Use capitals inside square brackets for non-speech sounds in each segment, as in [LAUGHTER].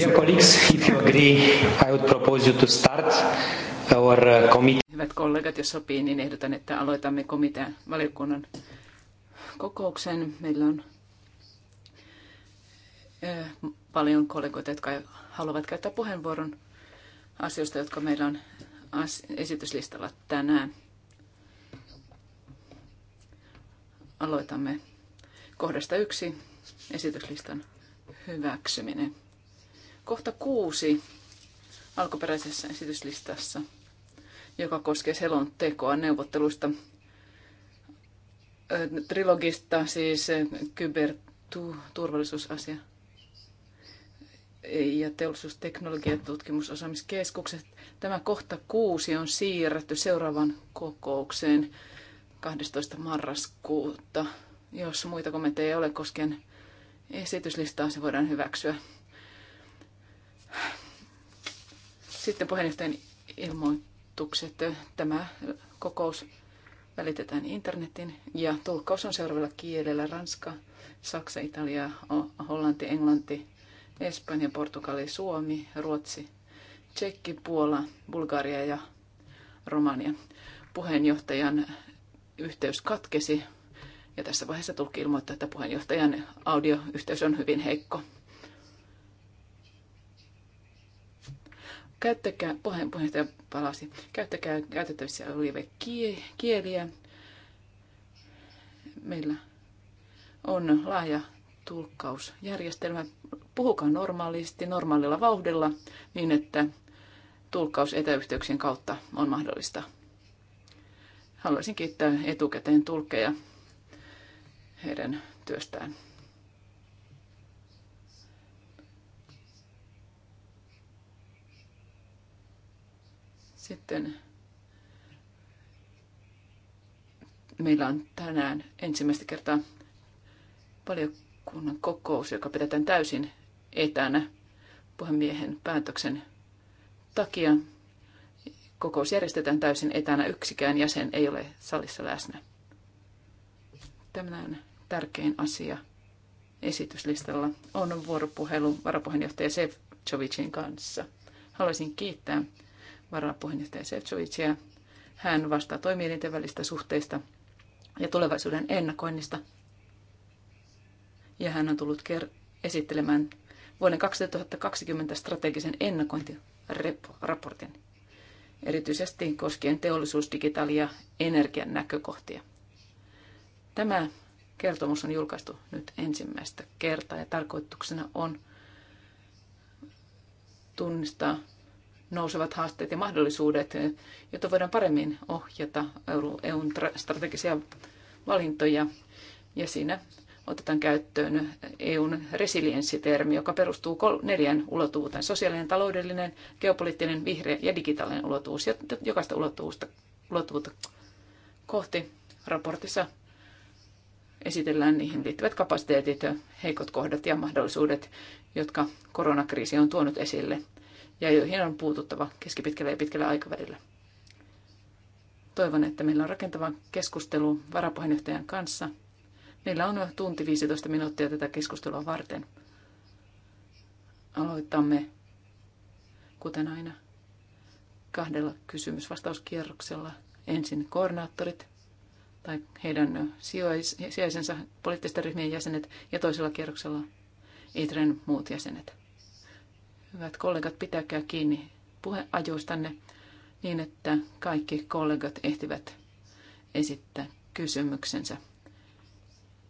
Dear colleagues, if you agree, I would propose you to start our uh, committee. Hyvät kollegat, jos sopii, niin ehdotan, että aloitamme komitean valiokunnan kokouksen. Meillä on eh, paljon kollegoita, jotka haluavat käyttää puheenvuoron asioista, jotka meillä on esityslistalla tänään. Aloitamme kohdasta yksi, esityslistan hyväksyminen kohta kuusi alkuperäisessä esityslistassa, joka koskee selontekoa neuvottelusta trilogista, siis kyberturvallisuusasia ja teollisuusteknologia- ja tutkimusosaamiskeskukset. Tämä kohta kuusi on siirretty seuraavan kokoukseen 12. marraskuuta. Jos muita kommentteja ei ole koskien esityslistaa, se voidaan hyväksyä. Sitten puheenjohtajan ilmoitukset. Tämä kokous välitetään internetin ja tulkkaus on seuraavalla kielellä Ranska, Saksa, Italia, Hollanti, Englanti, Espanja, Portugali, Suomi, Ruotsi, Tsekki, Puola, Bulgaria ja Romania. Puheenjohtajan yhteys katkesi ja tässä vaiheessa tulkki ilmoittaa, että puheenjohtajan audioyhteys on hyvin heikko. Käyttäkää, pohjan puheenjohtaja palasi, käyttäkää käytettävissä olevia kieliä. Meillä on laaja tulkkausjärjestelmä. Puhukaa normaalisti, normaalilla vauhdilla, niin että tulkkaus etäyhteyksien kautta on mahdollista. Haluaisin kiittää etukäteen tulkkeja heidän työstään. Sitten meillä on tänään ensimmäistä kertaa valiokunnan kokous, joka pidetään täysin etänä puhemiehen päätöksen takia. Kokous järjestetään täysin etänä, yksikään jäsen ei ole salissa läsnä. Tämän tärkein asia esityslistalla on vuoropuhelu varapuheenjohtaja Sefcovicin kanssa. Haluaisin kiittää varapuheenjohtaja Sefcovicia. Hän vastaa toimielinten välistä suhteista ja tulevaisuuden ennakoinnista. Ja hän on tullut ker- esittelemään vuoden 2020 strategisen ennakointiraportin, erityisesti koskien teollisuus-, digitaali- ja energian näkökohtia. Tämä kertomus on julkaistu nyt ensimmäistä kertaa ja tarkoituksena on tunnistaa nousevat haasteet ja mahdollisuudet, jotta voidaan paremmin ohjata EUn strategisia valintoja. Ja siinä otetaan käyttöön EUn resilienssitermi, joka perustuu neljän ulottuvuuteen. Sosiaalinen, taloudellinen, geopoliittinen, vihreä ja digitaalinen ulottuvuus. Ja jokaista ulottuvuutta, ulottuvuutta kohti raportissa esitellään niihin liittyvät kapasiteetit, heikot kohdat ja mahdollisuudet, jotka koronakriisi on tuonut esille – ja joihin on puututtava keskipitkällä ja pitkällä aikavälillä. Toivon, että meillä on rakentava keskustelu varapuheenjohtajan kanssa. Meillä on tunti 15 minuuttia tätä keskustelua varten. Aloitamme, kuten aina, kahdella kysymysvastauskierroksella. Ensin koordinaattorit tai heidän sijaisensa poliittisten ryhmien jäsenet ja toisella kierroksella ITREn muut jäsenet. Hyvät kollegat, pitäkää kiinni puheajoistanne niin, että kaikki kollegat ehtivät esittää kysymyksensä.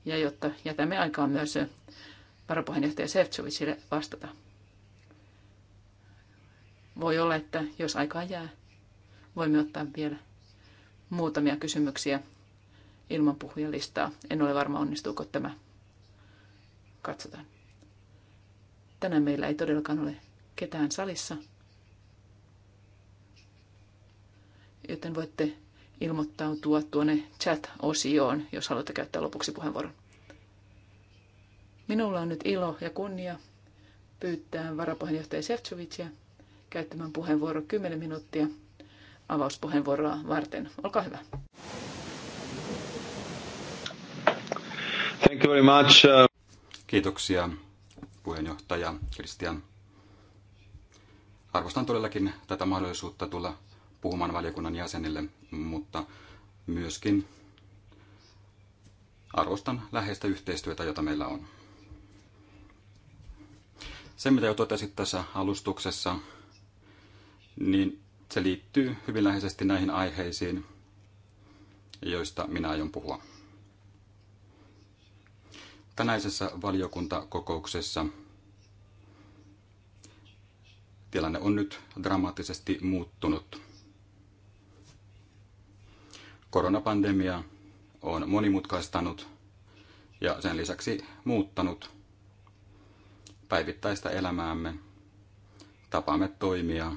Ja jotta jätämme aikaa myös varapuheenjohtaja Sefcovicille vastata. Voi olla, että jos aikaa jää, voimme ottaa vielä muutamia kysymyksiä ilman puhujalistaa. En ole varma, onnistuuko tämä. Katsotaan. Tänään meillä ei todellakaan ole ketään salissa, joten voitte ilmoittautua tuonne chat-osioon, jos haluatte käyttää lopuksi puheenvuoron. Minulla on nyt ilo ja kunnia pyytää varapuheenjohtaja Sefcovicia käyttämään puheenvuoro 10 minuuttia avauspuheenvuoroa varten. Olkaa hyvä. Thank you very much. Uh, Kiitoksia puheenjohtaja Kristian arvostan todellakin tätä mahdollisuutta tulla puhumaan valiokunnan jäsenille, mutta myöskin arvostan läheistä yhteistyötä, jota meillä on. Se, mitä jo totesit tässä alustuksessa, niin se liittyy hyvin läheisesti näihin aiheisiin, joista minä aion puhua. Tänäisessä valiokuntakokouksessa Tilanne on nyt dramaattisesti muuttunut. Koronapandemia on monimutkaistanut ja sen lisäksi muuttanut päivittäistä elämäämme, tapaamme toimia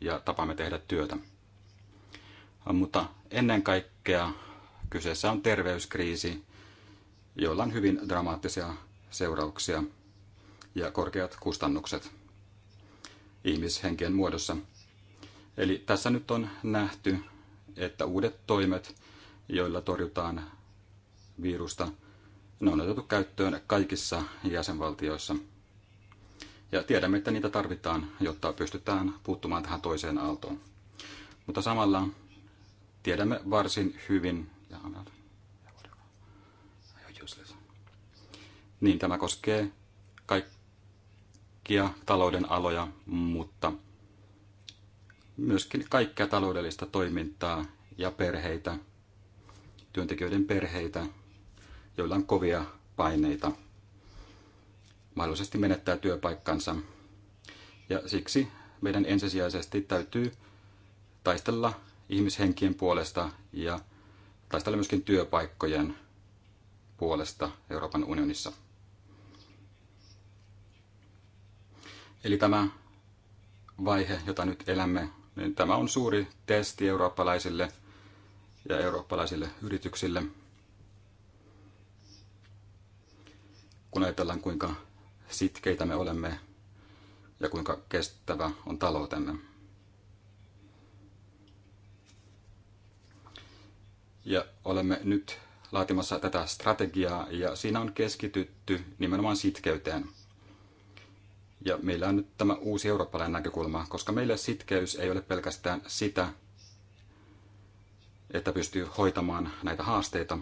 ja tapaamme tehdä työtä. Mutta ennen kaikkea kyseessä on terveyskriisi, jolla on hyvin dramaattisia seurauksia ja korkeat kustannukset ihmishenkien muodossa. Eli tässä nyt on nähty, että uudet toimet, joilla torjutaan virusta, ne on otettu käyttöön kaikissa jäsenvaltioissa. Ja tiedämme, että niitä tarvitaan, jotta pystytään puuttumaan tähän toiseen aaltoon. Mutta samalla tiedämme varsin hyvin, niin tämä koskee kaikkia kaikkia talouden aloja, mutta myöskin kaikkea taloudellista toimintaa ja perheitä, työntekijöiden perheitä, joilla on kovia paineita mahdollisesti menettää työpaikkansa. Ja siksi meidän ensisijaisesti täytyy taistella ihmishenkien puolesta ja taistella myöskin työpaikkojen puolesta Euroopan unionissa. Eli tämä vaihe, jota nyt elämme, niin tämä on suuri testi eurooppalaisille ja eurooppalaisille yrityksille. Kun ajatellaan, kuinka sitkeitä me olemme ja kuinka kestävä on taloutemme. Ja olemme nyt laatimassa tätä strategiaa ja siinä on keskitytty nimenomaan sitkeyteen – ja meillä on nyt tämä uusi eurooppalainen näkökulma, koska meille sitkeys ei ole pelkästään sitä, että pystyy hoitamaan näitä haasteita,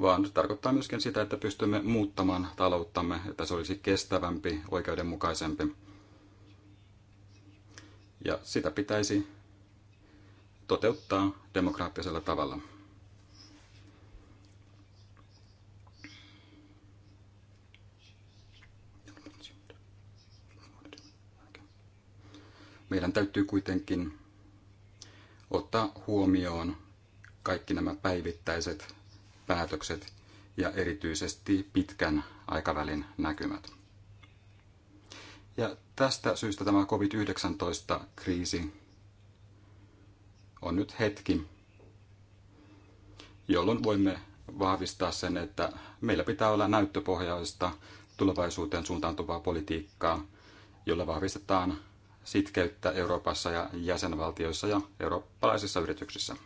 vaan tarkoittaa myöskin sitä, että pystymme muuttamaan talouttamme, että se olisi kestävämpi, oikeudenmukaisempi. Ja sitä pitäisi toteuttaa demokraattisella tavalla. meidän täytyy kuitenkin ottaa huomioon kaikki nämä päivittäiset päätökset ja erityisesti pitkän aikavälin näkymät. Ja tästä syystä tämä COVID-19-kriisi on nyt hetki, jolloin voimme vahvistaa sen, että meillä pitää olla näyttöpohjaista tulevaisuuteen suuntautuvaa politiikkaa, jolla vahvistetaan sitkeyttä Euroopassa ja jäsenvaltioissa ja eurooppalaisissa yrityksissä.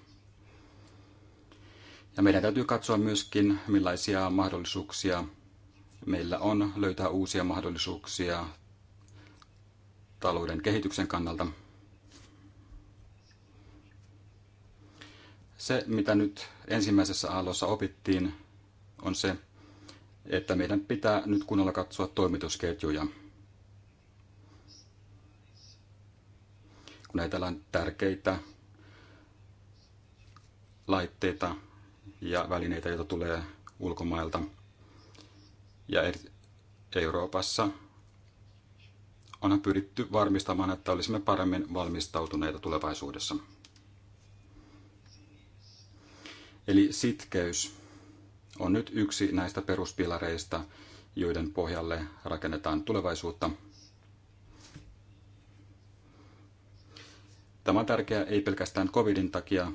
Ja meidän täytyy katsoa myöskin, millaisia mahdollisuuksia meillä on löytää uusia mahdollisuuksia talouden kehityksen kannalta. Se, mitä nyt ensimmäisessä aallossa opittiin, on se, että meidän pitää nyt kunnolla katsoa toimitusketjuja – kun ajatellaan tärkeitä laitteita ja välineitä, joita tulee ulkomailta. Ja Euroopassa on pyritty varmistamaan, että olisimme paremmin valmistautuneita tulevaisuudessa. Eli sitkeys on nyt yksi näistä peruspilareista, joiden pohjalle rakennetaan tulevaisuutta – Tämä on tärkeää ei pelkästään covidin takia,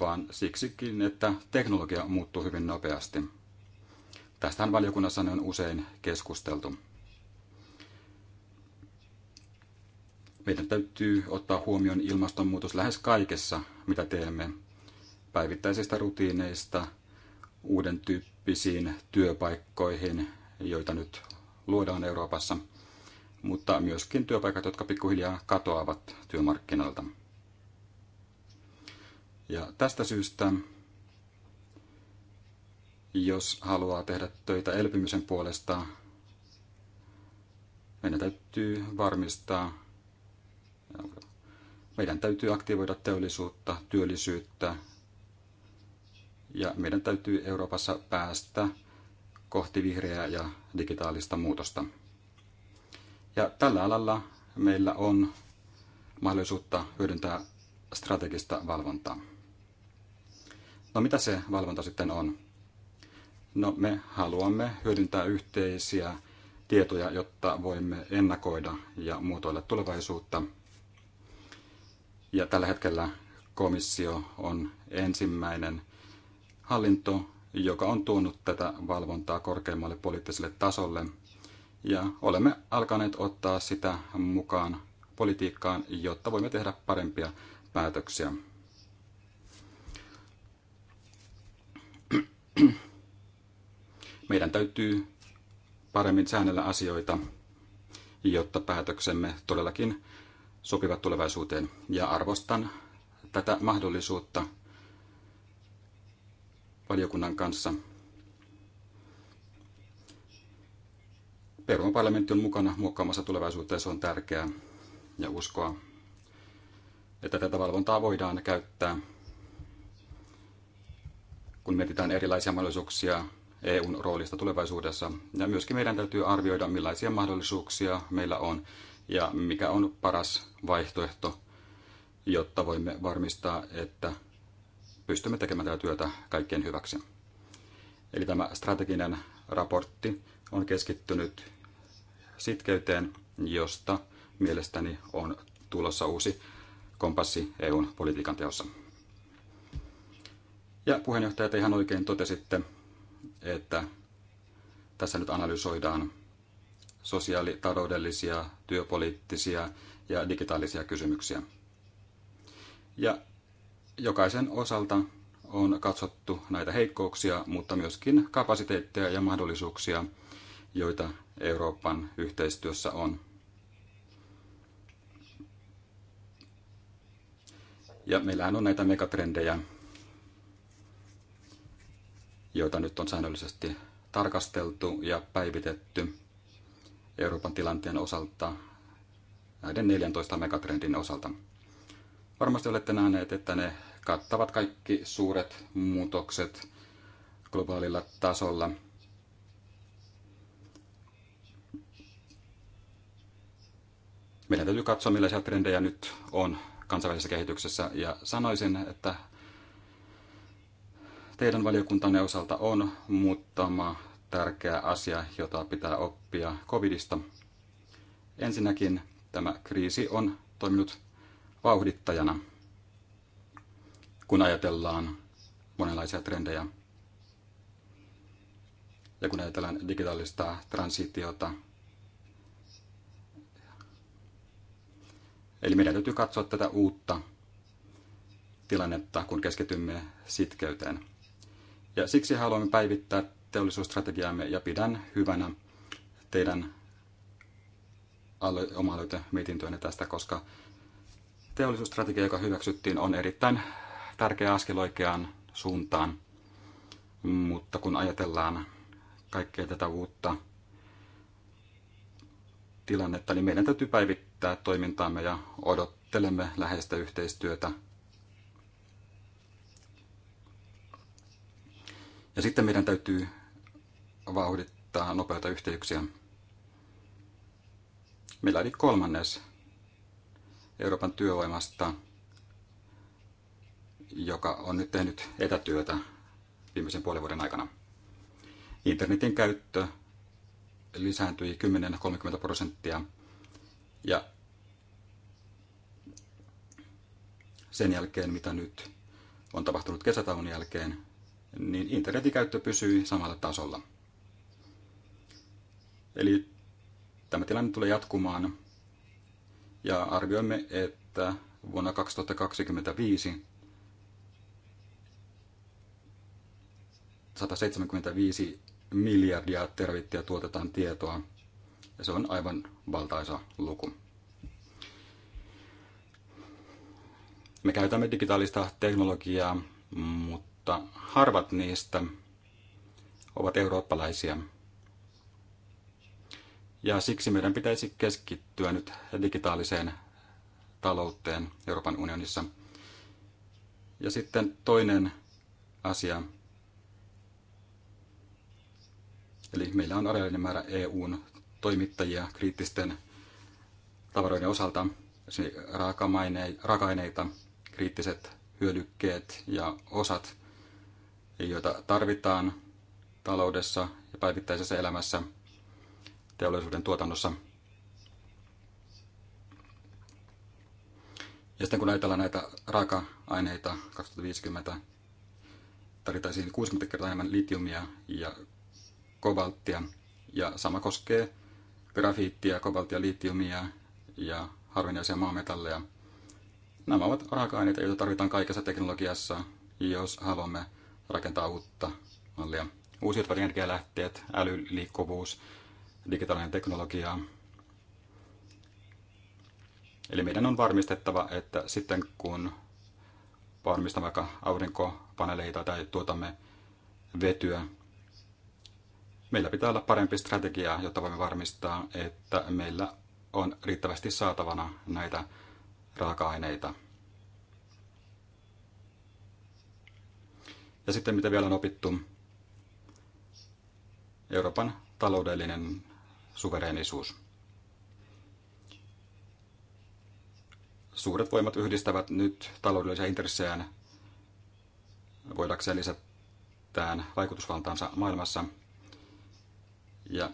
vaan siksikin, että teknologia muuttuu hyvin nopeasti. Tästähän valiokunnassa on usein keskusteltu. Meidän täytyy ottaa huomioon ilmastonmuutos lähes kaikessa, mitä teemme, päivittäisistä rutiineista, uuden tyyppisiin työpaikkoihin, joita nyt luodaan Euroopassa – mutta myöskin työpaikat, jotka pikkuhiljaa katoavat työmarkkinoilta. Ja tästä syystä, jos haluaa tehdä töitä elpymisen puolesta, meidän täytyy varmistaa, meidän täytyy aktivoida teollisuutta, työllisyyttä ja meidän täytyy Euroopassa päästä kohti vihreää ja digitaalista muutosta. Ja tällä alalla meillä on mahdollisuutta hyödyntää strategista valvontaa. No mitä se valvonta sitten on? No me haluamme hyödyntää yhteisiä tietoja, jotta voimme ennakoida ja muotoilla tulevaisuutta. Ja tällä hetkellä komissio on ensimmäinen hallinto, joka on tuonut tätä valvontaa korkeammalle poliittiselle tasolle – ja olemme alkaneet ottaa sitä mukaan politiikkaan, jotta voimme tehdä parempia päätöksiä. Meidän täytyy paremmin säännellä asioita, jotta päätöksemme todellakin sopivat tulevaisuuteen. Ja arvostan tätä mahdollisuutta valiokunnan kanssa Euroopan parlamentti on mukana muokkaamassa tulevaisuutta ja se on tärkeää ja uskoa, että tätä valvontaa voidaan käyttää, kun mietitään erilaisia mahdollisuuksia EUn roolista tulevaisuudessa. Ja myöskin meidän täytyy arvioida, millaisia mahdollisuuksia meillä on ja mikä on paras vaihtoehto, jotta voimme varmistaa, että pystymme tekemään tätä työtä kaikkien hyväksi. Eli tämä strateginen raportti on keskittynyt sitkeyteen, josta mielestäni on tulossa uusi kompassi EUn politiikan teossa. Ja puheenjohtaja, ihan oikein totesitte, että tässä nyt analysoidaan sosiaalitaloudellisia, työpoliittisia ja digitaalisia kysymyksiä. Ja jokaisen osalta on katsottu näitä heikkouksia, mutta myöskin kapasiteetteja ja mahdollisuuksia – joita Euroopan yhteistyössä on. Ja meillähän on näitä megatrendejä, joita nyt on säännöllisesti tarkasteltu ja päivitetty Euroopan tilanteen osalta, näiden 14 megatrendin osalta. Varmasti olette nähneet, että ne kattavat kaikki suuret muutokset globaalilla tasolla – meidän täytyy katsoa, millaisia trendejä nyt on kansainvälisessä kehityksessä. Ja sanoisin, että teidän valiokuntanne osalta on muutama tärkeä asia, jota pitää oppia covidista. Ensinnäkin tämä kriisi on toiminut vauhdittajana, kun ajatellaan monenlaisia trendejä. Ja kun ajatellaan digitaalista transitiota, Eli meidän täytyy katsoa tätä uutta tilannetta, kun keskitymme sitkeyteen. Ja siksi haluamme päivittää teollisuusstrategiaamme ja pidän hyvänä teidän oma mietintöönne tästä, koska teollisuusstrategia, joka hyväksyttiin, on erittäin tärkeä askel oikeaan suuntaan. Mutta kun ajatellaan kaikkea tätä uutta tilannetta, niin meidän täytyy päivittää kehittää toimintaamme ja odottelemme läheistä yhteistyötä. Ja sitten meidän täytyy vauhdittaa nopeita yhteyksiä. Meillä oli kolmannes Euroopan työvoimasta, joka on nyt tehnyt etätyötä viimeisen puolen vuoden aikana. Internetin käyttö lisääntyi 10-30 prosenttia – ja sen jälkeen, mitä nyt on tapahtunut kesätauon jälkeen, niin internetin käyttö pysyy samalla tasolla. Eli tämä tilanne tulee jatkumaan ja arvioimme, että vuonna 2025 175 miljardia tervittiä tuotetaan tietoa ja se on aivan valtaisa luku. Me käytämme digitaalista teknologiaa, mutta harvat niistä ovat eurooppalaisia. Ja siksi meidän pitäisi keskittyä nyt digitaaliseen talouteen Euroopan unionissa. Ja sitten toinen asia. Eli meillä on rajallinen määrä EUn toimittajia kriittisten tavaroiden osalta, raaka-aineita, kriittiset hyödykkeet ja osat, joita tarvitaan taloudessa ja päivittäisessä elämässä, teollisuuden tuotannossa. Ja sitten kun ajatellaan näitä raaka-aineita 2050, tarvittaisiin 60 kertaa enemmän litiumia ja kobalttia, ja sama koskee grafiittia, kobaltia, litiumia ja harvinaisia maametalleja. Nämä ovat raaka-aineita, joita tarvitaan kaikessa teknologiassa, jos haluamme rakentaa uutta mallia. Uusiutuvat energialähteet, älyliikkuvuus, digitaalinen teknologia. Eli meidän on varmistettava, että sitten kun varmistamme vaikka aurinkopaneeleita tai tuotamme vetyä, Meillä pitää olla parempi strategia, jotta voimme varmistaa, että meillä on riittävästi saatavana näitä raaka-aineita. Ja sitten mitä vielä on opittu, Euroopan taloudellinen suvereenisuus. Suuret voimat yhdistävät nyt taloudellisia intressejään voidakseen lisätään vaikutusvaltaansa maailmassa – ja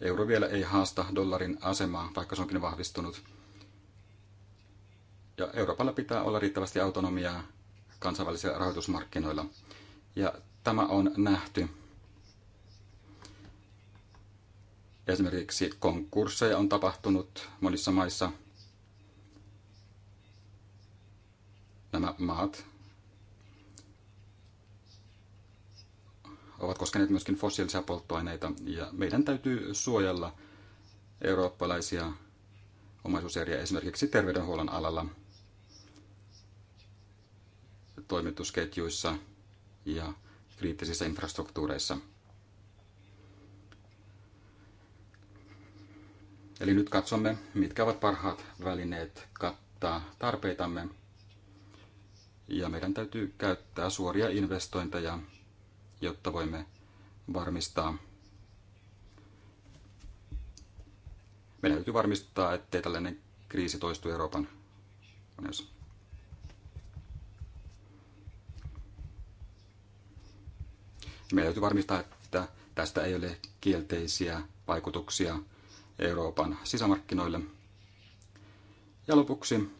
euro vielä ei haasta dollarin asemaa, vaikka se onkin vahvistunut. Ja Euroopalla pitää olla riittävästi autonomiaa kansainvälisillä rahoitusmarkkinoilla. Ja tämä on nähty. Esimerkiksi konkursseja on tapahtunut monissa maissa. Nämä maat ovat koskeneet myöskin fossiilisia polttoaineita, ja meidän täytyy suojella eurooppalaisia omaisuuseriä esimerkiksi terveydenhuollon alalla, toimitusketjuissa ja kriittisissä infrastruktuureissa. Eli nyt katsomme, mitkä ovat parhaat välineet kattaa tarpeitamme. Ja meidän täytyy käyttää suoria investointeja jotta voimme varmistaa, meidän täytyy varmistaa, ettei tällainen kriisi toistu Euroopan unionissa. Meidän täytyy varmistaa, että tästä ei ole kielteisiä vaikutuksia Euroopan sisämarkkinoille. Ja lopuksi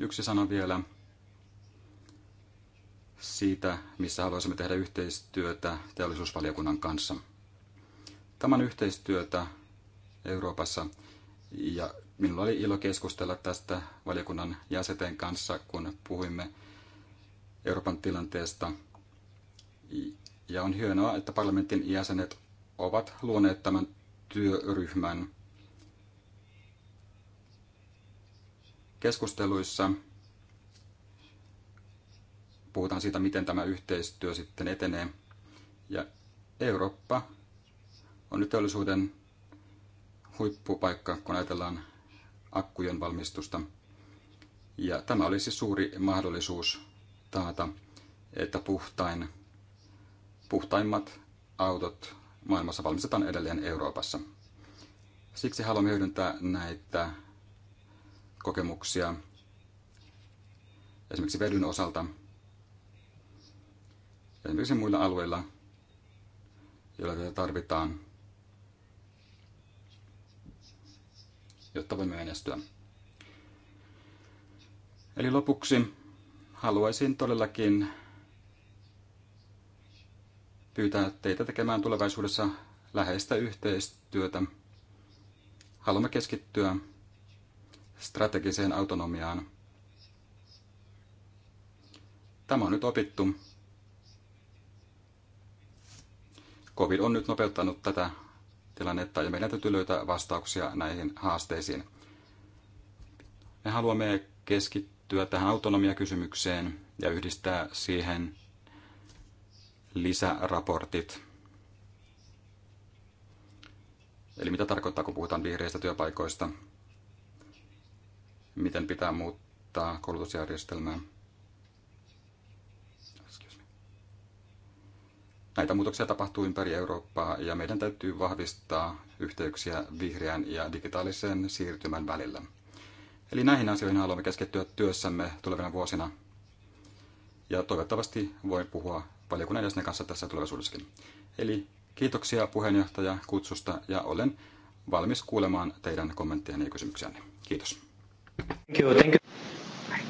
yksi sana vielä siitä, missä haluaisimme tehdä yhteistyötä teollisuusvaliokunnan kanssa. Tämän yhteistyötä Euroopassa ja minulla oli ilo keskustella tästä valiokunnan jäsenten kanssa, kun puhuimme Euroopan tilanteesta. Ja on hienoa, että parlamentin jäsenet ovat luoneet tämän työryhmän keskusteluissa puhutaan siitä, miten tämä yhteistyö sitten etenee. Ja Eurooppa on nyt teollisuuden huippupaikka, kun ajatellaan akkujen valmistusta. Ja tämä olisi siis suuri mahdollisuus taata, että puhtain, puhtaimmat autot maailmassa valmistetaan edelleen Euroopassa. Siksi haluamme hyödyntää näitä kokemuksia esimerkiksi vedyn osalta – esimerkiksi muilla alueilla, joilla tätä tarvitaan, jotta voimme menestyä. Eli lopuksi haluaisin todellakin pyytää teitä tekemään tulevaisuudessa läheistä yhteistyötä. Haluamme keskittyä strategiseen autonomiaan. Tämä on nyt opittu COVID on nyt nopeuttanut tätä tilannetta ja meidän täytyy löytää vastauksia näihin haasteisiin. Me haluamme keskittyä tähän autonomiakysymykseen ja yhdistää siihen lisäraportit. Eli mitä tarkoittaa, kun puhutaan vihreistä työpaikoista? Miten pitää muuttaa koulutusjärjestelmää? Näitä muutoksia tapahtuu ympäri Eurooppaa ja meidän täytyy vahvistaa yhteyksiä vihreän ja digitaalisen siirtymän välillä. Eli näihin asioihin haluamme keskittyä työssämme tulevina vuosina. Ja toivottavasti voin puhua valiokunnan jäsenen kanssa tässä tulevaisuudessakin. Eli kiitoksia puheenjohtaja kutsusta ja olen valmis kuulemaan teidän kommenttejanne ja kysymyksiänne. Kiitos. Thank you, thank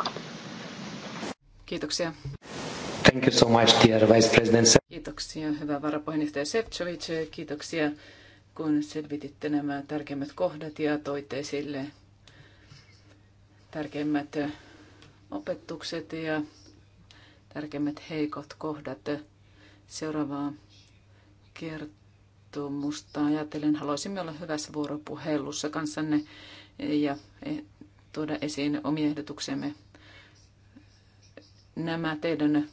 you. Kiitoksia. Thank you so much, dear Vice President. Kiitoksia, hyvä varapuheenjohtaja Sefcovic. Kiitoksia, kun selvititte nämä tärkeimmät kohdat ja toitte esille tärkeimmät opetukset ja tärkeimmät heikot kohdat. Seuraavaa kertomusta ajatellen haluaisimme olla hyvässä vuoropuhelussa kanssanne ja tuoda esiin omia ehdotuksemme. Nämä teidän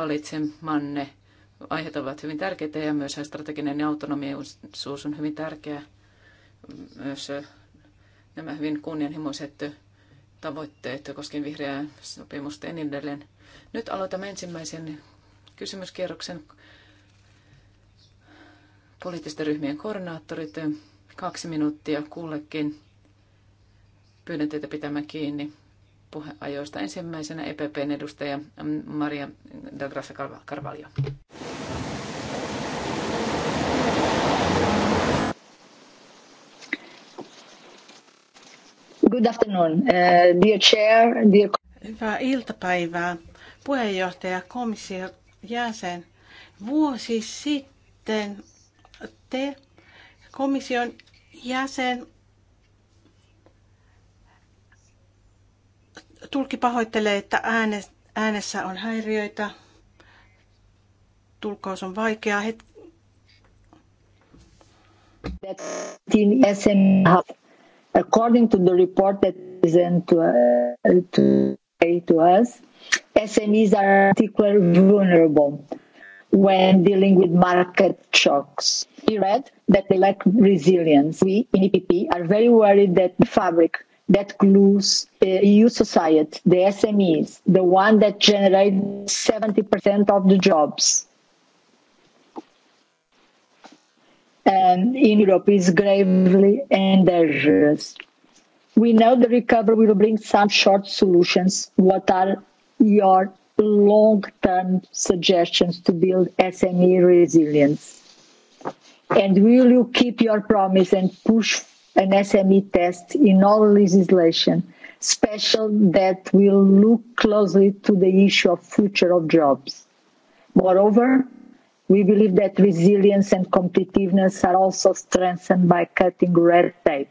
valitsemanne aiheet ovat hyvin tärkeitä ja myös strateginen autonomisuus on hyvin tärkeä. Myös nämä hyvin kunnianhimoiset tavoitteet koskien vihreää sopimusta ja niin edelleen. Nyt aloitamme ensimmäisen kysymyskierroksen poliittisten ryhmien koordinaattorit. Kaksi minuuttia kullekin. Pyydän teitä pitämään kiinni puheajoista. Ensimmäisenä EPPn edustaja Maria Dagrassa Carvalho. Good afternoon, uh, dear chair, dear... Hyvää iltapäivää, puheenjohtaja, komission jäsen. Vuosi sitten te komission jäsen Tulki pahoittelee, että äänessä on häiriöitä. Tulkaus on vaikeaa. Het... according to the report that is to, uh, to, to us, SMEs are particularly vulnerable when dealing with market shocks. We read that they lack resilience. We in EPP are very worried that the fabric that glues uh, EU society, the SMEs, the one that generates 70% of the jobs and in Europe is gravely and dangerous. We know the recovery will bring some short solutions. What are your long-term suggestions to build SME resilience? And will you keep your promise and push an SME test in all legislation, special that will look closely to the issue of future of jobs. Moreover, we believe that resilience and competitiveness are also strengthened by cutting red tape,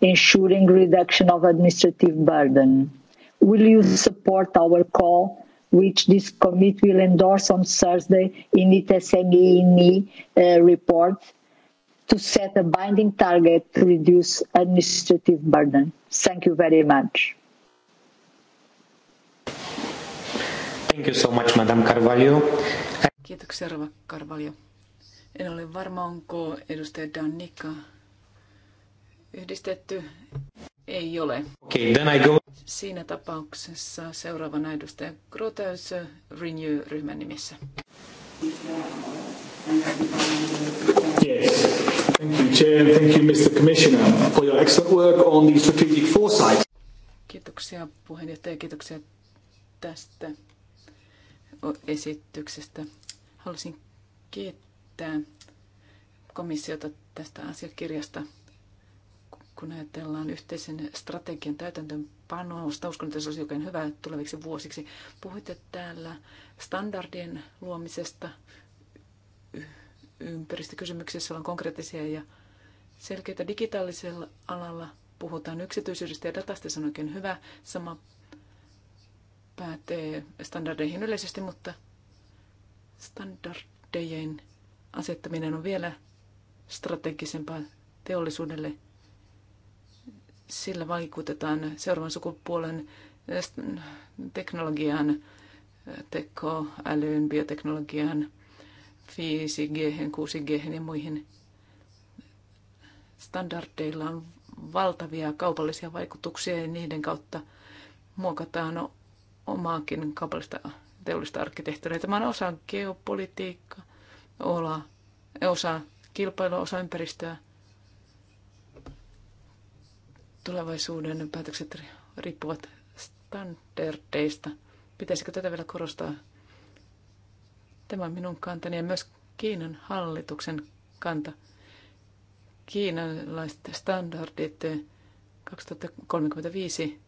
ensuring reduction of administrative burden. Will you support our call, which this committee will endorse on Thursday in its SME uh, report to set a binding target to reduce administrative burden. Thank you very much. Thank you so much, Madam Carvalho. Kiitoksia, Rova Carvalho. En ole varma, onko edustaja Danica yhdistetty. Ei ole. Okay, then I go. Siinä tapauksessa seuraavana edustaja Grotäys Renew-ryhmän nimissä. Thank you. Chair, and thank you, Mr. Commissioner, for your excellent work on the strategic foresight. Kiitoksia puheenjohtaja, kiitoksia tästä esityksestä. Haluaisin kiittää komissiota tästä asiakirjasta, kun ajatellaan yhteisen strategian täytäntöönpanosta. Uskon, että se olisi oikein hyvä tuleviksi vuosiksi. Puhuitte täällä standardien luomisesta ympäristökysymyksissä, on konkreettisia ja selkeitä digitaalisella alalla puhutaan yksityisyydestä ja datasta, se on oikein hyvä. Sama päätee standardeihin yleisesti, mutta standardejen asettaminen on vielä strategisempaa teollisuudelle. Sillä vaikutetaan seuraavan sukupuolen eh, teknologiaan, tekoälyyn, bioteknologiaan, 5G, 6G ja muihin Standardeilla on valtavia kaupallisia vaikutuksia ja niiden kautta muokataan omaakin kaupallista teollista arkkitehtuuria. Tämä on osa geopolitiikkaa, osa kilpailua, osa ympäristöä. Tulevaisuuden päätökset riippuvat standardeista. Pitäisikö tätä vielä korostaa? Tämä on minun kantani ja myös Kiinan hallituksen kanta kiinalaiset standardit 2035 eh,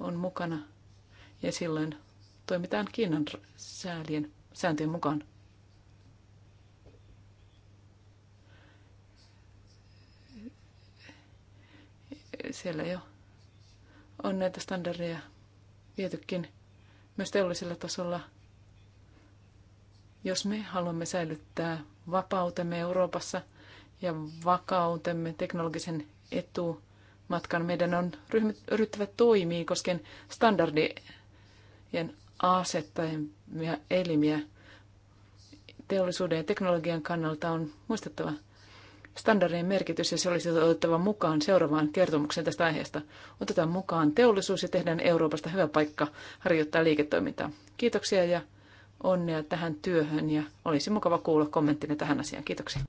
on mukana ja silloin toimitaan Kiinan säälien, sääntöjen mukaan. Siellä jo on näitä standardeja vietykin myös teollisella tasolla. Jos me haluamme säilyttää vapautemme Euroopassa – ja vakautemme teknologisen etumatkan. Meidän on ryhtyvä toimii, koskien standardien asettajia elimiä. Teollisuuden ja teknologian kannalta on muistettava standardien merkitys ja se olisi otettava mukaan seuraavaan kertomukseen tästä aiheesta. Otetaan mukaan teollisuus ja tehdään Euroopasta hyvä paikka harjoittaa liiketoimintaa. Kiitoksia ja onnea tähän työhön ja olisi mukava kuulla kommenttinne tähän asiaan. Kiitoksia.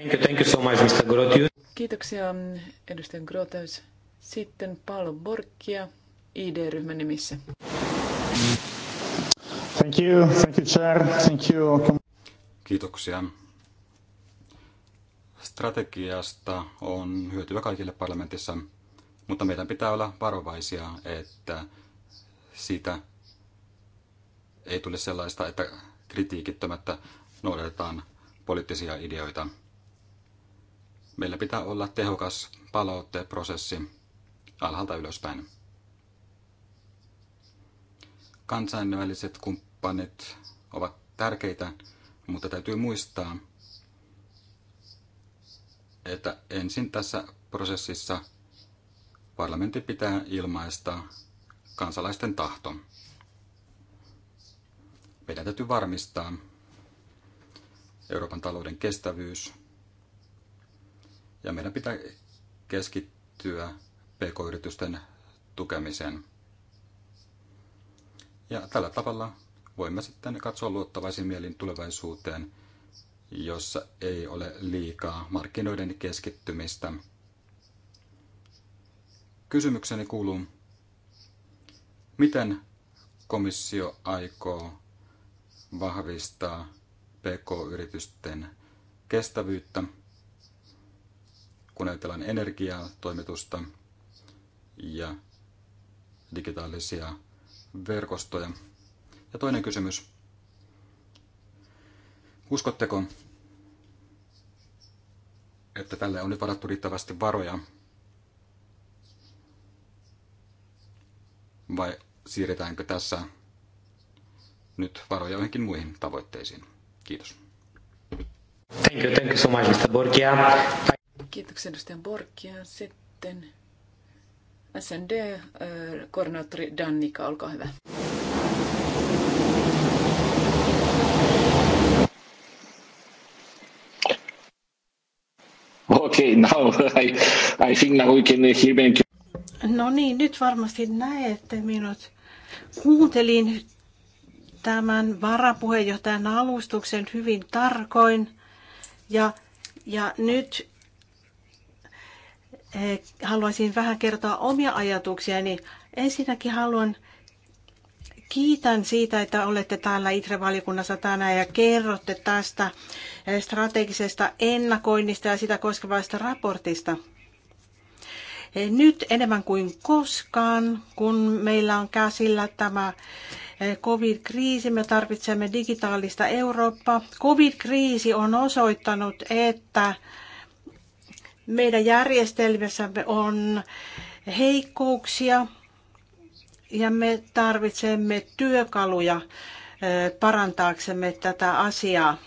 Thank you, thank you so much, Mr. Grotius. Kiitoksia, edustaja Grotius. Sitten Paolo Borkia ID-ryhmän nimissä. Thank you, thank you, Chair. Thank you. Kiitoksia. Strategiasta on hyötyä kaikille parlamentissa, mutta meidän pitää olla varovaisia, että siitä ei tule sellaista, että kritiikittömättä noudatetaan poliittisia ideoita. Meillä pitää olla tehokas palautteprosessi alhaalta ylöspäin. Kansainväliset kumppanit ovat tärkeitä, mutta täytyy muistaa, että ensin tässä prosessissa parlamentti pitää ilmaista kansalaisten tahto. Meidän täytyy varmistaa Euroopan talouden kestävyys ja meidän pitää keskittyä pk-yritysten tukemiseen. Ja tällä tavalla voimme sitten katsoa luottavaisin mielin tulevaisuuteen, jossa ei ole liikaa markkinoiden keskittymistä. Kysymykseni kuuluu, miten komissio aikoo vahvistaa pk-yritysten kestävyyttä kun ajatellaan energiaa, toimitusta ja digitaalisia verkostoja. Ja toinen kysymys. Uskotteko, että tälle on nyt varattu riittävästi varoja vai siirretäänkö tässä nyt varoja johonkin muihin tavoitteisiin? Kiitos. Thank you, thank you so much, Mr. Borgia. Kiitoksia edustajan Bork ja sitten SND-koordinaattori Dannika, olkaa hyvä. Okay, now [LAUGHS] I, I think now we can hear me. No niin, nyt varmasti näette minut. Kuuntelin tämän varapuheenjohtajan alustuksen hyvin tarkoin ja, ja nyt Eh, haluaisin vähän kertoa omia ajatuksiani. Ensinnäkin haluan kiitän siitä, että olette täällä ITRE-valiokunnassa tänään ja kerrotte tästä eh, strategisesta ennakoinnista ja sitä koskevasta raportista. Eh, nyt enemmän kuin koskaan, kun meillä on käsillä tämä COVID-kriisi, me tarvitsemme digitaalista Eurooppaa. COVID-kriisi on osoittanut, että meidän järjestelmässämme on heikkouksia ja me tarvitsemme työkaluja parantaaksemme tätä asiaa.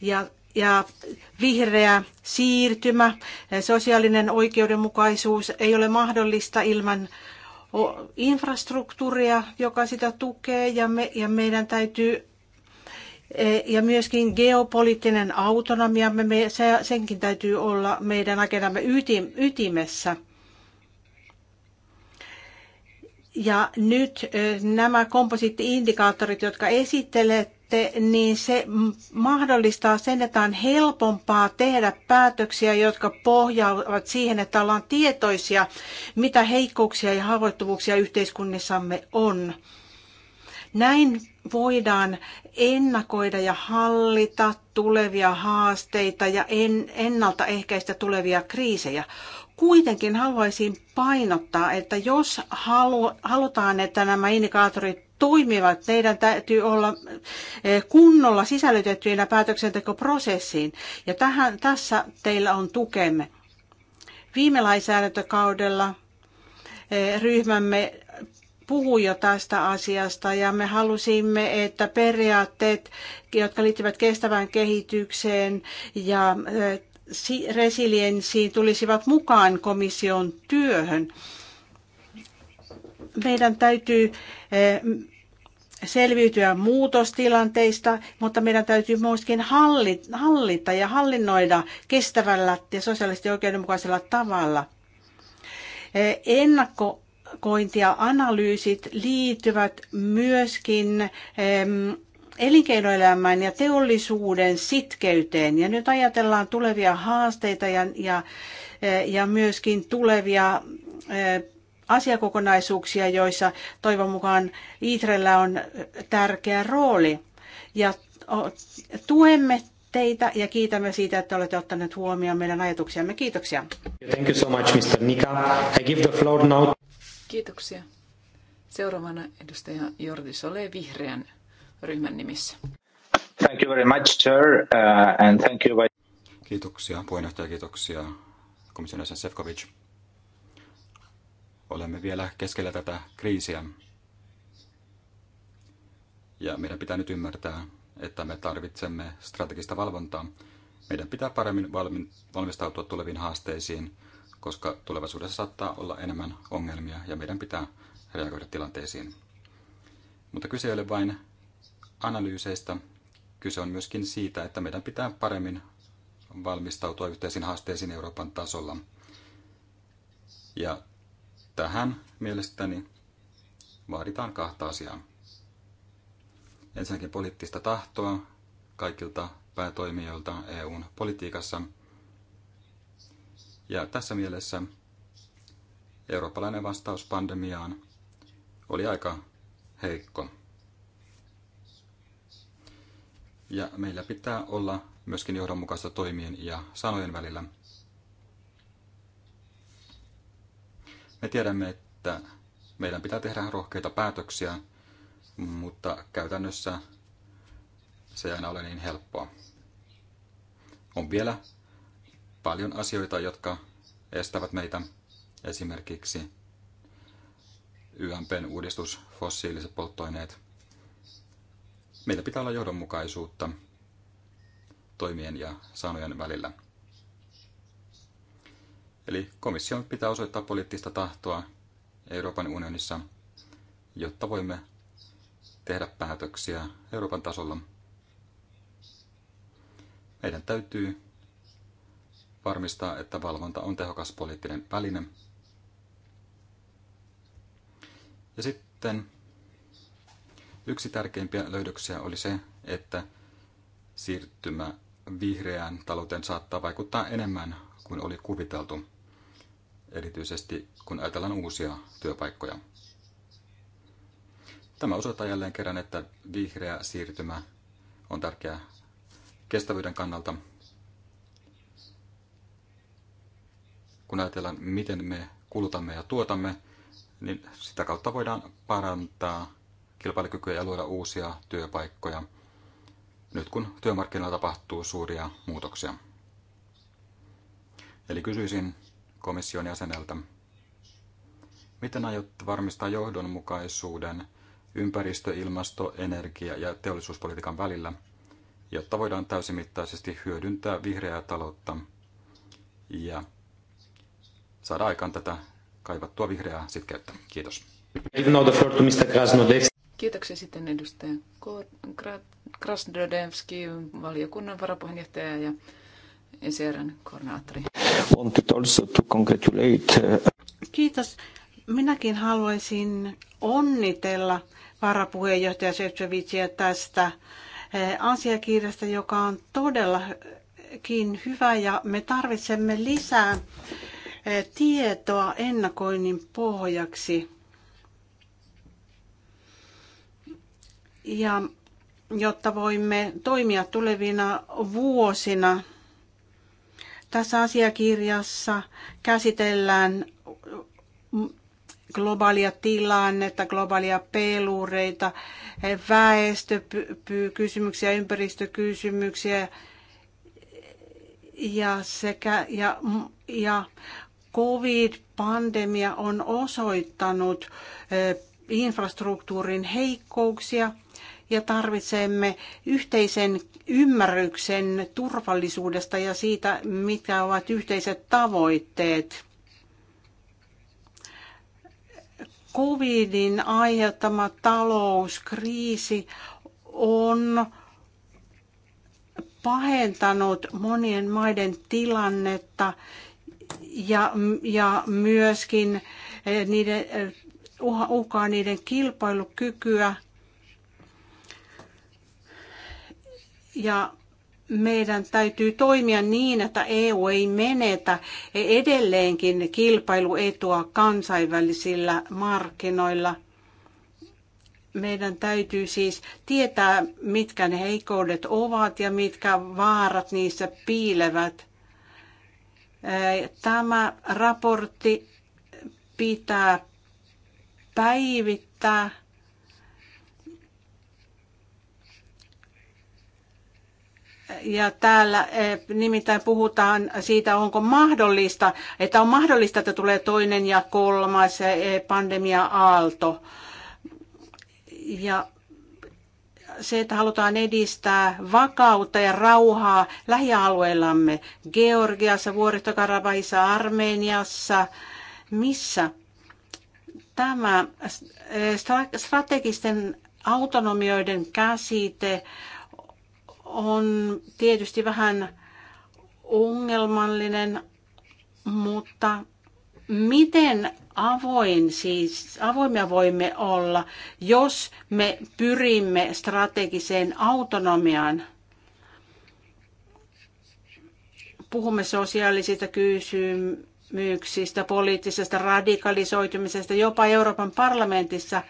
Ja, ja vihreä siirtymä, sosiaalinen oikeudenmukaisuus ei ole mahdollista ilman infrastruktuuria, joka sitä tukee, ja, me, ja meidän täytyy E, ja myöskin geopoliittinen autonomia, me, se, senkin täytyy olla meidän agendamme ytimessä. Ja nyt e, nämä komposiittiindikaattorit, jotka esittelette, niin se mahdollistaa sen, että on helpompaa tehdä päätöksiä, jotka pohjaavat siihen, että ollaan tietoisia, mitä heikkouksia ja haavoittuvuuksia yhteiskunnissamme on. Näin voidaan ennakoida ja hallita tulevia haasteita ja en, ennaltaehkäistä tulevia kriisejä. Kuitenkin haluaisin painottaa, että jos halu, halutaan, että nämä indikaattorit toimivat, meidän täytyy olla e, kunnolla sisällytettyinä päätöksentekoprosessiin. Ja tähän, tässä teillä on tukemme. Viime lainsäädäntökaudella e, ryhmämme puhui jo tästä asiasta ja me halusimme, että periaatteet, jotka liittyvät kestävään kehitykseen ja eh, resilienssiin, tulisivat mukaan komission työhön. Meidän täytyy eh, selviytyä muutostilanteista, mutta meidän täytyy myöskin hallita ja hallinnoida kestävällä ja sosiaalisesti oikeudenmukaisella tavalla. Eh, ennakko ja analyysit liittyvät myöskin elinkeinoelämän ja teollisuuden sitkeyteen. Ja nyt ajatellaan tulevia haasteita ja, ja, e, ja myöskin tulevia e, asiakokonaisuuksia, joissa toivon mukaan Iitrellä on tärkeä rooli. Ja tuemme teitä ja kiitämme siitä, että olette ottaneet huomioon meidän ajatuksiamme. Kiitoksia. Thank you so much, Mr. Nika. I give the floor now. Kiitoksia. Seuraavana edustaja Jordi Sole vihreän ryhmän nimissä. Thank you very much, sir, uh, and thank you. very... Kiitoksia puheenjohtaja, kiitoksia komission jäsen Sefcovic. Olemme vielä keskellä tätä kriisiä. Ja meidän pitää nyt ymmärtää, että me tarvitsemme strategista valvontaa. Meidän pitää paremmin valmistautua tuleviin haasteisiin – koska tulevaisuudessa saattaa olla enemmän ongelmia ja meidän pitää reagoida tilanteisiin. Mutta kyse ei ole vain analyyseistä, kyse on myöskin siitä, että meidän pitää paremmin valmistautua yhteisiin haasteisiin Euroopan tasolla. Ja tähän mielestäni vaaditaan kahta asiaa. Ensinnäkin poliittista tahtoa kaikilta päätoimijoilta EUn politiikassa – ja tässä mielessä eurooppalainen vastaus pandemiaan oli aika heikko. Ja meillä pitää olla myöskin johdonmukaista toimien ja sanojen välillä. Me tiedämme, että meidän pitää tehdä rohkeita päätöksiä, mutta käytännössä se ei aina ole niin helppoa. On vielä paljon asioita, jotka estävät meitä. Esimerkiksi YMPn uudistus, fossiiliset polttoaineet. Meillä pitää olla johdonmukaisuutta toimien ja sanojen välillä. Eli komissio pitää osoittaa poliittista tahtoa Euroopan unionissa, jotta voimme tehdä päätöksiä Euroopan tasolla. Meidän täytyy varmistaa, että valvonta on tehokas poliittinen väline. Ja sitten yksi tärkeimpiä löydöksiä oli se, että siirtymä vihreään talouteen saattaa vaikuttaa enemmän kuin oli kuviteltu, erityisesti kun ajatellaan uusia työpaikkoja. Tämä osoittaa jälleen kerran, että vihreä siirtymä on tärkeä kestävyyden kannalta kun ajatellaan, miten me kulutamme ja tuotamme, niin sitä kautta voidaan parantaa kilpailukykyä ja luoda uusia työpaikkoja, nyt kun työmarkkinoilla tapahtuu suuria muutoksia. Eli kysyisin komission jäseneltä, miten aiotte varmistaa johdonmukaisuuden ympäristö-, ilmasto-, energia- ja teollisuuspolitiikan välillä, jotta voidaan täysimittaisesti hyödyntää vihreää taloutta ja saada aikaan tätä kaivattua vihreää sitkeyttä. Kiitos. Kiitoksia sitten edustaja Krasnodevski, valiokunnan varapuheenjohtaja ja ECRn koordinaattori. Uh, Kiitos. Minäkin haluaisin onnitella varapuheenjohtaja Sefcovicia tästä uh, asiakirjasta, joka on todellakin hyvä ja me tarvitsemme lisää tietoa ennakoinnin pohjaksi. Ja jotta voimme toimia tulevina vuosina. Tässä asiakirjassa käsitellään globaalia tilannetta, globaalia pelureita, väestökysymyksiä, ympäristökysymyksiä ja, sekä, ja, ja COVID-pandemia on osoittanut eh, infrastruktuurin heikkouksia ja tarvitsemme yhteisen ymmärryksen turvallisuudesta ja siitä, mitkä ovat yhteiset tavoitteet. Covidin aiheuttama talouskriisi on pahentanut monien maiden tilannetta ja, ja myöskin eh, niiden, eh, uhkaa niiden kilpailukykyä. Ja meidän täytyy toimia niin, että EU ei menetä edelleenkin kilpailuetua kansainvälisillä markkinoilla. Meidän täytyy siis tietää, mitkä ne heikoudet ovat ja mitkä vaarat niissä piilevät. Tämä raportti pitää päivittää ja täällä nimittäin puhutaan siitä, onko mahdollista, että on mahdollista, että tulee toinen ja kolmas pandemia-aalto. Ja se, että halutaan edistää vakautta ja rauhaa lähialueillamme, Georgiassa, Vuoristokarabaissa, Armeniassa, missä tämä strategisten autonomioiden käsite on tietysti vähän ongelmallinen, mutta Miten avoin, siis avoimia voimme olla, jos me pyrimme strategiseen autonomiaan? Puhumme sosiaalisista kysymyksistä, poliittisesta radikalisoitumisesta, jopa Euroopan parlamentissa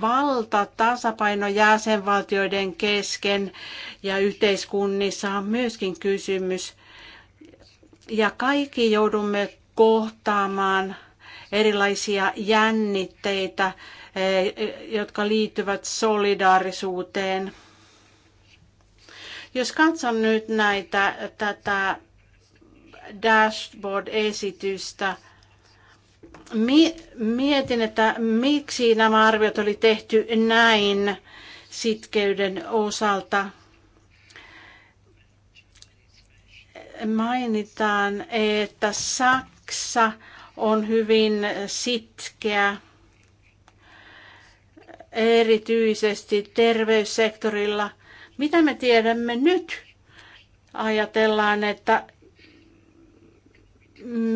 valta tasapaino jäsenvaltioiden kesken ja yhteiskunnissa on myöskin kysymys. Ja kaikki joudumme kohtaamaan erilaisia jännitteitä, eh, jotka liittyvät solidaarisuuteen. Jos katson nyt näitä, tätä dashboard-esitystä, mietin, että miksi nämä arviot oli tehty näin sitkeyden osalta. Mainitaan, että Saksa on hyvin sitkeä erityisesti terveyssektorilla. Mitä me tiedämme nyt? Ajatellaan, että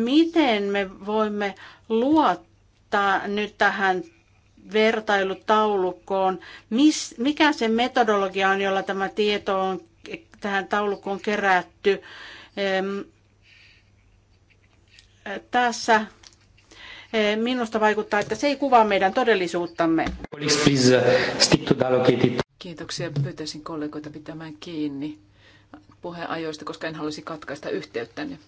miten me voimme luottaa nyt tähän vertailutaulukkoon, Mis, mikä se metodologia on, jolla tämä tieto on tähän taulukkoon kerätty. Tässä eh, minusta vaikuttaa, että se ei kuvaa meidän todellisuuttamme. Eh, Kiitoksia. Pyytäisin kollegoita pitämään kiinni puheajoista, koska en halusi katkaista Niin...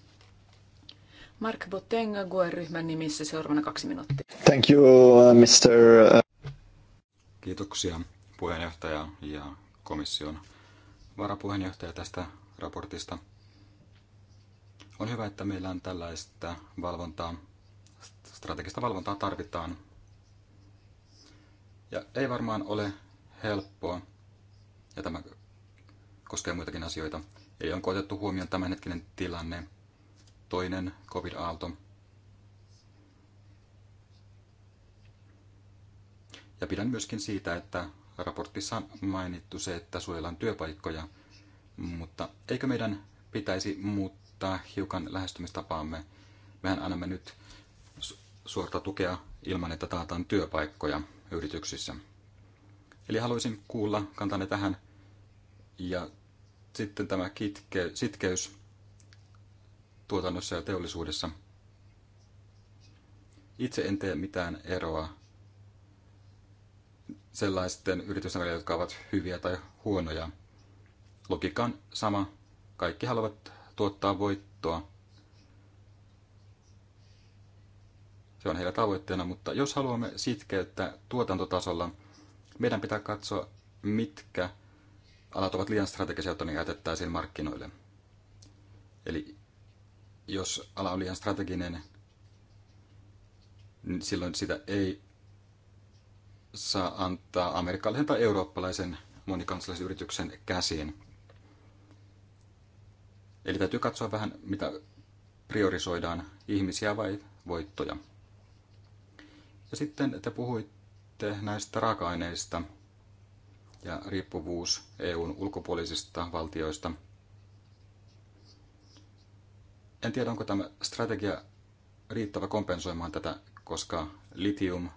Mark Botenga GUE-ryhmän nimissä seuraavana kaksi minuuttia. Thank you, uh, Mr. Uh- Kiitoksia puheenjohtaja ja komission varapuheenjohtaja tästä raportista. On hyvä, että meillä on tällaista valvontaa, strategista valvontaa tarvitaan. Ja ei varmaan ole helppoa, ja tämä koskee muitakin asioita. Eli onko otettu huomioon tämänhetkinen tilanne – toinen covid-aalto. Ja pidän myöskin siitä, että raportissa on mainittu se, että suojellaan työpaikkoja, mutta eikö meidän pitäisi muuttaa hiukan lähestymistapaamme? Mehän annamme nyt suorta tukea ilman, että taataan työpaikkoja yrityksissä. Eli haluaisin kuulla kantanne tähän. Ja sitten tämä kitke, sitkeys tuotannossa ja teollisuudessa. Itse en tee mitään eroa sellaisten yritysten välillä, jotka ovat hyviä tai huonoja. Logiikka on sama. Kaikki haluavat tuottaa voittoa. Se on heillä tavoitteena, mutta jos haluamme sitkeyttä tuotantotasolla, meidän pitää katsoa, mitkä alat ovat liian strategisia, jotta ne jätettäisiin markkinoille. Eli jos ala on liian strateginen, niin silloin sitä ei saa antaa amerikkalaisen tai eurooppalaisen monikansallisen yrityksen käsiin. Eli täytyy katsoa vähän, mitä priorisoidaan, ihmisiä vai voittoja. Ja sitten te puhuitte näistä raaka-aineista ja riippuvuus EUn ulkopuolisista valtioista – en tiedä, onko tämä strategia riittävä kompensoimaan tätä, koska litium,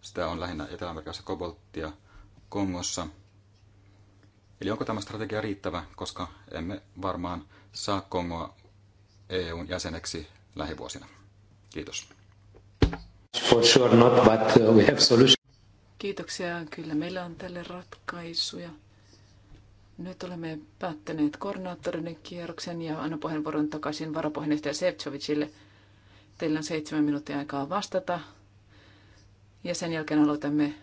sitä on lähinnä Etelä-Amerikassa kobolttia Kongossa. Eli onko tämä strategia riittävä, koska emme varmaan saa Kongoa EUn jäseneksi lähivuosina. Kiitos. For sure not, but we have solution. Kiitoksia. Kyllä meillä on tälle ratkaisuja. Nyt olemme päättäneet koordinaattorin kierroksen ja annan puheenvuoron takaisin varapuheenjohtaja Sevtsovicille. Teillä on seitsemän minuuttia aikaa vastata. Ja sen jälkeen aloitamme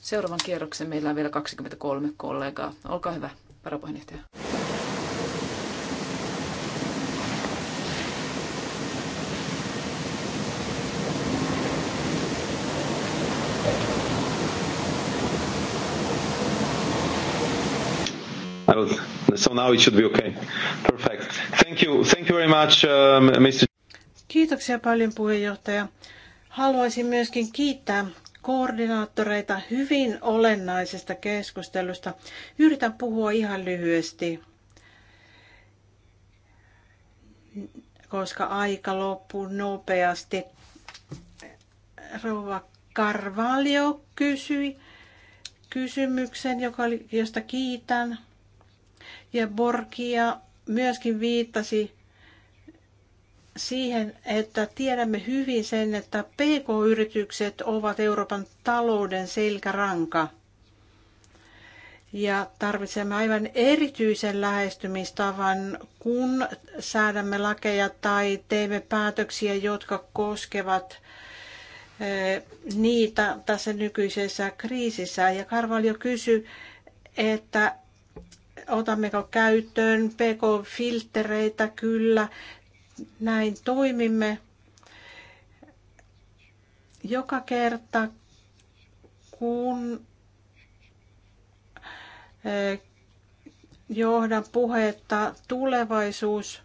seuraavan kierroksen. Meillä on vielä 23 kollegaa. Olkaa hyvä, varapuheenjohtaja. Now it should be okay. Perfect. Thank you. Thank you very much, uh, Mr. Kiitoksia paljon puheenjohtaja. Haluaisin myöskin kiittää koordinaattoreita hyvin olennaisesta keskustelusta. Yritän puhua ihan lyhyesti, koska aika loppuu nopeasti. Rouva Carvalho kysyi kysymyksen, joka oli, josta kiitän. Ja Borkia myöskin viittasi siihen, että tiedämme hyvin sen, että PK-yritykset ovat Euroopan talouden selkäranka. Ja tarvitsemme aivan erityisen lähestymistavan, kun säädämme lakeja tai teemme päätöksiä, jotka koskevat e, niitä tässä nykyisessä kriisissä. Ja Karvalio kysyi, että Otammeko käyttöön pk filtereitä Kyllä, näin toimimme. Joka kerta, kun eh, johdan puhetta tulevaisuus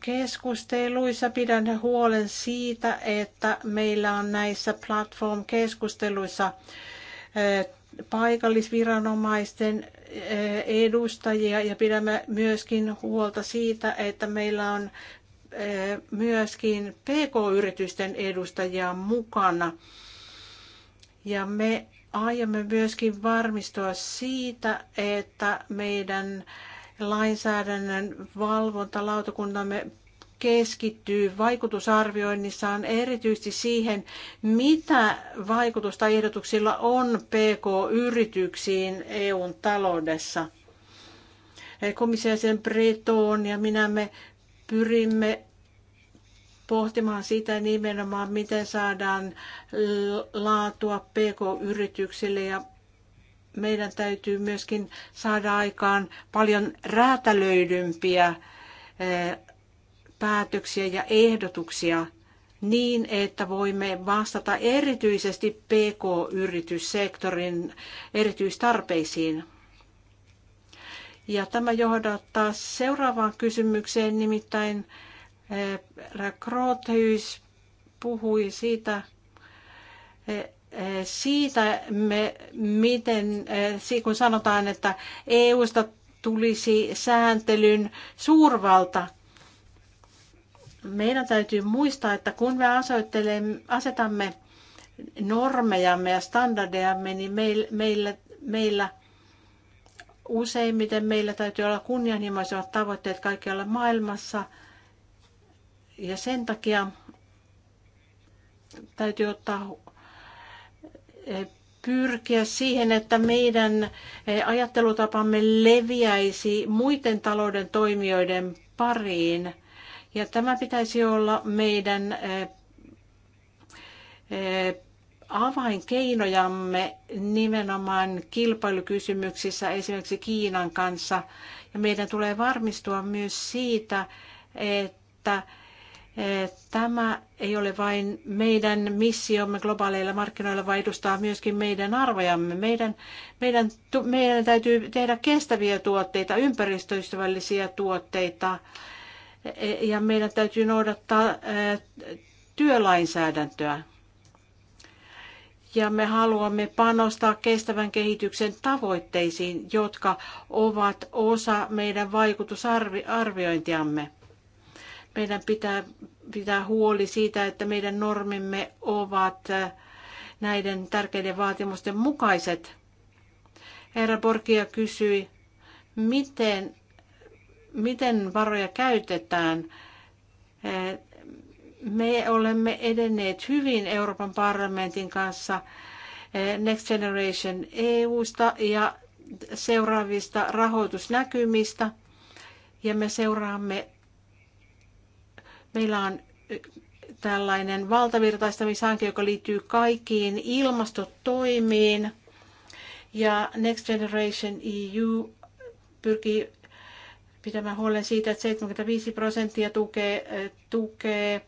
keskusteluissa pidän huolen siitä, että meillä on näissä platform-keskusteluissa eh, paikallisviranomaisten eh, edustajia ja pidämme myöskin huolta siitä, että meillä on eh, myöskin PK-yritysten edustajia mukana. Ja me aiomme myöskin varmistua siitä, että meidän lainsäädännön valvontalautakuntamme keskittyy vaikutusarvioinnissaan erityisesti siihen, mitä vaikutusta ehdotuksilla on PK-yrityksiin EUn taloudessa. Komissiaisen Breton ja minä me pyrimme pohtimaan sitä nimenomaan, miten saadaan laatua PK-yrityksille ja meidän täytyy myöskin saada aikaan paljon räätälöidympiä eh, päätöksiä ja ehdotuksia niin, että voimme vastata erityisesti PK-yrityssektorin erityistarpeisiin. Ja tämä johdattaa seuraavaan kysymykseen, nimittäin eh, Rakrotheys puhui siitä, eh, siitä me, miten, eh, kun sanotaan, että EUsta tulisi sääntelyn suurvalta, meidän täytyy muistaa, että kun me asetamme normejamme ja standardejamme, niin meillä, meillä, meillä useimmiten meillä täytyy olla kunnianhimoisemmat tavoitteet kaikkialla maailmassa. Ja sen takia täytyy ottaa eh, pyrkiä siihen, että meidän eh, ajattelutapamme leviäisi muiden talouden toimijoiden pariin – ja tämä pitäisi olla meidän eh, eh, avainkeinojamme nimenomaan kilpailukysymyksissä esimerkiksi Kiinan kanssa. Ja meidän tulee varmistua myös siitä, että eh, tämä ei ole vain meidän missiomme globaaleilla markkinoilla, vaan edustaa myöskin meidän arvojamme. Meidän, meidän, meidän täytyy tehdä kestäviä tuotteita, ympäristöystävällisiä tuotteita E, ja meidän täytyy noudattaa e, työlainsäädäntöä. Ja me haluamme panostaa kestävän kehityksen tavoitteisiin, jotka ovat osa meidän vaikutusarviointiamme. Meidän pitää pitää huoli siitä, että meidän normimme ovat e, näiden tärkeiden vaatimusten mukaiset. Herra Borkia kysyi, miten miten varoja käytetään. Me olemme edenneet hyvin Euroopan parlamentin kanssa eh, Next Generation EUsta ja seuraavista rahoitusnäkymistä. Ja me seuraamme, meillä on eh, tällainen valtavirtaistamishanke, joka liittyy kaikkiin ilmastotoimiin. Ja Next Generation EU pyrkii pitämään huolen siitä, että 75 prosenttia tukee, eh, tukee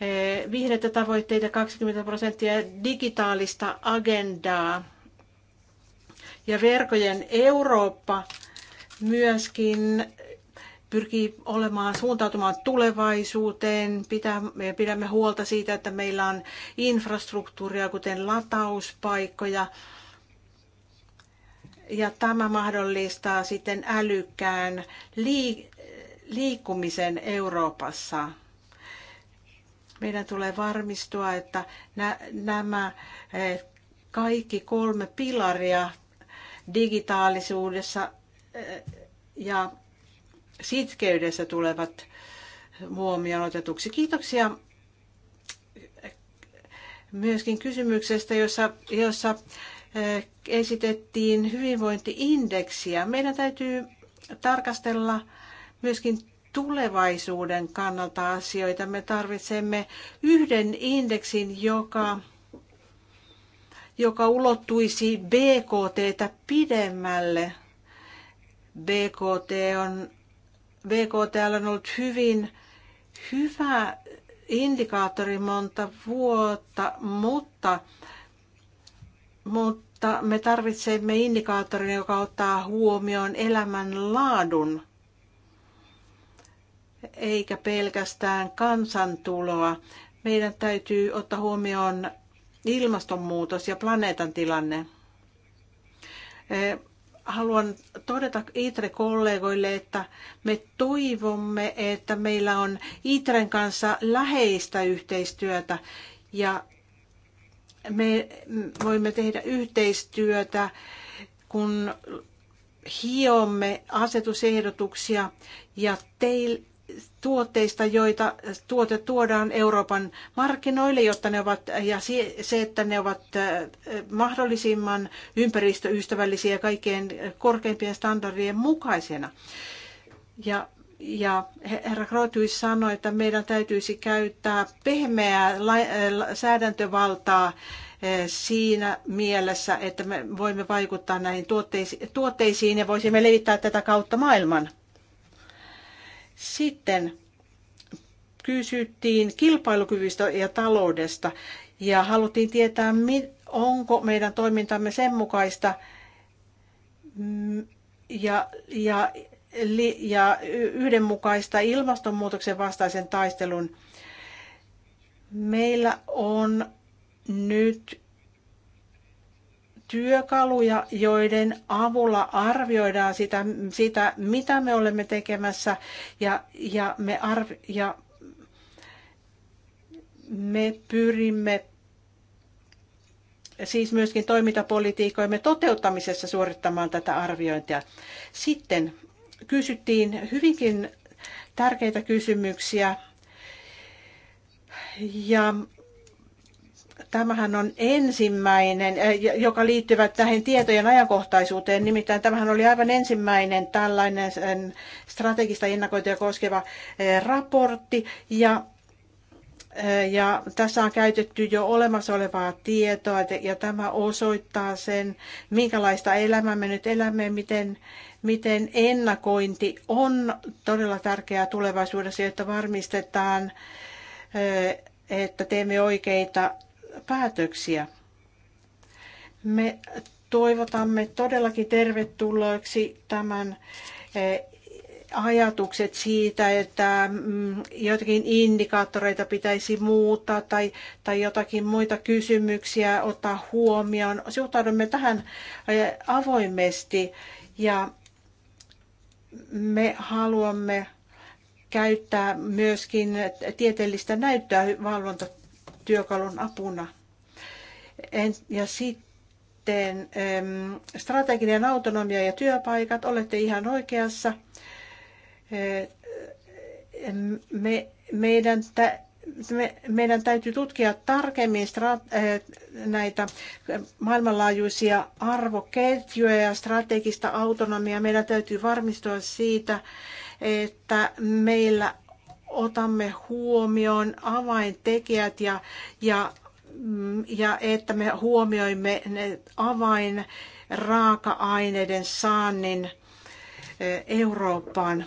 eh, vihreitä tavoitteita, 20 prosenttia digitaalista agendaa. Ja verkojen Eurooppa myöskin pyrkii olemaan suuntautumaan tulevaisuuteen. Pitämme me pidämme huolta siitä, että meillä on infrastruktuuria, kuten latauspaikkoja, ja tämä mahdollistaa sitten älykkään liikkumisen Euroopassa. Meidän tulee varmistua, että nämä eh, kaikki kolme pilaria digitaalisuudessa eh, ja sitkeydessä tulevat huomioon otetuksi. Kiitoksia myöskin kysymyksestä, jossa, jossa esitettiin hyvinvointiindeksiä. Meidän täytyy tarkastella myöskin tulevaisuuden kannalta asioita. Me tarvitsemme yhden indeksin, joka, joka ulottuisi BKTtä pidemmälle. BKT on, BKT on ollut hyvin hyvä indikaattori monta vuotta, mutta mutta me tarvitsemme indikaattorin, joka ottaa huomioon elämän laadun, eikä pelkästään kansantuloa. Meidän täytyy ottaa huomioon ilmastonmuutos ja planeetan tilanne. E, haluan todeta ITRE-kollegoille, että me toivomme, että meillä on ITREn kanssa läheistä yhteistyötä ja me voimme tehdä yhteistyötä, kun hiomme asetusehdotuksia ja teil, tuotteista, joita tuote tuodaan Euroopan markkinoille, jotta ne ovat, ja se, että ne ovat äh, mahdollisimman ympäristöystävällisiä ja korkeimpien standardien mukaisena. Ja ja herra Krootys sanoi, että meidän täytyisi käyttää pehmeää eh, säädäntövaltaa eh, siinä mielessä, että me voimme vaikuttaa näihin tuotteisiin ja voisimme levittää tätä kautta maailman. Sitten kysyttiin kilpailukyvystä ja taloudesta ja haluttiin tietää, onko meidän toimintamme sen mukaista mm, ja, ja ja yhdenmukaista ilmastonmuutoksen vastaisen taistelun. Meillä on nyt työkaluja, joiden avulla arvioidaan sitä, sitä mitä me olemme tekemässä ja, ja, me, arvi, ja me pyrimme siis myöskin toimintapolitiikoimme toteuttamisessa suorittamaan tätä arviointia. Sitten kysyttiin hyvinkin tärkeitä kysymyksiä. Ja tämähän on ensimmäinen, eh, joka liittyvät tähän tietojen ajankohtaisuuteen. Nimittäin tämähän oli aivan ensimmäinen tällainen eh, strategista ennakointia koskeva eh, raportti. Ja ja tässä on käytetty jo olemassa olevaa tietoa ja tämä osoittaa sen, minkälaista elämää me nyt elämme, miten miten ennakointi on todella tärkeää tulevaisuudessa, jotta varmistetaan, että teemme oikeita päätöksiä. Me toivotamme todellakin tervetulleeksi tämän ajatukset siitä, että mm, jotakin indikaattoreita pitäisi muuttaa tai, tai jotakin muita kysymyksiä ottaa huomioon. Suhtaudumme tähän avoimesti ja me haluamme käyttää myöskin tieteellistä näyttöä valvontatyökalun apuna. Ja sitten strateginen autonomia ja työpaikat, olette ihan oikeassa. Me, meidän me, meidän täytyy tutkia tarkemmin eh, näitä maailmanlaajuisia arvoketjuja ja strategista autonomiaa. Meidän täytyy varmistua siitä, että meillä otamme huomioon avaintekijät ja, ja, mm, ja että me huomioimme ne avainraaka aineiden saannin eh, Eurooppaan.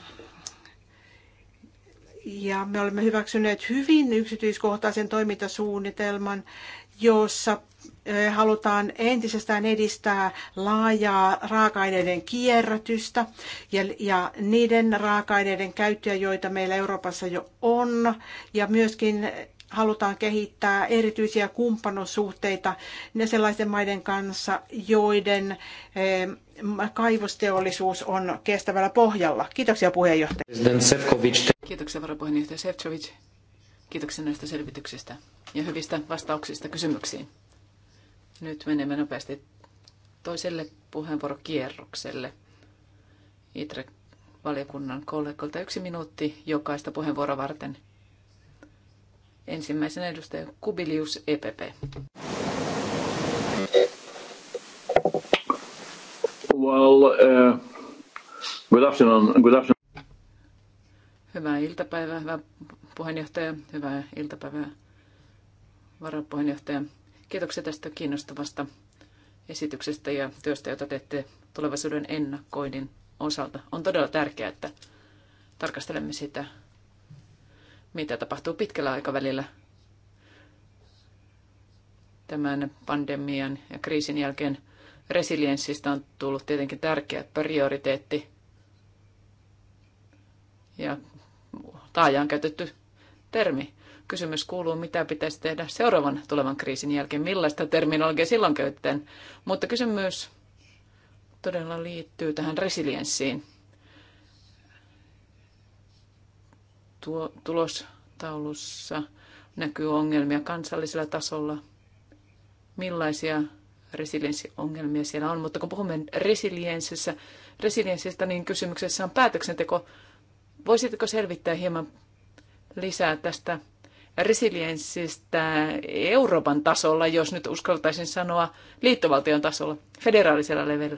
Ja me olemme hyväksyneet hyvin yksityiskohtaisen toimintasuunnitelman, jossa eh, halutaan entisestään edistää laajaa raaka-aineiden kierrätystä ja, ja niiden raaka-aineiden käyttöä, joita meillä Euroopassa jo on, ja myöskin halutaan kehittää erityisiä kumppanuussuhteita ne sellaisten maiden kanssa, joiden eh, kaivosteollisuus on kestävällä pohjalla. Kiitoksia puheenjohtaja. Kiitoksia varapuheenjohtaja Sefcovic. Kiitoksia näistä selvityksistä ja hyvistä vastauksista kysymyksiin. Nyt menemme nopeasti toiselle puheenvuorokierrokselle. Itre valiokunnan kollegolta yksi minuutti jokaista puheenvuoroa varten. Ensimmäisen edustaja Kubilius, EPP. Well, uh, good afternoon. Good afternoon. Hyvää iltapäivää, hyvä puheenjohtaja, hyvää iltapäivää varapuheenjohtaja. Kiitoksia tästä kiinnostavasta esityksestä ja työstä, jota teette tulevaisuuden ennakoinnin osalta. On todella tärkeää, että tarkastelemme sitä mitä tapahtuu pitkällä aikavälillä tämän pandemian ja kriisin jälkeen. Resilienssistä on tullut tietenkin tärkeä prioriteetti ja taajaan käytetty termi. Kysymys kuuluu, mitä pitäisi tehdä seuraavan tulevan kriisin jälkeen, millaista terminologiaa silloin käytetään. Mutta kysymys todella liittyy tähän resilienssiin. tuo, tulostaulussa näkyy ongelmia kansallisella tasolla, millaisia resilienssiongelmia siellä on. Mutta kun puhumme resilienssistä, resilienssistä niin kysymyksessä on päätöksenteko. Voisitko selvittää hieman lisää tästä resilienssistä Euroopan tasolla, jos nyt uskaltaisin sanoa liittovaltion tasolla, federaalisella level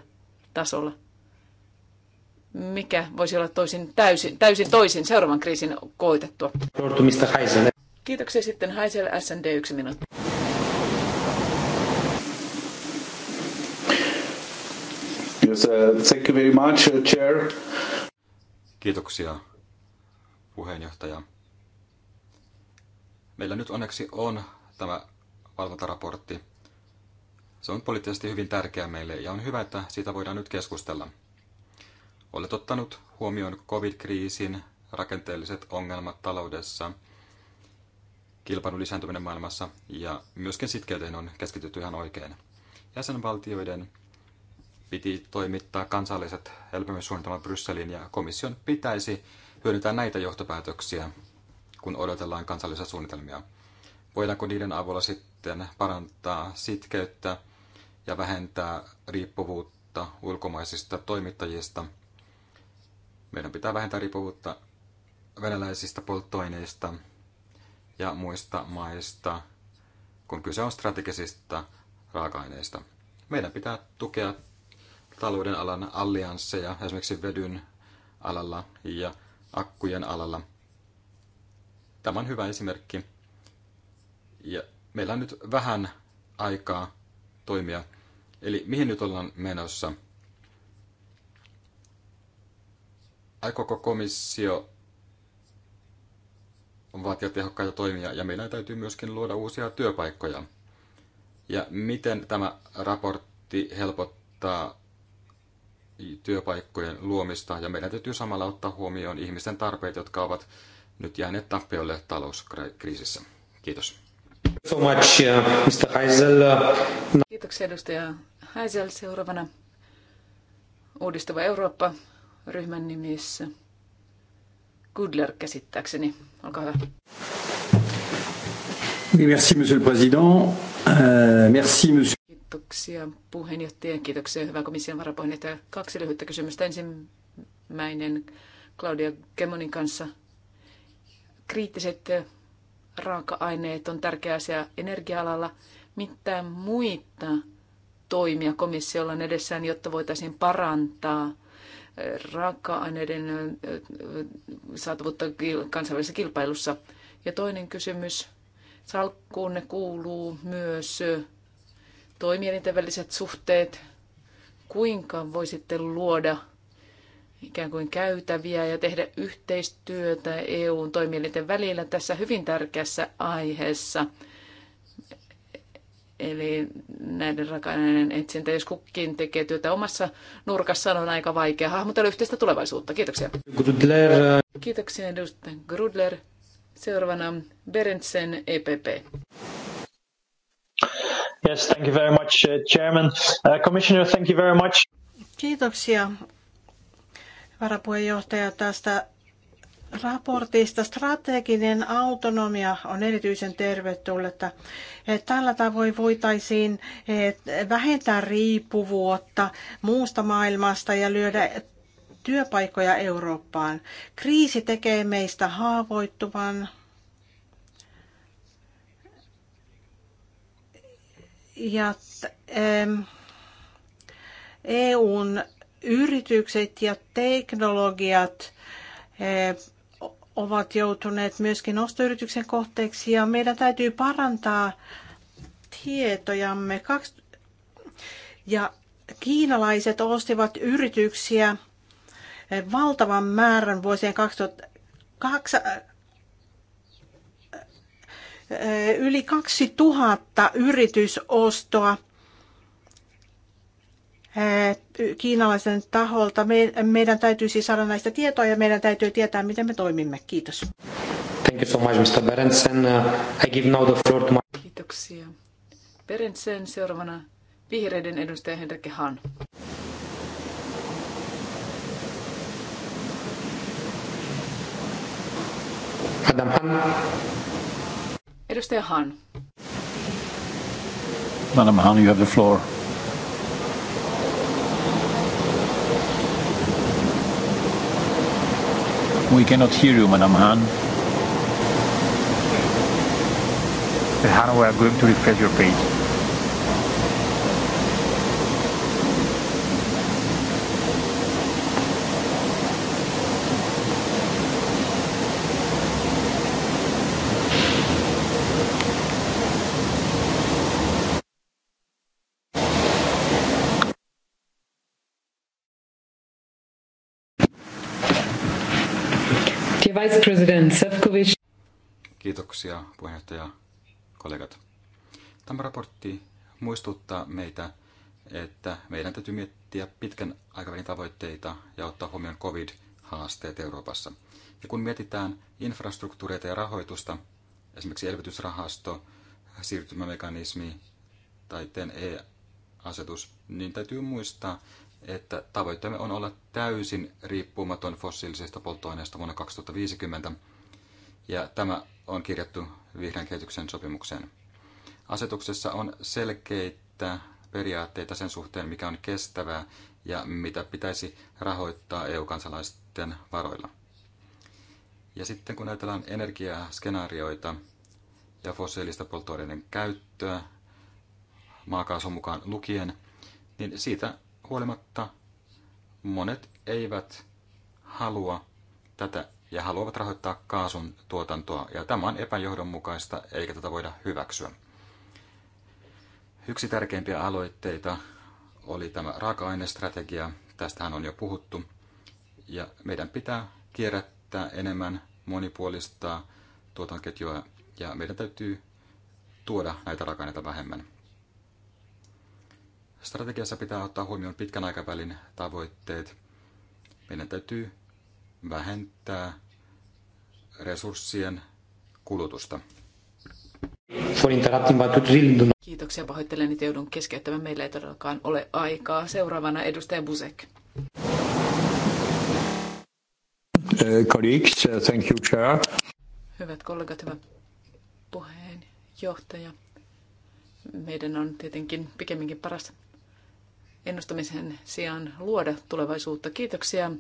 tasolla? mikä voisi olla toisin, täysin, täysin toisin seuraavan kriisin koitettua. Kiitoksia sitten Haisel SND yksi minuutti. Yes, uh, thank you very much, uh, Chair. Kiitoksia, puheenjohtaja. Meillä nyt onneksi on tämä valvontaraportti. Se on poliittisesti hyvin tärkeä meille ja on hyvä, että siitä voidaan nyt keskustella olet ottanut huomioon covid-kriisin, rakenteelliset ongelmat taloudessa, kilpailun lisääntyminen maailmassa ja myöskin sitkeyteen on keskitytty ihan oikein. Jäsenvaltioiden piti toimittaa kansalliset elpymissuunnitelmat Brysseliin ja komission pitäisi hyödyntää näitä johtopäätöksiä, kun odotellaan kansallisia suunnitelmia. Voidaanko niiden avulla sitten parantaa sitkeyttä ja vähentää riippuvuutta ulkomaisista toimittajista – meidän pitää vähentää riippuvuutta venäläisistä polttoaineista ja muista maista, kun kyse on strategisista raaka-aineista. Meidän pitää tukea talouden alan alliansseja, esimerkiksi vedyn alalla ja akkujen alalla. Tämä on hyvä esimerkki. Ja meillä on nyt vähän aikaa toimia. Eli mihin nyt ollaan menossa? aikooko komissio vaatia tehokkaita toimia ja meidän täytyy myöskin luoda uusia työpaikkoja. Ja miten tämä raportti helpottaa työpaikkojen luomista ja meidän täytyy samalla ottaa huomioon ihmisten tarpeet, jotka ovat nyt jääneet tappiolle talouskriisissä. Kiitos. So much, uh, Mr. Heisel. Uh, Kiitoksia edustaja Heisel. Seuraavana uudistava Eurooppa ryhmän nimissä. Goodler käsittääkseni. Olkaa hyvä. Merci, monsieur le président. Euh, merci, monsieur... Kiitoksia puheenjohtaja. Kiitoksia hyvä komission varapuheenjohtaja. Kaksi lyhyttä kysymystä. Ensimmäinen Claudia Gemonin kanssa. Kriittiset raaka-aineet on tärkeä asia energia-alalla. Mitä muita toimia komissiolla on edessään, jotta voitaisiin parantaa – raaka-aineiden saatavuutta kansainvälisessä kilpailussa. Ja toinen kysymys. ne kuuluu myös toimielinten väliset suhteet. Kuinka voisitte luoda ikään kuin käytäviä ja tehdä yhteistyötä EUn toimielinten välillä tässä hyvin tärkeässä aiheessa – Eli näiden rakainen etsintä, jos kukin tekee työtä omassa nurkassaan, on aika vaikea hahmotella yhteistä tulevaisuutta. Kiitoksia. Grudler. Äh. Kiitoksia edustaja Grudler. Seuraavana Berendsen EPP. Yes, thank you very much, uh, Chairman. Uh, Commissioner, thank you very much. Kiitoksia varapuheenjohtaja tästä raportista. Strateginen autonomia on erityisen tervetullutta. Tällä tavoin voitaisiin vähentää riippuvuutta muusta maailmasta ja lyödä työpaikkoja Eurooppaan. Kriisi tekee meistä haavoittuvan. Ja EUn yritykset ja teknologiat ovat joutuneet myöskin ostoyrityksen kohteeksi ja meidän täytyy parantaa tietojamme. Ja kiinalaiset ostivat yrityksiä valtavan määrän vuosien 2002 yli 2000 yritysostoa Eh, kiinalaisen taholta. Meidän täytyy siis saada näistä tietoa ja meidän täytyy tietää, miten me toimimme. Kiitos. Thank you so much, Mr. Berendsen. Uh, I give now the floor to my... Kiitoksia. Berendsen seuraavana vihreiden edustaja Henrik Hahn. Adam Han. Edustaja Han. Madam Han, you have the floor. We cannot hear you, Madam Han. Han, we are going to refresh your page. Kiitoksia puheenjohtaja kollegat. Tämä raportti muistuttaa meitä, että meidän täytyy miettiä pitkän aikavälin tavoitteita ja ottaa huomioon COVID-haasteet Euroopassa. Ja kun mietitään infrastruktuureita ja rahoitusta, esimerkiksi elvytysrahasto, siirtymämekanismi tai TEN-E-asetus, niin täytyy muistaa, että tavoitteemme on olla täysin riippumaton fossiilisista polttoaineista vuonna 2050 ja tämä on kirjattu vihreän kehityksen sopimukseen. Asetuksessa on selkeitä periaatteita sen suhteen, mikä on kestävää ja mitä pitäisi rahoittaa EU-kansalaisten varoilla. Ja sitten kun ajatellaan energiaskenaarioita ja fossiilista polttoaineiden käyttöä, maakaasun mukaan lukien, niin siitä huolimatta monet eivät halua tätä ja haluavat rahoittaa kaasun tuotantoa, ja tämä on epäjohdonmukaista, eikä tätä voida hyväksyä. Yksi tärkeimpiä aloitteita oli tämä raaka-ainestrategia. Tästähän on jo puhuttu. Ja meidän pitää kierrättää enemmän, monipuolistaa tuotantoketjua ja meidän täytyy tuoda näitä raaka-aineita vähemmän. Strategiassa pitää ottaa huomioon pitkän aikavälin tavoitteet. Meidän täytyy vähentää resurssien kulutusta. Kiitoksia, pahoittelen, että joudun keskeyttämään. Meillä ei todellakaan ole aikaa. Seuraavana edustaja Busek. Eh, colleagues, eh, thank you, chair. Hyvät kollegat, hyvä puheenjohtaja. Meidän on tietenkin pikemminkin paras ennustamisen sijaan luoda tulevaisuutta. Kiitoksia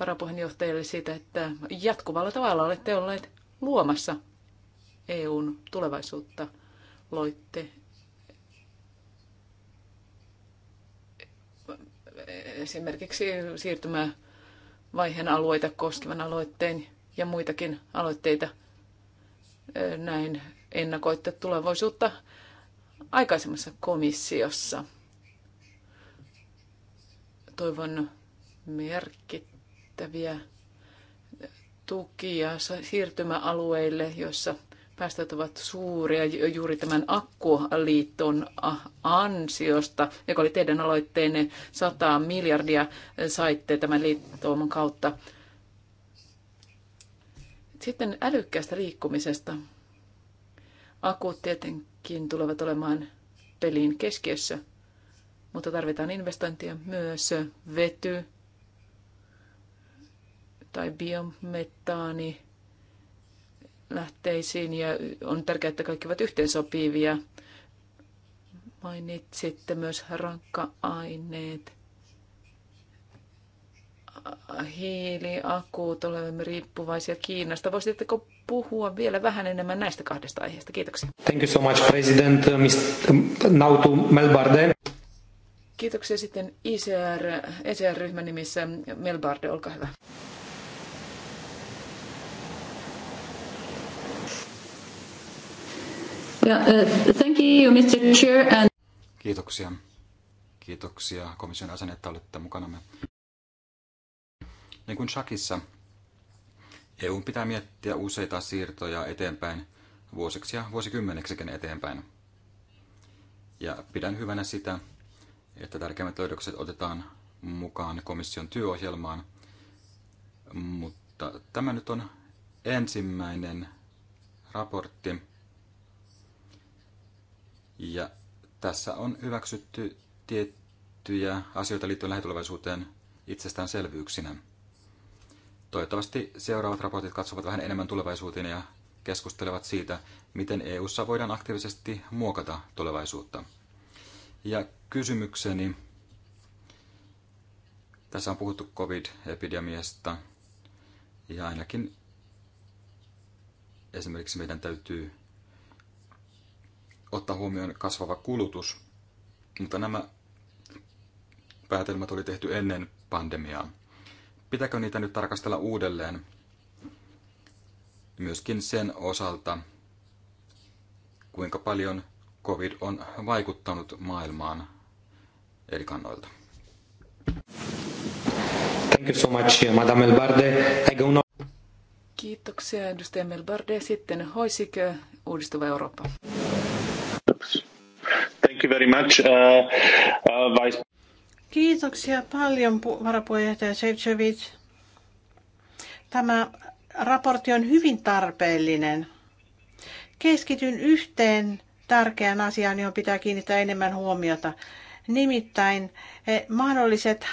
varapuheenjohtajalle siitä, että jatkuvalla tavalla olette olleet luomassa EUn tulevaisuutta. Loitte esimerkiksi siirtymävaiheen alueita koskevan aloitteen ja muitakin aloitteita. Näin ennakoitte tulevaisuutta aikaisemmassa komissiossa. Toivon merkit merkittäviä tukia siirtymäalueille, joissa päästöt ovat suuria juuri tämän akkuliiton ansiosta, joka oli teidän aloitteenne 100 miljardia saitte tämän liittouman kautta. Sitten älykkäästä liikkumisesta. Akut tietenkin tulevat olemaan pelin keskiössä, mutta tarvitaan investointia myös vety, tai biometaani lähteisiin ja on tärkeää, että kaikki ovat yhteensopivia. Mainitsitte myös rankka-aineet hiiliakuut, olemme riippuvaisia Kiinasta. Voisitteko puhua vielä vähän enemmän näistä kahdesta aiheesta? Kiitoksia. Thank you so much, President. Uh, um, now to Mel Kiitoksia sitten ICR, ECR-ryhmän nimissä. Melbarde, olkaa hyvä. Uh, thank you, Mr. Chair. And... Kiitoksia. Kiitoksia komission jäsen, että olette mukanamme. Niin kuin Shakissa, EU pitää miettiä useita siirtoja eteenpäin vuosiksi ja vuosikymmeneksikin eteenpäin. Ja pidän hyvänä sitä, että tärkeimmät löydökset otetaan mukaan komission työohjelmaan, mutta tämä nyt on ensimmäinen raportti ja tässä on hyväksytty tiettyjä asioita liittyen lähitulevaisuuteen itsestäänselvyyksinä. Toivottavasti seuraavat raportit katsovat vähän enemmän tulevaisuuteen ja keskustelevat siitä, miten EU:ssa voidaan aktiivisesti muokata tulevaisuutta. Ja kysymykseni, tässä on puhuttu COVID-epidemiasta, ja ainakin esimerkiksi meidän täytyy ottaa huomioon kasvava kulutus, mutta nämä päätelmät oli tehty ennen pandemiaa. Pitääkö niitä nyt tarkastella uudelleen myöskin sen osalta, kuinka paljon COVID on vaikuttanut maailmaan eri kannoilta? Thank you so much, Madame Elbarde. Kiitoksia, edustaja Melbarde. Sitten hoisikö Uudistuva Eurooppa. Thank you very much, uh, uh, Vice Kiitoksia paljon, varapuheenjohtaja Sevcevic. Tämä raportti on hyvin tarpeellinen. Keskityn yhteen tärkeään asiaan, johon pitää kiinnittää enemmän huomiota, nimittäin eh, mahdolliset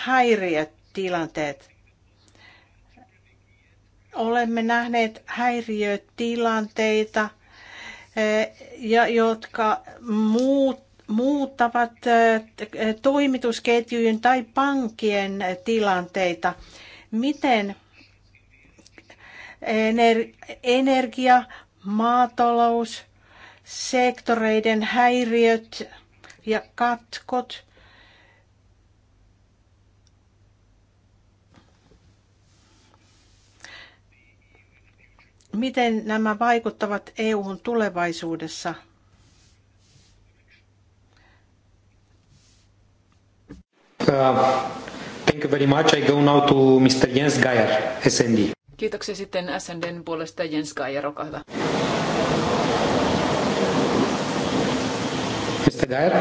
tilanteet. Olemme nähneet häiriötilanteita – Eh, ja jotka muut, muuttavat eh, toimitusketjujen tai pankkien tilanteita. Miten eh, energia, maatalous, sektoreiden häiriöt ja katkot – Miten nämä vaikuttavat EUn tulevaisuudessa? Uh, thank you very much. I go now to Mr. Jens Geier, SND. Kiitoksia sitten SNDn puolesta Jens Geier, olkaa hyvä. Mr. Geier?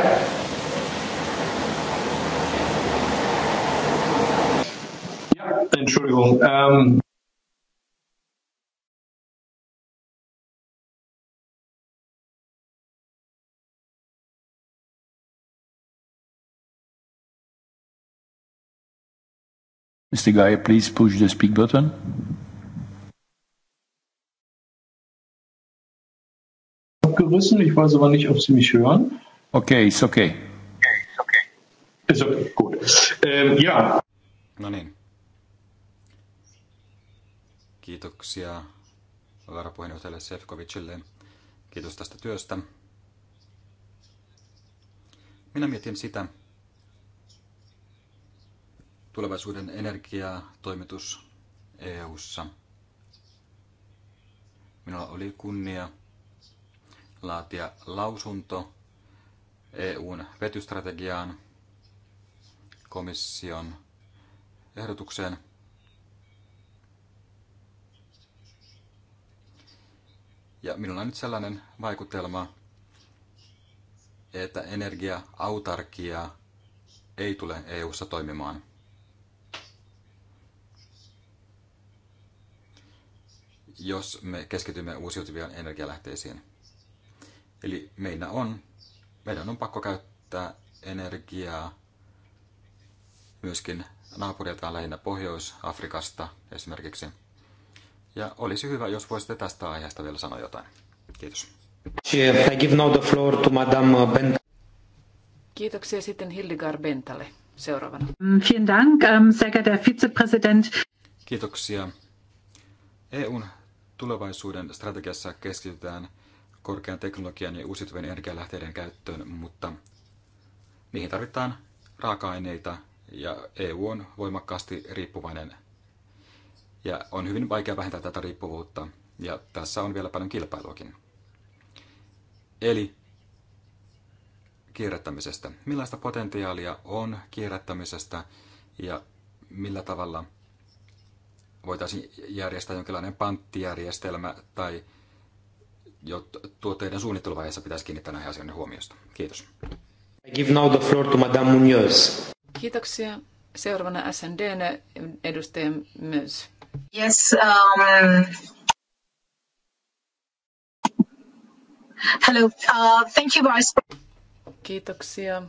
Entschuldigung. Ähm, Mr. Guy, please push the speak button. Abgerissen, ich weiß aber nicht, ob Sie mich hören. Okay, ist okay. Ist okay, gut. Ähm, ja. No niin. Kiitoksia varapuheenjohtajalle Sefkovicille. Kiitos tästä työstä. Minä mietin sitä, tulevaisuuden energiatoimitus EU:ssa. Minulla oli kunnia laatia lausunto EUn vetystrategiaan komission ehdotukseen. Ja minulla on nyt sellainen vaikutelma, että energia-autarkia ei tule EU:ssa toimimaan. jos me keskitymme uusiutuvien energialähteisiin. Eli meillä on, meidän on pakko käyttää energiaa myöskin naapuriltaan lähinnä Pohjois-Afrikasta esimerkiksi. Ja olisi hyvä, jos voisitte tästä aiheesta vielä sanoa jotain. Kiitos. I give now the floor to Madame Kiitoksia sitten Hildegard Bentale, seuraavana. Mm, vielen Dank, ähm, sehr geehrter Vizepräsident. Kiitoksia. EUn Tulevaisuuden strategiassa keskitytään korkean teknologian ja uusiutuvien energialähteiden käyttöön, mutta niihin tarvitaan raaka-aineita ja EU on voimakkaasti riippuvainen ja on hyvin vaikea vähentää tätä riippuvuutta ja tässä on vielä paljon kilpailuakin. Eli kierrättämisestä. Millaista potentiaalia on kierrättämisestä ja millä tavalla – voitaisiin järjestää jonkinlainen panttijärjestelmä tai jo tuotteiden suunnitteluvaiheessa pitäisi kiinnittää näihin asioihin huomiosta. Kiitos. I give now the floor to Madame Munoz. Kiitoksia. Seuraavana SNDn edustaja myös. Yes, um, hello, uh, thank you Vice. Kiitoksia.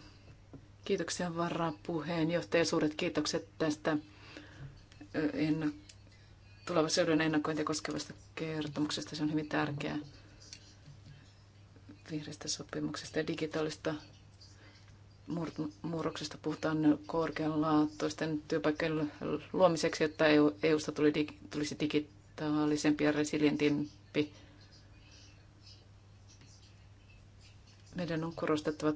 Kiitoksia varapuheenjohtaja. Suuret kiitokset tästä en tulevaisuuden ennakointia koskevasta kertomuksesta. Se on hyvin tärkeää vihreistä sopimuksesta ja digitaalista murroksesta puhutaan korkeanlaatuisten työpaikkojen luomiseksi, jotta EU, EUsta tuli, tulisi digitaalisempi ja resilientimpi. Meidän on korostettava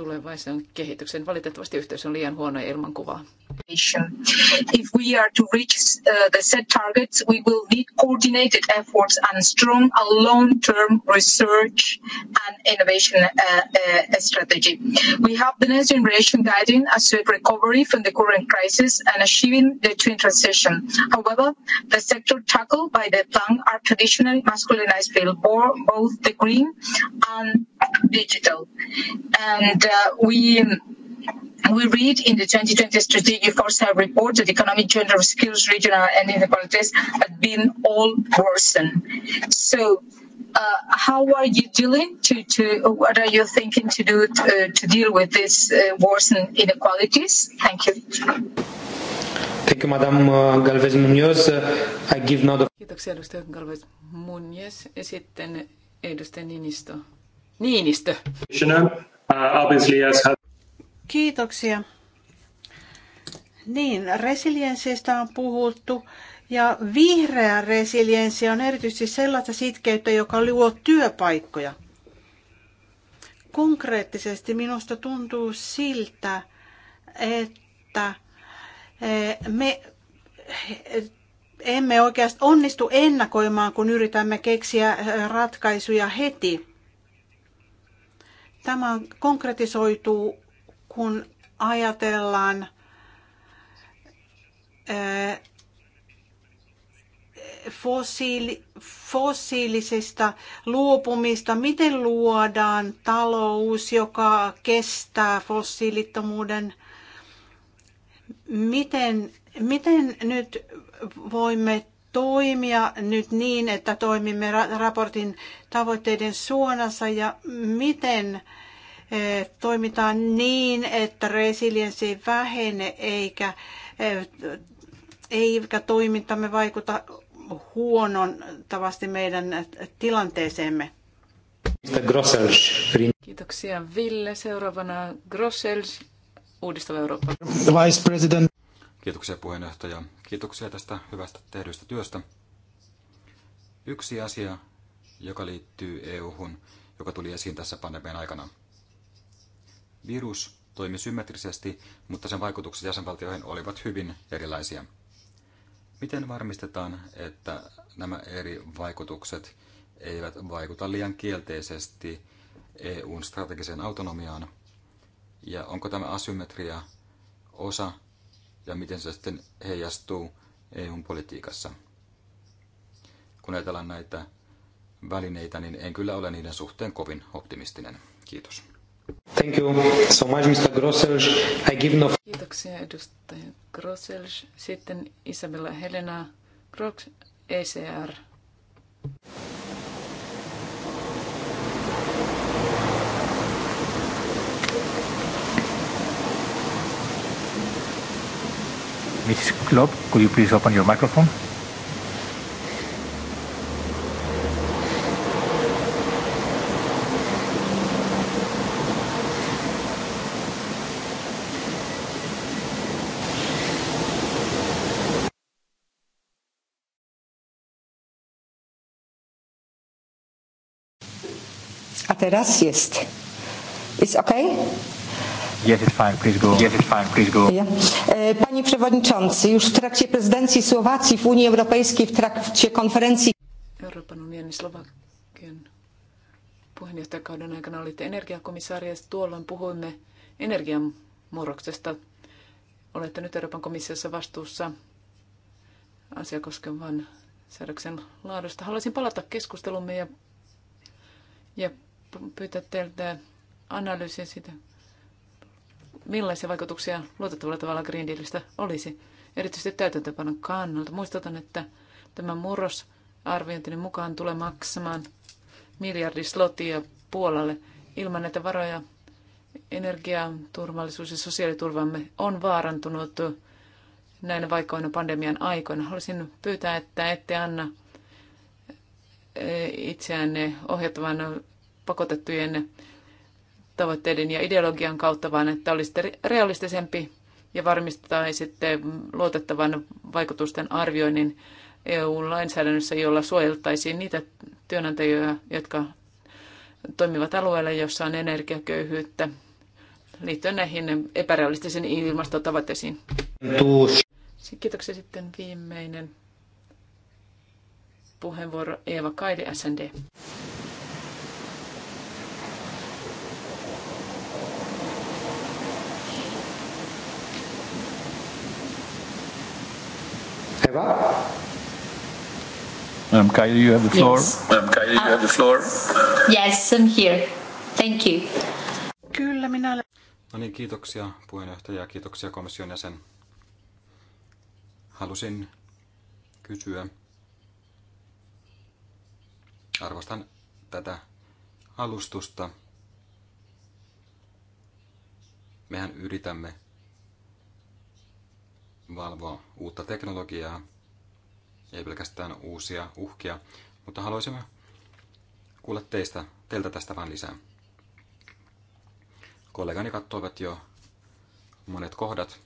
tulevaisuuden kehityksen. Valitettavasti yhteys on liian huono ilman kuvaa. If we are to reach uh, the set targets, we will need coordinated efforts and strong and long-term research and innovation uh, uh, strategy. We have the next generation guiding a swift recovery from the current crisis and achieving the twin transition. However, the sector tackled by the plan are traditionally masculinized field, both the green and digital. and uh, We we read in the 2020 Strategic Foresight Report that economic gender skills, regional and inequalities have been all worsened. So uh, How are you dealing to to what are you thinking to do uh, to deal with this worsened inequalities? Thank you. Thank you, Madam Galvez Munoz. I give now the- Kiitoksia, edustaja Galvez Ja Sitten edustaja Ninisto. Niinistö. Uh, Kiitoksia. Niin, resilienssistä on puhuttu. Ja vihreä resilienssi on erityisesti sellaista sitkeyttä, joka luo työpaikkoja. Konkreettisesti minusta tuntuu siltä, että eh, me eh, emme oikeastaan onnistu ennakoimaan, kun yritämme keksiä eh, ratkaisuja heti. Tämä konkretisoituu, kun ajatellaan eh, fossiili, fossiilisista luopumista, miten luodaan talous, joka kestää fossiilittomuuden, miten, miten nyt voimme toimia nyt niin, että toimimme raportin tavoitteiden suonassa ja miten eh, toimitaan niin, että resilienssi ei vähene eikä, eh, eikä toimintamme vaikuta huonontavasti meidän tilanteeseemme. Kiitoksia Ville. Seuraavana Grossels, Uudistava Eurooppa. Vice President. Kiitoksia puheenjohtaja. Kiitoksia tästä hyvästä tehdystä työstä. Yksi asia, joka liittyy EU-hun, joka tuli esiin tässä pandemian aikana. Virus toimi symmetrisesti, mutta sen vaikutukset jäsenvaltioihin olivat hyvin erilaisia. Miten varmistetaan, että nämä eri vaikutukset eivät vaikuta liian kielteisesti EUn strategiseen autonomiaan? Ja onko tämä asymmetria osa ja miten se sitten heijastuu EUn politiikassa. Kun ajatellaan näitä välineitä, niin en kyllä ole niiden suhteen kovin optimistinen. Kiitos. Thank you so much, Mr. Grosselj. I give no... Kiitoksia edustaja Grosselj. Sitten Isabella Helena Grox, ECR. Ms. Klopp, could you please open your microphone? Is okay? Yes, it's fine. Please go. Yes, it's fine. Please go. E, panie Przewodniczący, już w trakcie prezydencji Słowacji w Unii Europejskiej, w trakcie konferencji... Euroopan unionin Slovakian puheenjohtajakauden aikana olitte energiakomissaari ja tuolloin puhuimme energian murroksesta. Olette nyt Euroopan komissiossa vastuussa asia koskevan säädöksen laadusta. Haluaisin palata keskustelumme ja, ja pyytää teiltä analyysiä siitä, millaisia vaikutuksia luotettavalla tavalla Green Dealista olisi, erityisesti täytäntöpanon kannalta. Muistutan, että tämä murros arviointinen mukaan tulee maksamaan miljardi Puolalle ilman näitä varoja. Energia, turvallisuus ja sosiaaliturvamme on vaarantunut näin vaikoina pandemian aikoina. Haluaisin pyytää, että ette anna eh, itseänne ohjattavan pakotettujen tavoitteiden ja ideologian kautta, vaan että olisitte realistisempi ja varmistaisitte luotettavan vaikutusten arvioinnin EU-lainsäädännössä, jolla suojeltaisiin niitä työnantajia, jotka toimivat alueella, jossa on energiaköyhyyttä liittyen näihin epärealistisiin ilmastotavoitteisiin. Kiitoksia sitten viimeinen puheenvuoro Eeva Kaide, SND. Eva? Madam Kaya, you have the floor. Yes. Madam Kaya, you have the floor. Uh, yes, I'm here. Thank you. Kyllä, minä olen. No niin, kiitoksia puheenjohtaja ja kiitoksia komission jäsen. Halusin kysyä. Arvostan tätä alustusta. Mehän yritämme valvoa uutta teknologiaa, ei pelkästään uusia uhkia, mutta haluaisimme kuulla teistä, teiltä tästä vähän lisää. Kollegani katsoivat jo monet kohdat,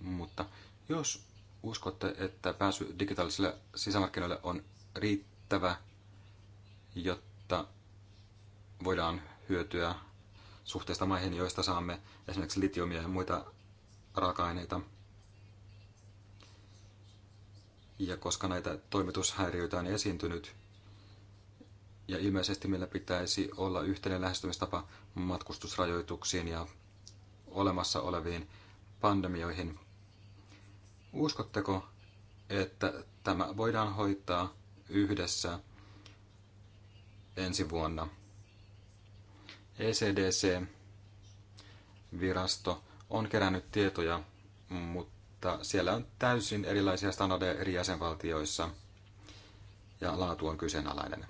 mutta jos uskotte, että pääsy digitaalisille sisämarkkinoille on riittävä, jotta voidaan hyötyä suhteesta maihin, joista saamme esimerkiksi litiumia ja muita raaka-aineita, ja koska näitä toimitushäiriöitä on esiintynyt, ja ilmeisesti meillä pitäisi olla yhteinen lähestymistapa matkustusrajoituksiin ja olemassa oleviin pandemioihin. Uskotteko, että tämä voidaan hoitaa yhdessä ensi vuonna? ECDC-virasto on kerännyt tietoja, mutta mutta siellä on täysin erilaisia standardeja eri jäsenvaltioissa ja laatu on kyseenalainen.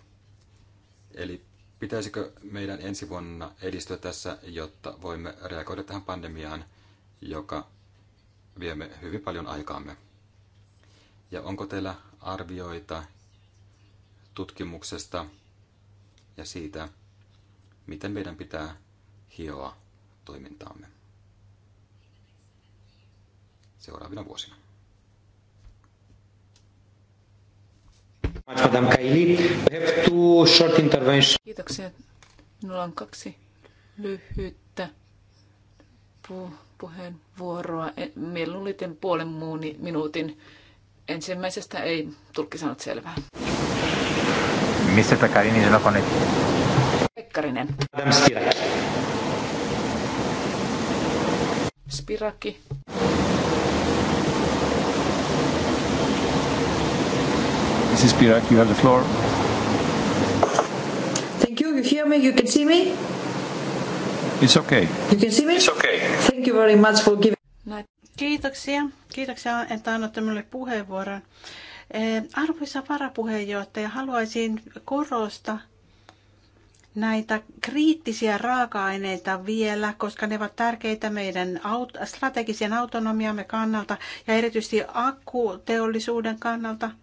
Eli pitäisikö meidän ensi vuonna edistyä tässä, jotta voimme reagoida tähän pandemiaan, joka viemme hyvin paljon aikaamme? Ja onko teillä arvioita tutkimuksesta ja siitä, miten meidän pitää hioa toimintaamme? seuraavina vuosina. Kiitoksia. Minulla on kaksi lyhyttä pu- puheenvuoroa. E, mieluiten puolen muun minuutin. Ensimmäisestä ei tulkki sanot selvää. Mistä Pekkarini niin sinä koneet? Pekkarinen. Adam Spiraki. Spiraki. Mrs. Pirak, you have the floor. Thank you. You hear me? You can see me? It's okay. You can see me? It's okay. Thank you very much for giving... No, kiitoksia. Kiitoksia, että annatte minulle puheenvuoron. Eh, arvoisa varapuheenjohtaja, haluaisin korostaa näitä kriittisiä raaka-aineita vielä, koska ne ovat tärkeitä meidän aut- strategisen autonomiamme kannalta ja erityisesti akkuteollisuuden kannalta –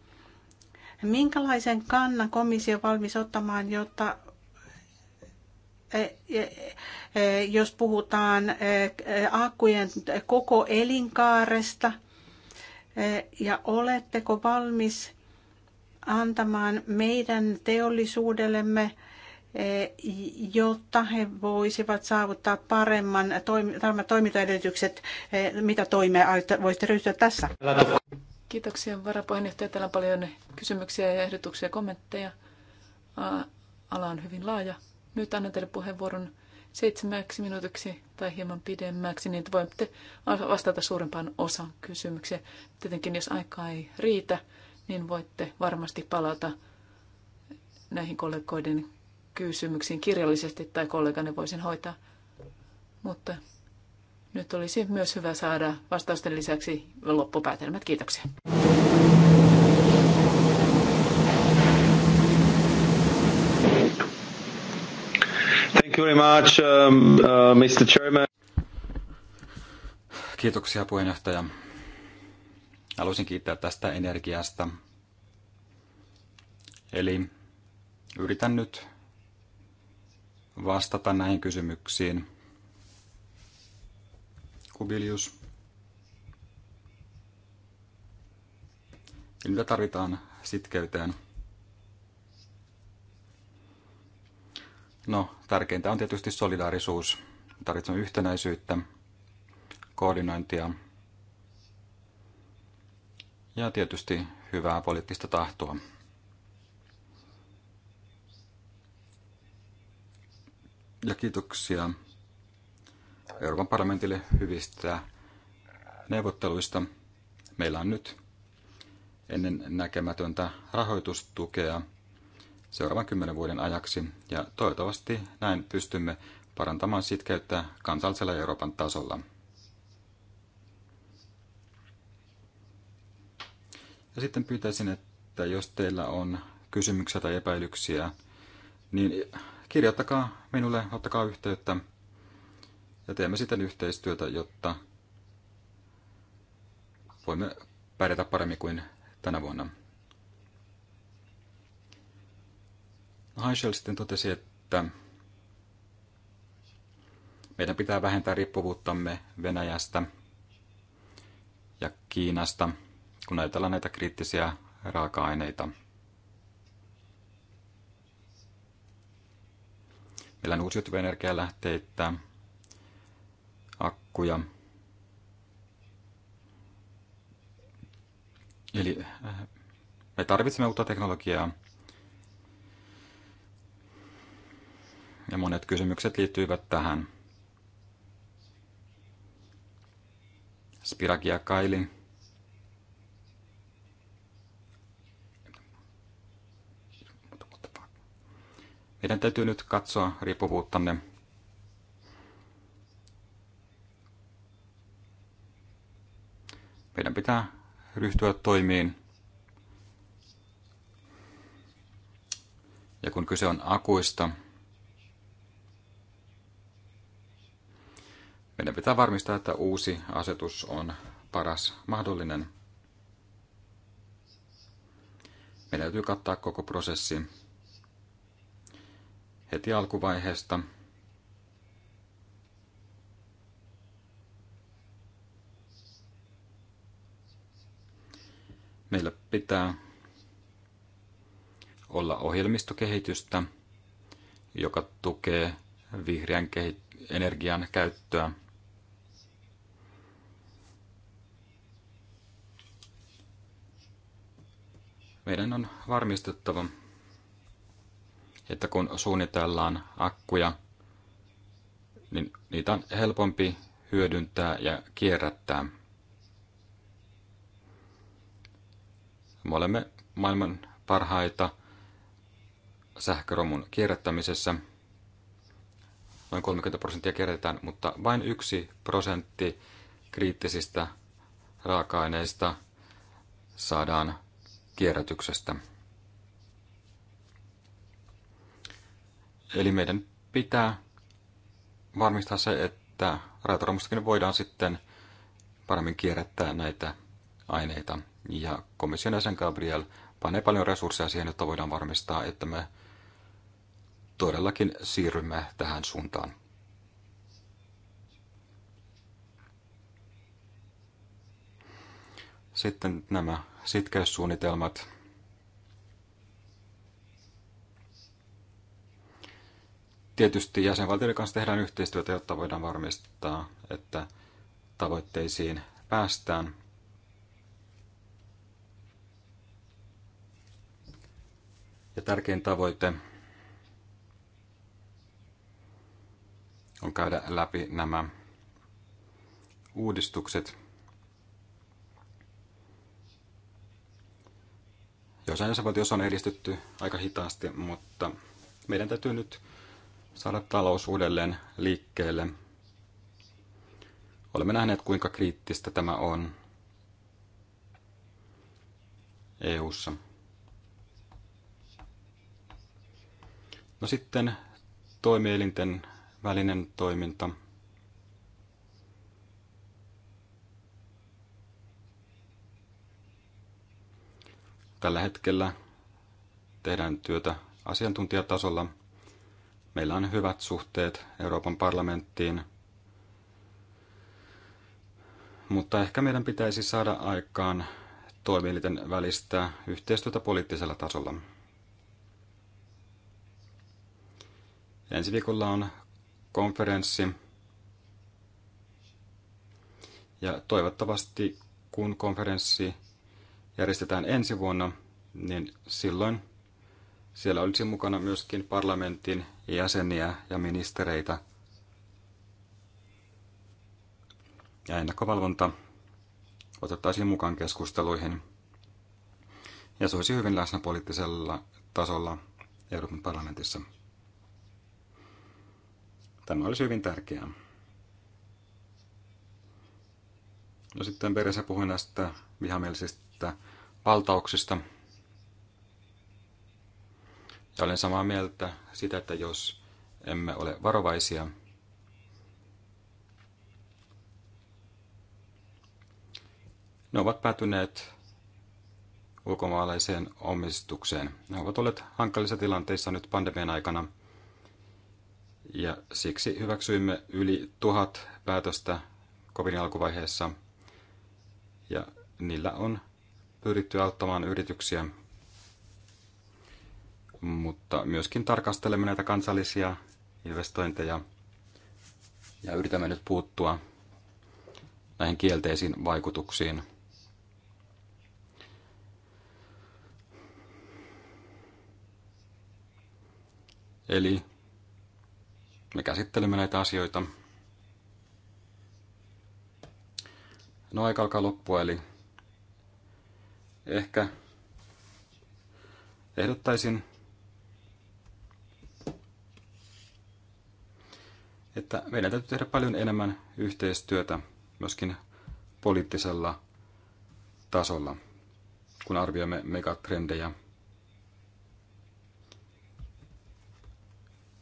Minkälaisen kannan komissio valmis ottamaan, jotta e, e, e, jos puhutaan akkujen koko elinkaaresta, ja oletteko valmis antamaan meidän teollisuudellemme, jotta he voisivat saavuttaa paremman toimintaedellytykset, mitä toimia voisitte ryhtyä tässä? Kiitoksia varapuheenjohtaja. Täällä on paljon kysymyksiä ja ehdotuksia ja kommentteja. Ala on hyvin laaja. Nyt annan teille puheenvuoron seitsemäksi minuutiksi tai hieman pidemmäksi, niin voitte vastata suurempaan osaan kysymyksiä. Tietenkin jos aikaa ei riitä, niin voitte varmasti palata näihin kollegoiden kysymyksiin kirjallisesti tai kollegani voisin hoitaa. Mutta nyt olisi myös hyvä saada vastausten lisäksi loppupäätelmät. Kiitoksia. Thank you very much, um, uh, Mr. Chairman. Kiitoksia puheenjohtaja. Haluaisin kiittää tästä energiasta. Eli yritän nyt vastata näihin kysymyksiin. Kubilius. Ja mitä tarvitaan sitkeyteen. No, tärkeintä on tietysti solidaarisuus. Tarvitsemme yhtenäisyyttä, koordinointia ja tietysti hyvää poliittista tahtoa. Ja kiitoksia Euroopan parlamentille hyvistä neuvotteluista. Meillä on nyt ennen näkemätöntä rahoitustukea seuraavan kymmenen vuoden ajaksi, ja toivottavasti näin pystymme parantamaan sitkeyttä kansallisella ja Euroopan tasolla. Ja sitten pyytäisin, että jos teillä on kysymyksiä tai epäilyksiä, niin kirjoittakaa minulle, ottakaa yhteyttä. Ja teemme sitten yhteistyötä, jotta voimme pärjätä paremmin kuin tänä vuonna. Heschel sitten totesi, että meidän pitää vähentää riippuvuuttamme Venäjästä ja Kiinasta, kun ajatellaan näitä kriittisiä raaka-aineita. Meillä on uusiutuvia energialähteitä, akkuja. Eli äh, me tarvitsemme uutta teknologiaa. Ja monet kysymykset liittyivät tähän. Spiragia Kaili. Meidän täytyy nyt katsoa riippuvuuttamme Meidän pitää ryhtyä toimiin. Ja kun kyse on akuista, meidän pitää varmistaa, että uusi asetus on paras mahdollinen. Meidän täytyy kattaa koko prosessi heti alkuvaiheesta – Meillä pitää olla ohjelmistokehitystä, joka tukee vihreän energian käyttöä. Meidän on varmistettava, että kun suunnitellaan akkuja, niin niitä on helpompi hyödyntää ja kierrättää. Me olemme maailman parhaita sähköromun kierrättämisessä. Noin 30 prosenttia kierrätetään, mutta vain yksi prosentti kriittisistä raaka-aineista saadaan kierrätyksestä. Eli meidän pitää varmistaa se, että rautaromustakin voidaan sitten paremmin kierrättää näitä aineita ja komission jäsen Gabriel panee paljon resursseja siihen, jotta voidaan varmistaa, että me todellakin siirrymme tähän suuntaan. Sitten nämä sitkeyssuunnitelmat. Tietysti jäsenvaltioiden kanssa tehdään yhteistyötä, jotta voidaan varmistaa, että tavoitteisiin päästään – Ja tärkein tavoite on käydä läpi nämä uudistukset. Jossain jos on edistytty aika hitaasti, mutta meidän täytyy nyt saada talous uudelleen liikkeelle. Olemme nähneet, kuinka kriittistä tämä on EU:ssa. ssa No sitten toimielinten välinen toiminta. Tällä hetkellä tehdään työtä asiantuntijatasolla. Meillä on hyvät suhteet Euroopan parlamenttiin, mutta ehkä meidän pitäisi saada aikaan toimielinten välistä yhteistyötä poliittisella tasolla. Ensi viikolla on konferenssi. Ja toivottavasti, kun konferenssi järjestetään ensi vuonna, niin silloin siellä olisi mukana myöskin parlamentin jäseniä ja ministereitä. Ja ennakkovalvonta otettaisiin mukaan keskusteluihin. Ja se olisi hyvin läsnä poliittisella tasolla Euroopan parlamentissa. Tämä olisi hyvin tärkeää. No sitten Beresä puhui näistä vihamielisistä valtauksista. Ja olen samaa mieltä sitä, että jos emme ole varovaisia, ne ovat päätyneet ulkomaalaiseen omistukseen. Ne ovat olleet hankalissa tilanteissa nyt pandemian aikana – ja siksi hyväksyimme yli tuhat päätöstä kovin alkuvaiheessa. Ja niillä on pyritty auttamaan yrityksiä. Mutta myöskin tarkastelemme näitä kansallisia investointeja ja yritämme nyt puuttua näihin kielteisiin vaikutuksiin. Eli me käsittelemme näitä asioita. No aika alkaa loppua, eli ehkä ehdottaisin, että meidän täytyy tehdä paljon enemmän yhteistyötä myöskin poliittisella tasolla, kun arvioimme megatrendejä.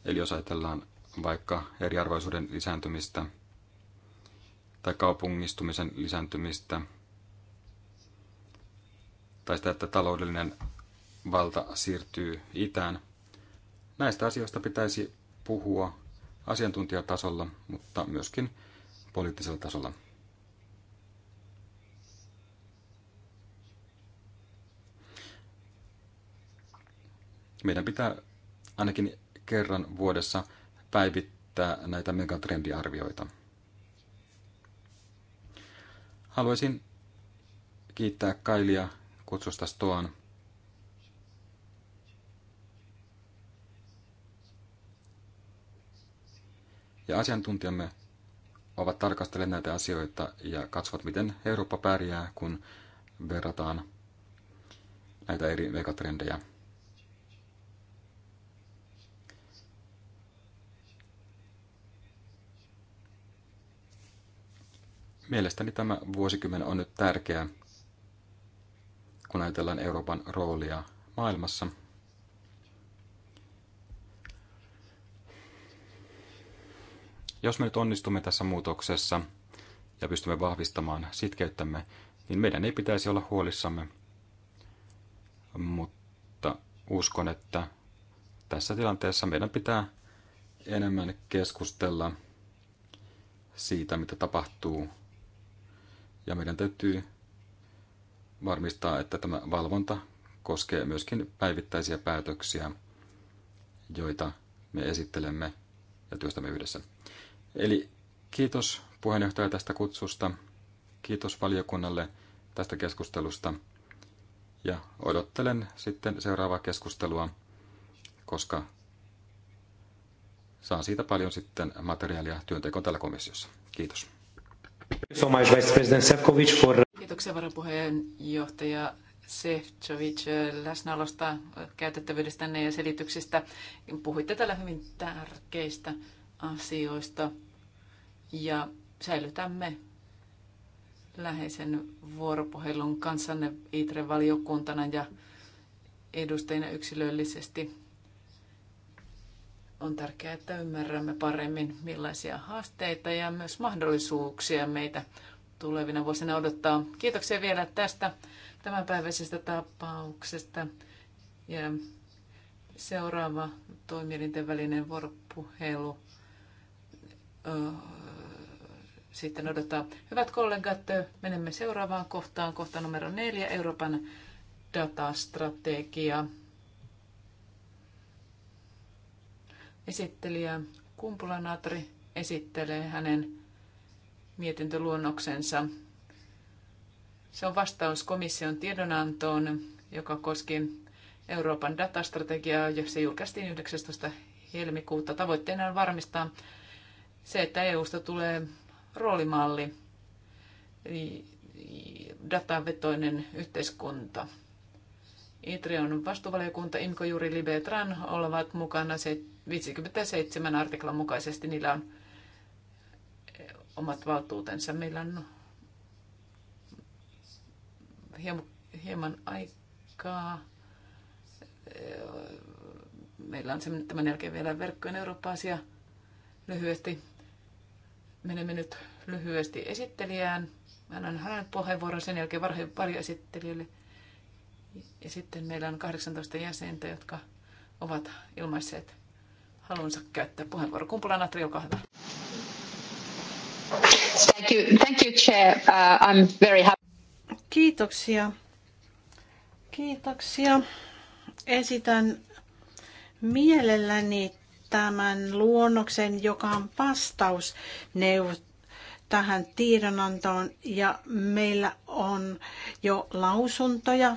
Eli jos ajatellaan vaikka eriarvoisuuden lisääntymistä tai kaupungistumisen lisääntymistä tai sitä, että taloudellinen valta siirtyy itään. Näistä asioista pitäisi puhua asiantuntijatasolla, mutta myöskin poliittisella tasolla. Meidän pitää ainakin kerran vuodessa päivittää näitä megatrendiarvioita. Haluaisin kiittää Kailia kutsusta Stoan. Ja asiantuntijamme ovat tarkastelleet näitä asioita ja katsovat, miten Eurooppa pärjää, kun verrataan näitä eri megatrendejä. Mielestäni tämä vuosikymmen on nyt tärkeä, kun ajatellaan Euroopan roolia maailmassa. Jos me nyt onnistumme tässä muutoksessa ja pystymme vahvistamaan sitkeyttämme, niin meidän ei pitäisi olla huolissamme. Mutta uskon, että tässä tilanteessa meidän pitää enemmän keskustella siitä, mitä tapahtuu ja meidän täytyy varmistaa, että tämä valvonta koskee myöskin päivittäisiä päätöksiä, joita me esittelemme ja työstämme yhdessä. Eli kiitos puheenjohtaja tästä kutsusta. Kiitos valiokunnalle tästä keskustelusta. Ja odottelen sitten seuraavaa keskustelua, koska saan siitä paljon sitten materiaalia työntekoon täällä komissiossa. Kiitos. Kiitoksia varapuheenjohtaja Sefcovic läsnäolosta, käytettävyydestänne ja selityksistä. Puhuitte täällä hyvin tärkeistä asioista ja säilytämme läheisen vuoropuhelun kanssanne ITRE-valiokuntana ja edustajina yksilöllisesti on tärkeää, että ymmärrämme paremmin, millaisia haasteita ja myös mahdollisuuksia meitä tulevina vuosina odottaa. Kiitoksia vielä tästä tämänpäiväisestä tapauksesta. Ja seuraava toimielinten välinen vuoropuhelu sitten odottaa. Hyvät kollegat, menemme seuraavaan kohtaan, kohta numero neljä, Euroopan datastrategia. Esittelijä Kumpulanatri esittelee hänen mietintöluonnoksensa. Se on vastaus komission tiedonantoon, joka koski Euroopan datastrategiaa, ja se julkaistiin 19. helmikuuta. Tavoitteena on varmistaa se, että EUsta tulee roolimalli, datavetoinen yhteiskunta. ITRE on vastuvaliokunta, IMKO, Juri, Libetran ovat mukana. 57 artiklan mukaisesti niillä on omat valtuutensa. Meillä on hieman aikaa. Meillä on tämän jälkeen vielä verkkojen Eurooppa-asia lyhyesti. Menemme nyt lyhyesti esittelijään. Mä annan hänen puheenvuoron sen jälkeen varjoesittelijöille. Ja sitten meillä on 18 jäsentä, jotka ovat ilmaisseet halunsa käyttää puheenvuoro. Kumpula Natri, olkaa hyvä. Thank you, thank you Chair. Uh, I'm very happy. Kiitoksia. Kiitoksia. Esitän mielelläni tämän luonnoksen, joka on vastaus tähän tiedonantoon ja meillä on jo lausuntoja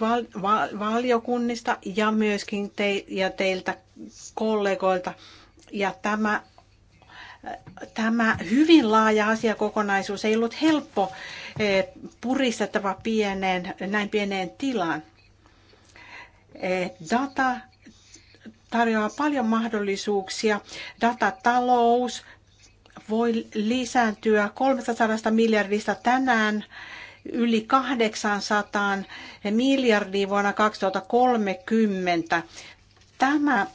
val- val- valiokunnista ja myöskin te- ja teiltä kollegoilta. Ja tämä, tämä hyvin laaja asiakokonaisuus ei ollut helppo eh, puristettava pieneen, näin pieneen tilaan. Eh, data tarjoaa paljon mahdollisuuksia. Datatalous voi lisääntyä 300 miljardista tänään yli 800 miljardia vuonna 2030. Tämä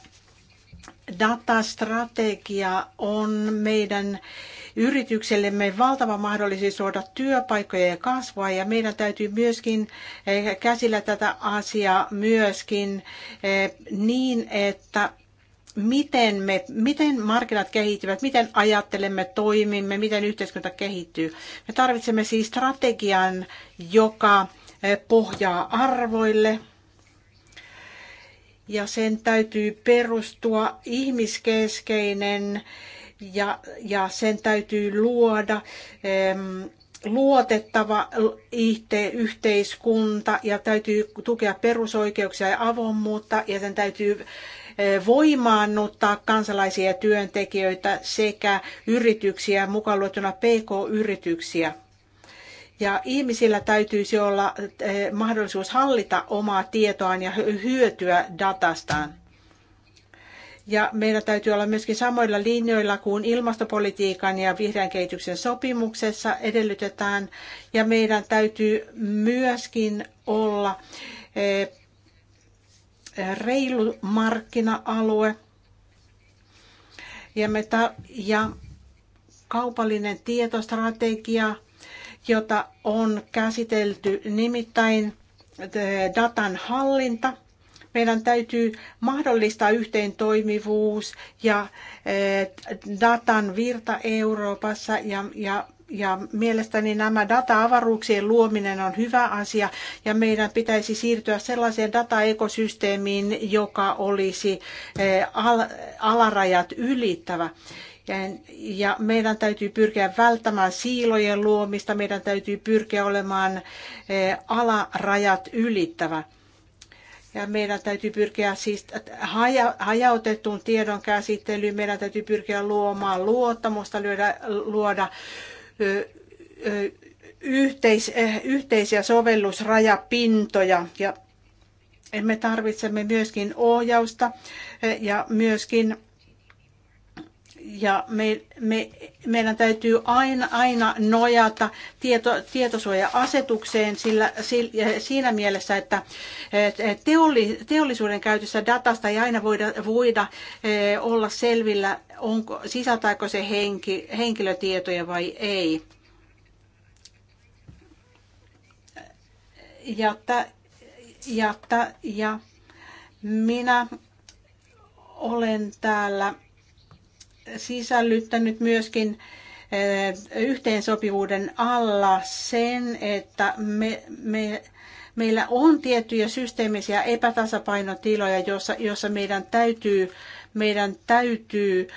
datastrategia on meidän yrityksellemme valtava mahdollisuus luoda työpaikkoja ja kasvua ja meidän täytyy myöskin eh, käsillä tätä asiaa myöskin eh, niin, että miten, me, miten markkinat kehittyvät, miten ajattelemme, toimimme, miten yhteiskunta kehittyy. Me tarvitsemme siis strategian, joka eh, pohjaa arvoille, ja sen täytyy perustua ihmiskeskeinen ja, ja sen täytyy luoda ähm, luotettava yhteiskunta ja täytyy tukea perusoikeuksia ja avoimuutta ja sen täytyy e, voimaannuttaa kansalaisia ja työntekijöitä sekä yrityksiä, mukaan luettuna PK-yrityksiä. Ja ihmisillä täytyisi olla eh, mahdollisuus hallita omaa tietoaan ja hyötyä datastaan. Ja meidän täytyy olla myöskin samoilla linjoilla kuin ilmastopolitiikan ja vihreän kehityksen sopimuksessa edellytetään. Ja meidän täytyy myöskin olla eh, reilu markkina-alue. Ja, me ta- ja kaupallinen tietostrategia – jota on käsitelty, nimittäin eh, datan hallinta. Meidän täytyy mahdollistaa yhteentoimivuus ja eh, datan virta Euroopassa ja, ja ja mielestäni nämä data-avaruuksien luominen on hyvä asia ja meidän pitäisi siirtyä sellaiseen dataekosysteemiin, joka olisi eh, alarajat ylittävä. Ja, meidän täytyy pyrkiä välttämään siilojen luomista, meidän täytyy pyrkiä olemaan alarajat ylittävä. Ja meidän täytyy pyrkiä siis haja, hajautettuun tiedon käsittelyyn, meidän täytyy pyrkiä luomaan luottamusta, lyödä, luoda yhteis, yhteisiä sovellusrajapintoja ja me tarvitsemme myöskin ohjausta ja myöskin ja me, me, meidän täytyy aina, aina nojata tieto, tietosuoja-asetukseen sillä, sillä, siinä mielessä, että teolli, teollisuuden käytössä datasta ei aina voida, voida e, olla selvillä, onko, sisältääkö se henki, henkilötietoja vai ei. Ja, ta, ja, ta, ja minä olen täällä sisällyttänyt myöskin eh, yhteensopivuuden alla sen, että me, me, meillä on tiettyjä systeemisiä epätasapainotiloja, joissa jossa meidän täytyy, meidän täytyy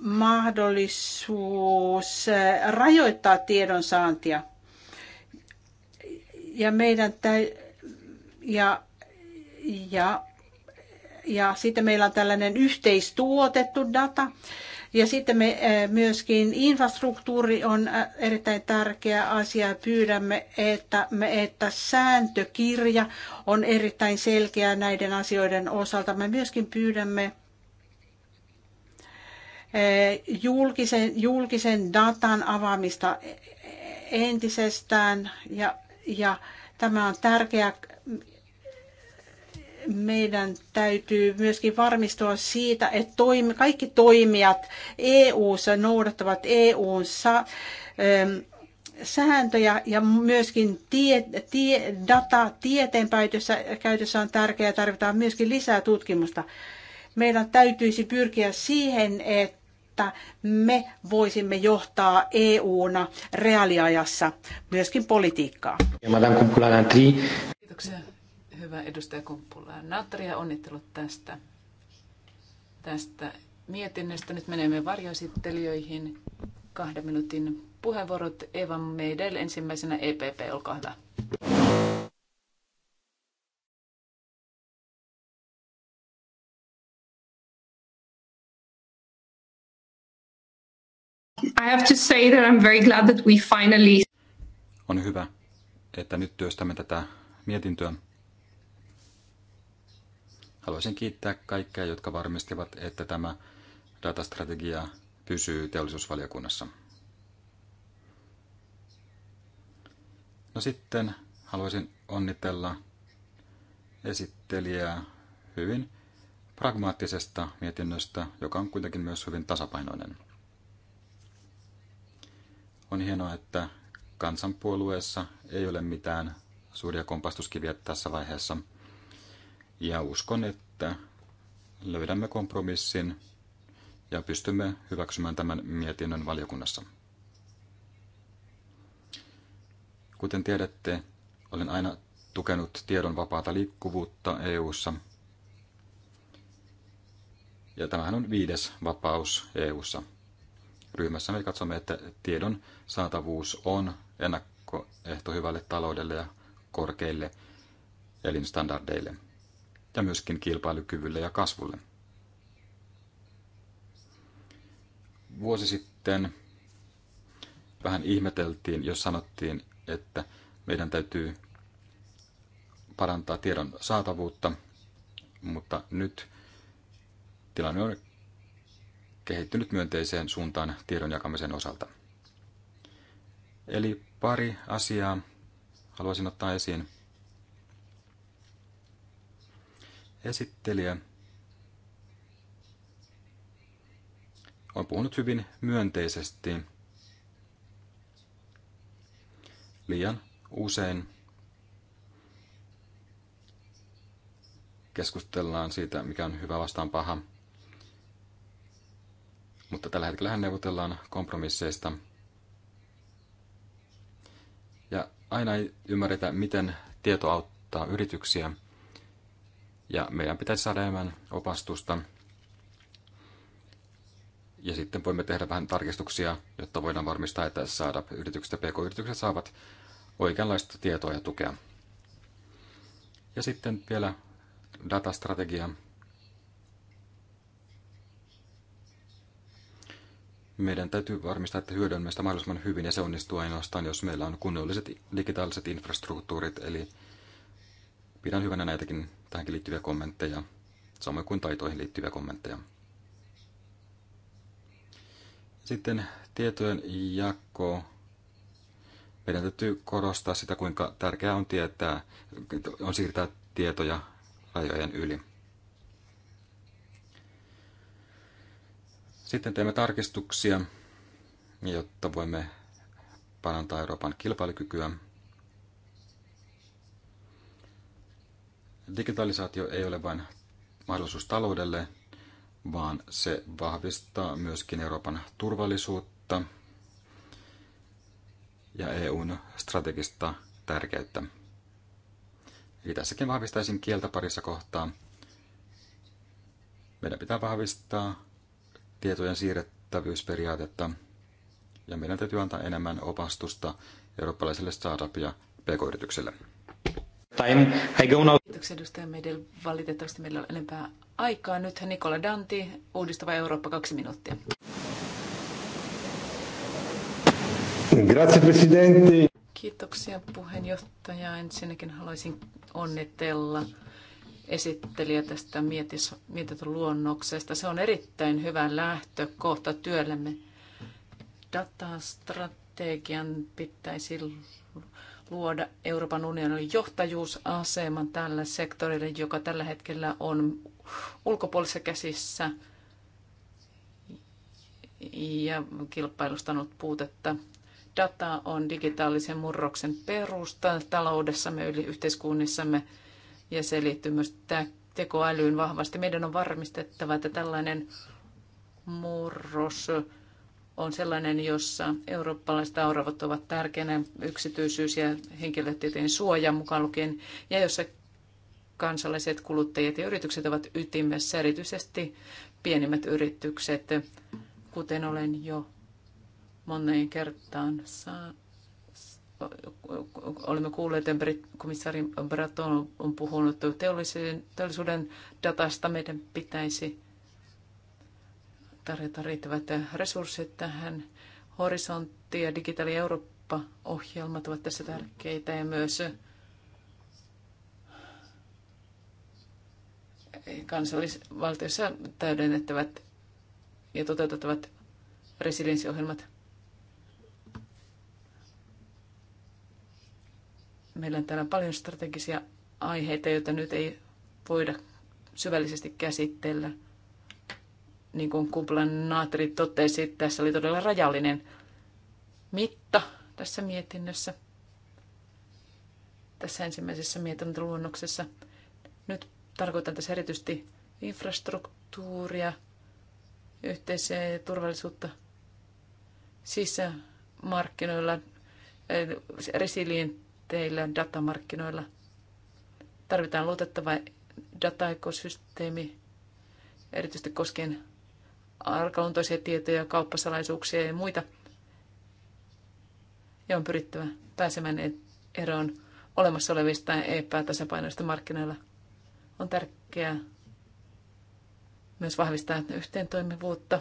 mahdollisuus eh, rajoittaa tiedonsaantia. Ja meidän täy- ja, ja ja sitten meillä on tällainen yhteistuotettu data. Ja sitten me eh, myöskin infrastruktuuri on eh, erittäin tärkeä asia. Pyydämme, että, me, että sääntökirja on erittäin selkeä näiden asioiden osalta. Me myöskin pyydämme eh, julkisen, julkisen datan avaamista e-, e-, entisestään ja, ja tämä on tärkeä meidän täytyy myöskin varmistua siitä, että toimi, kaikki toimijat EU-ssa noudattavat EU-ssa ähm, sääntöjä ja myöskin tie, tie, data tieteen käytössä on tärkeää. Tarvitaan myöskin lisää tutkimusta. Meidän täytyisi pyrkiä siihen, että me voisimme johtaa EU-na reaaliajassa myöskin politiikkaa. Kiitoksia Hyvä edustaja Kumpula Natria, onnittelut tästä, tästä mietinnöstä. Nyt menemme varjoesittelijöihin. Kahden minuutin puheenvuorot. Eva Meidel ensimmäisenä EPP, olkaa hyvä. I have to say that I'm very glad that we finally... On hyvä, että nyt työstämme tätä mietintöä. Haluaisin kiittää kaikkia, jotka varmistivat, että tämä datastrategia pysyy teollisuusvaliokunnassa. No sitten haluaisin onnitella esittelijää hyvin pragmaattisesta mietinnöstä, joka on kuitenkin myös hyvin tasapainoinen. On hienoa, että kansanpuolueessa ei ole mitään suuria kompastuskiviä tässä vaiheessa – ja uskon, että löydämme kompromissin ja pystymme hyväksymään tämän mietinnön valiokunnassa. Kuten tiedätte, olen aina tukenut tiedon vapaata liikkuvuutta EU:ssa. Ja tämähän on viides vapaus EU:ssa. Ryhmässä me katsomme, että tiedon saatavuus on ennakkoehto hyvälle taloudelle ja korkeille elinstandardeille ja myöskin kilpailukyvylle ja kasvulle. Vuosi sitten vähän ihmeteltiin, jos sanottiin, että meidän täytyy parantaa tiedon saatavuutta, mutta nyt tilanne on kehittynyt myönteiseen suuntaan tiedon jakamisen osalta. Eli pari asiaa haluaisin ottaa esiin. Esittelijä on puhunut hyvin myönteisesti liian usein keskustellaan siitä, mikä on hyvä vastaan paha. Mutta tällä hetkellä neuvotellaan kompromisseista. Ja aina ei ymmärretä, miten tieto auttaa yrityksiä. Ja meidän pitäisi saada enemmän opastusta. Ja sitten voimme tehdä vähän tarkistuksia, jotta voidaan varmistaa, että saada yritykset ja pk-yritykset saavat oikeanlaista tietoa ja tukea. Ja sitten vielä datastrategia. Meidän täytyy varmistaa, että hyödynnämme sitä mahdollisimman hyvin, ja se onnistuu ainoastaan, jos meillä on kunnolliset digitaaliset infrastruktuurit, eli Pidän hyvänä näitäkin tähänkin liittyviä kommentteja, samoin kuin taitoihin liittyviä kommentteja. Sitten tietojen jako. Meidän täytyy korostaa sitä, kuinka tärkeää on tietää, on siirtää tietoja rajojen yli. Sitten teemme tarkistuksia, jotta voimme parantaa Euroopan kilpailukykyä Digitalisaatio ei ole vain mahdollisuus taloudelle, vaan se vahvistaa myöskin Euroopan turvallisuutta ja EUn strategista tärkeyttä. Eli tässäkin vahvistaisin kieltä parissa kohtaa. Meidän pitää vahvistaa tietojen siirrettävyysperiaatetta ja meidän täytyy antaa enemmän opastusta eurooppalaiselle startup- ja pk-yritykselle time. I go now. Kiitoksia edustaja Medel. Valitettavasti meillä on enempää aikaa. nyt Nikola Danti, Uudistava Eurooppa, kaksi minuuttia. Grazie, Presidente. Kiitoksia puheenjohtaja. Ensinnäkin haluaisin onnitella esittelijä tästä luonnoksesta. Se on erittäin hyvä lähtökohta työllemme. Datastrategian pitäisi luoda Euroopan unionin johtajuusaseman tällä sektorille, joka tällä hetkellä on ulkopuolisissa käsissä ja kilpailustanut puutetta. Data on digitaalisen murroksen perusta taloudessamme, yli yhteiskunnissamme ja se liittyy myös tekoälyyn vahvasti. Meidän on varmistettava, että tällainen murros on sellainen, jossa eurooppalaiset auravat ovat tärkeänä yksityisyys ja henkilötietojen suoja mukaan lukien, ja jossa kansalliset kuluttajat ja yritykset ovat ytimessä, erityisesti pienimmät yritykset, kuten olen jo moneen kertaan saanut olemme kuulleet, että komissaari Braton on puhunut teollisuuden datasta. Meidän pitäisi tarjota riittävät resurssit tähän. Horisontti ja Digitaali Eurooppa-ohjelmat ovat tässä tärkeitä ja myös kansallisvaltiossa täydennettävät ja toteutettavat resilienssiohjelmat. Meillä on täällä paljon strategisia aiheita, joita nyt ei voida syvällisesti käsitellä – niin kuin Kuplan naatri totesi, tässä oli todella rajallinen mitta tässä mietinnössä, tässä ensimmäisessä mietintöluonnoksessa. Nyt tarkoitan tässä erityisesti infrastruktuuria, yhteisöä ja turvallisuutta sisämarkkinoilla, eh, resilienteillä, datamarkkinoilla. Tarvitaan luotettava dataekosysteemi, erityisesti koskien arkaluontoisia tietoja, kauppasalaisuuksia ja muita. Ja on pyrittävä pääsemään e- eroon olemassa olevista epätasapainoista markkinoilla. On tärkeää myös vahvistaa yhteentoimivuutta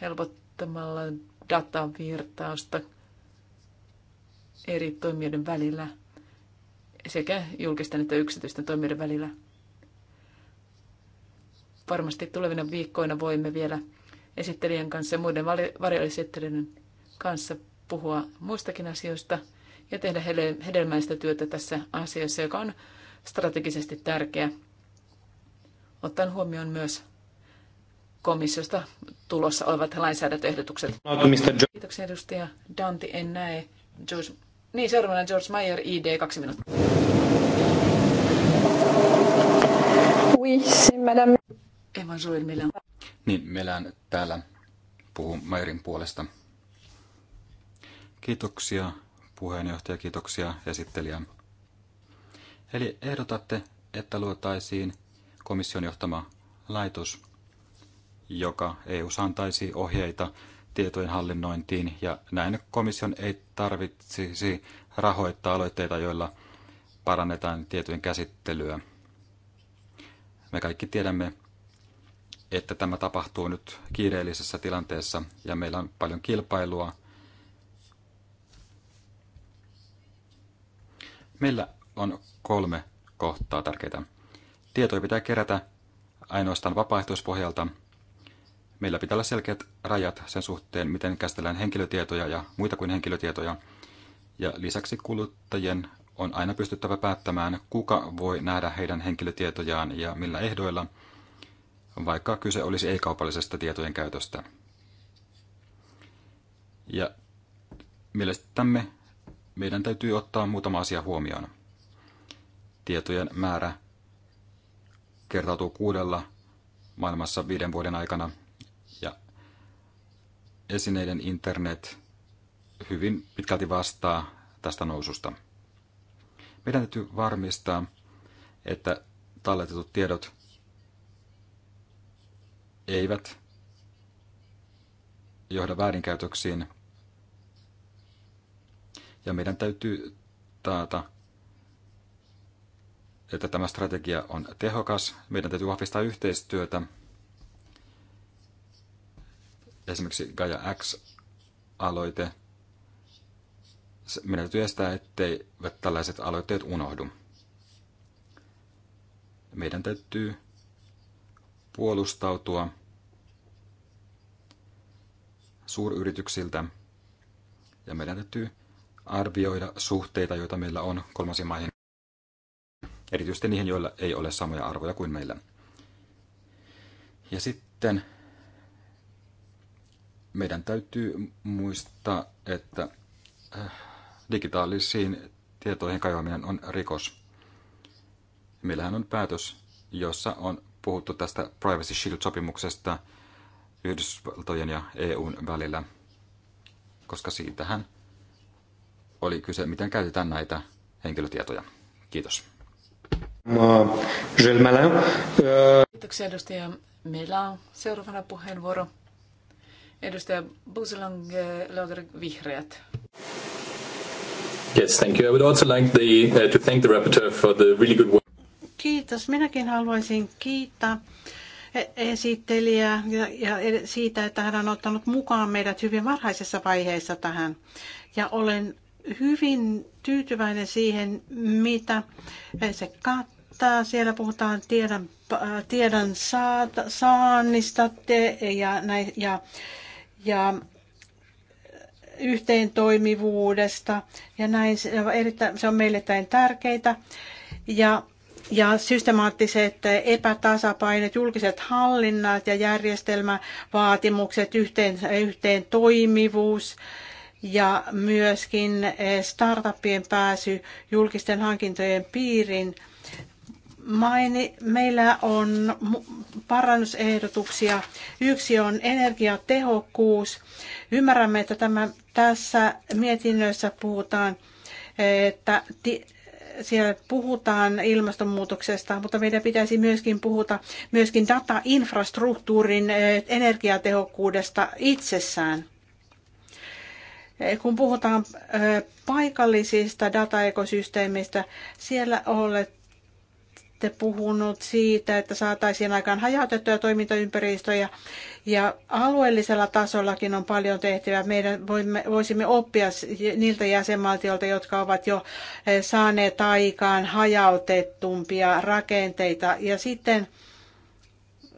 helpottamalla datavirtausta eri toimijoiden välillä sekä julkisten että yksityisten toimijoiden välillä – varmasti tulevina viikkoina voimme vielä esittelijän kanssa ja muiden varjoesittelijän kanssa puhua muistakin asioista ja tehdä hedelmäistä työtä tässä asiassa, joka on strategisesti tärkeä, ottaen huomioon myös komissiosta tulossa olevat lainsäädäntöehdotukset. Kiitoksia edustaja Danti, en näe. George, niin, seuraavana George Mayer, ID, kaksi minuuttia. Oui, c'est madame. Emmanuel Melan. Niin, Melan täällä puhuu Mairin puolesta. Kiitoksia puheenjohtaja, kiitoksia esittelijä. Eli ehdotatte, että luotaisiin komission johtama laitos, joka EU antaisi ohjeita tietojen hallinnointiin ja näin komission ei tarvitsisi rahoittaa aloitteita, joilla parannetaan tietojen käsittelyä. Me kaikki tiedämme, että tämä tapahtuu nyt kiireellisessä tilanteessa ja meillä on paljon kilpailua. Meillä on kolme kohtaa tärkeitä. Tietoja pitää kerätä ainoastaan vapaaehtoispohjalta. Meillä pitää olla selkeät rajat sen suhteen, miten käsitellään henkilötietoja ja muita kuin henkilötietoja. Ja lisäksi kuluttajien on aina pystyttävä päättämään, kuka voi nähdä heidän henkilötietojaan ja millä ehdoilla – vaikka kyse olisi ei-kaupallisesta tietojen käytöstä. Ja mielestämme meidän täytyy ottaa muutama asia huomioon. Tietojen määrä kertautuu kuudella maailmassa viiden vuoden aikana ja esineiden internet hyvin pitkälti vastaa tästä noususta. Meidän täytyy varmistaa, että talletetut tiedot eivät johda väärinkäytöksiin. Ja meidän täytyy taata, että tämä strategia on tehokas. Meidän täytyy vahvistaa yhteistyötä. Esimerkiksi Gaia X-aloite. Meidän täytyy estää, ettei tällaiset aloitteet unohdu. Meidän täytyy puolustautua suuryrityksiltä ja meidän täytyy arvioida suhteita, joita meillä on kolmansiin maihin, erityisesti niihin, joilla ei ole samoja arvoja kuin meillä. Ja sitten meidän täytyy muistaa, että äh, digitaalisiin tietoihin kajoaminen on rikos. Meillähän on päätös, jossa on puhuttu tästä Privacy Shield-sopimuksesta Yhdysvaltojen ja EUn välillä, koska siitähän oli kyse, miten käytetään näitä henkilötietoja. Kiitos. Kiitoksia edustaja Melan. Seuraavana puheenvuoro. Edustaja Buselang Lager Vihreät. Yes, thank you. I would also like the, uh, to thank the rapporteur for the really good work. Kiitos. Minäkin haluaisin kiittää e- esittelijää ja siitä, että hän on ottanut mukaan meidät hyvin varhaisessa vaiheessa tähän. Ja olen hyvin tyytyväinen siihen, mitä se kattaa. Siellä puhutaan tiedon, äh, tiedon saata, saannista te, ja, näin, ja, ja yhteentoimivuudesta ja näin. Se on meille tärkeitä Ja ja systemaattiset epätasapainot, julkiset hallinnat ja järjestelmävaatimukset, yhteen, yhteen toimivuus ja myöskin eh, startuppien pääsy julkisten hankintojen piiriin. Maini, meillä on parannusehdotuksia. Yksi on energiatehokkuus. Ymmärrämme, että tämä, tässä mietinnössä puhutaan eh, että siellä puhutaan ilmastonmuutoksesta, mutta meidän pitäisi myöskin puhuta myöskin datainfrastruktuurin eh, energiatehokkuudesta itsessään. Eh, kun puhutaan eh, paikallisista dataekosysteemistä, siellä olet olette puhunut siitä, että saataisiin aikaan hajautettuja toimintaympäristöjä ja alueellisella tasollakin on paljon tehtävää. Meidän voimme, voisimme oppia niiltä jäsenvaltioilta, jotka ovat jo eh, saaneet aikaan hajautettumpia rakenteita. Ja sitten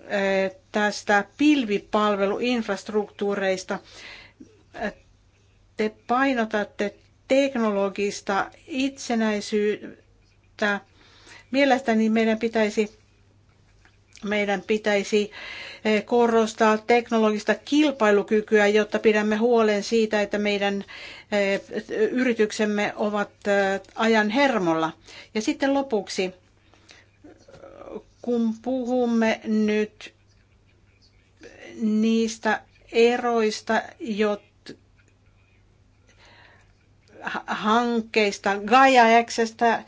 eh, tästä pilvipalveluinfrastruktuureista. Te painotatte teknologista itsenäisyyttä Mielestäni meidän pitäisi, meidän pitäisi eh, korostaa teknologista kilpailukykyä, jotta pidämme huolen siitä, että meidän eh, yrityksemme ovat eh, ajan hermolla. Ja sitten lopuksi, kun puhumme nyt niistä eroista, hankkeista, Gaia Xstä,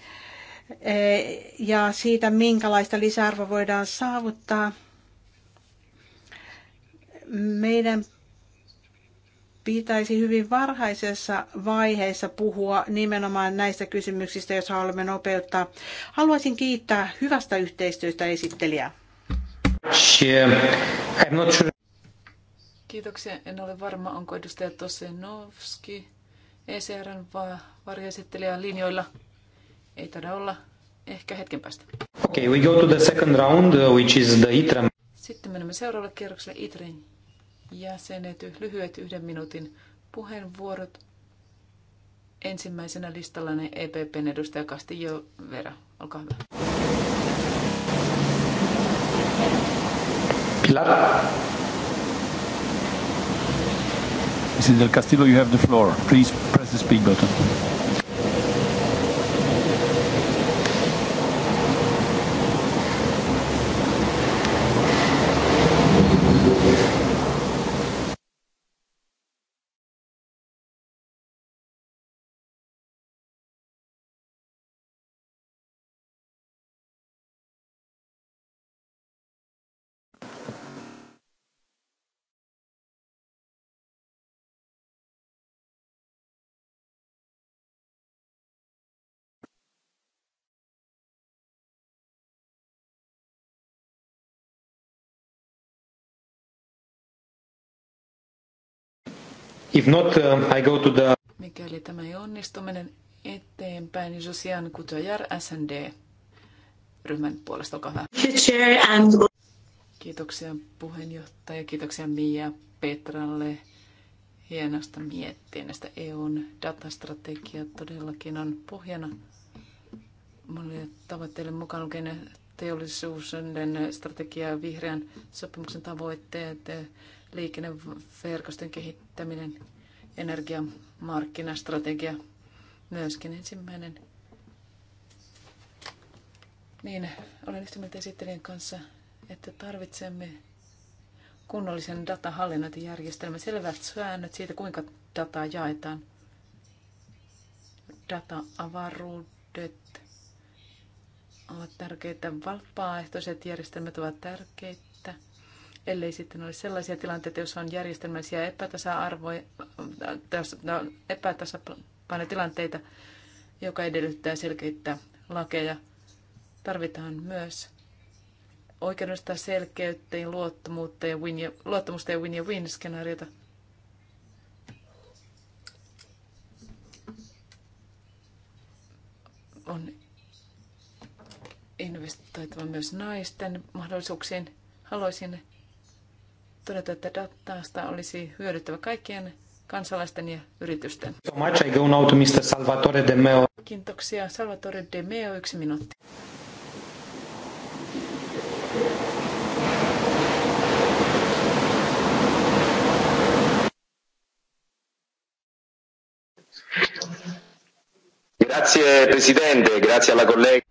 Eh, ja siitä, minkälaista lisäarvoa voidaan saavuttaa. Meidän pitäisi hyvin varhaisessa vaiheessa puhua nimenomaan näistä kysymyksistä, jos haluamme nopeuttaa. Haluaisin kiittää hyvästä yhteistyöstä esittelijää. Kiitoksia. En ole varma, onko edustaja Tosenovski ECRn varjoesittelijä linjoilla. Ei taida olla. Ehkä hetken päästä. Okay, we go to the second round, uh, which is the ITRA. Sitten menemme seuraavalle kierrokselle ITRin jäsenet, lyhyet yhden minuutin puheenvuorot. Ensimmäisenä ne EPPn edustaja Castillo Vera. Olkaa hyvä. Pilar. Mrs. Del Castillo, you have the floor. Please press the speak button. If not, uh, I go to the... Mikäli tämä ei onnistu, menen eteenpäin. Josian Kutajar, SND, ryhmän puolesta, olkaa hyvä. Kiitoksia puheenjohtaja, kiitoksia Mia Petralle hienosta miettinnästä. EUn datastrategia todellakin on pohjana monille tavoitteille mukaan lukien teollisuuden strategia, vihreän sopimuksen tavoitteet, liikenneverkoston kehittäminen, energiamarkkinastrategia myöskin ensimmäinen. Niin, olen yhtä mieltä esittelijän kanssa, että tarvitsemme kunnollisen datahallinnointijärjestelmän, selvät säännöt siitä, kuinka dataa jaetaan. Data-avaruudet ovat tärkeitä, vapaaehtoiset järjestelmät ovat tärkeitä ellei sitten ole sellaisia tilanteita, joissa on järjestelmällisiä epätasa-arvoja, no, epätasapainotilanteita, joka edellyttää selkeyttä lakeja. Tarvitaan myös oikeudellista selkeyttä ja luottamuutta ja win ja, luottamusta ja win ja win skenaariota. On investoitava myös naisten mahdollisuuksiin. Haluaisin todeta, että datasta olisi hyödyttävä kaikkien kansalaisten ja yritysten. Salvatore De Meo. Kiitoksia. Salvatore De Meo, yksi minuutti. Grazie Presidente, grazie alla collega.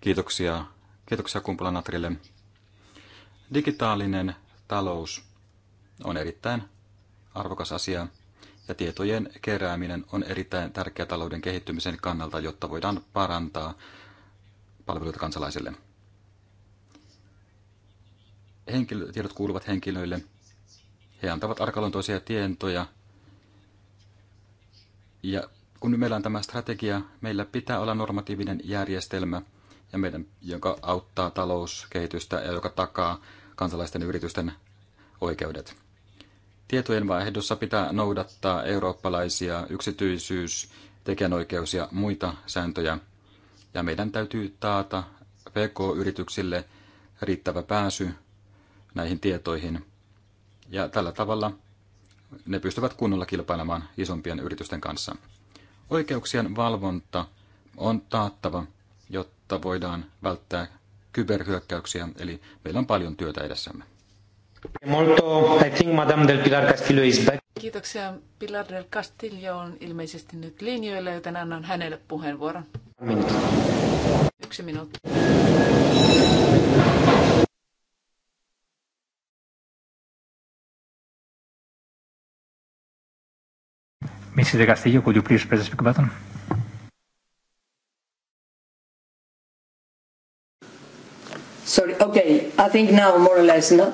Kiitoksia. Kiitoksia kumpula Natrille. Digitaalinen talous on erittäin arvokas asia ja tietojen kerääminen on erittäin tärkeä talouden kehittymisen kannalta, jotta voidaan parantaa palveluita kansalaisille. Henkilö, tiedot kuuluvat henkilöille. He antavat arkaluontoisia tietoja. Ja kun meillä on tämä strategia, meillä pitää olla normatiivinen järjestelmä, ja meidän, joka auttaa talouskehitystä ja joka takaa kansalaisten ja yritysten oikeudet. Tietojen vaihdossa pitää noudattaa eurooppalaisia yksityisyys, tekijänoikeus ja muita sääntöjä, ja meidän täytyy taata PK-yrityksille riittävä pääsy näihin tietoihin, ja tällä tavalla ne pystyvät kunnolla kilpailemaan isompien yritysten kanssa. Oikeuksien valvonta on taattava, jotta voidaan välttää kyberhyökkäyksiä, eli meillä on paljon työtä edessämme. Kiitoksia. Pilar del Castillo on ilmeisesti nyt linjoilla, joten annan hänelle puheenvuoron. Yksi minuutti. Mr. de Castillo, could you please press the speaker button? I think now more or less, no?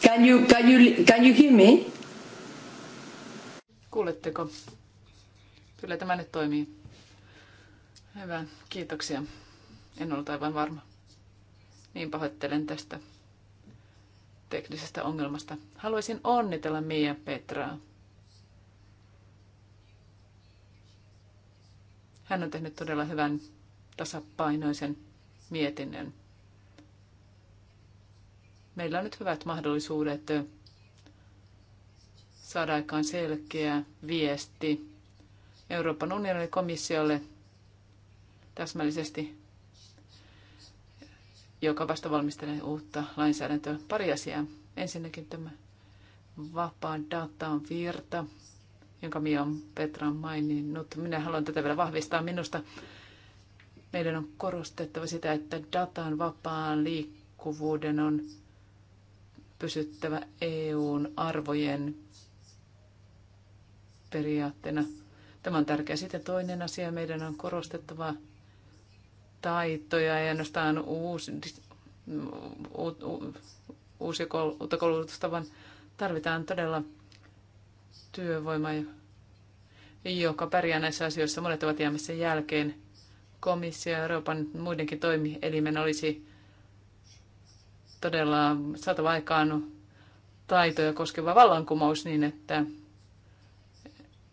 Can you, can you, can you hear me? Kuuletteko? Kyllä tämä nyt toimii. Hyvä, kiitoksia. En ollut aivan varma. Niin pahoittelen tästä teknisestä ongelmasta. Haluaisin onnitella Mia Petraa. Hän on tehnyt todella hyvän tasapainoisen mietinnön. Meillä on nyt hyvät mahdollisuudet saada aikaan selkeä viesti Euroopan unionin komissiolle täsmällisesti, joka vasta valmistelee uutta lainsäädäntöä. Pari asiaa. Ensinnäkin tämä vapaan datan virta, jonka minä on Petra maininnut. Minä haluan tätä vielä vahvistaa minusta. Meidän on korostettava sitä, että datan vapaan liikkuvuuden on pysyttävä EUn arvojen periaatteena. Tämä on tärkeä. Sitten toinen asia, meidän on korostettava taitoja ja ainoastaan uusi, u, u, kol, uutta koulutusta, vaan tarvitaan todella työvoima, joka pärjää näissä asioissa. Monet ovat jäämässä jälkeen. Komissio ja Euroopan muidenkin toimielimen olisi todella saatava aikaan taitoja koskeva vallankumous niin, että,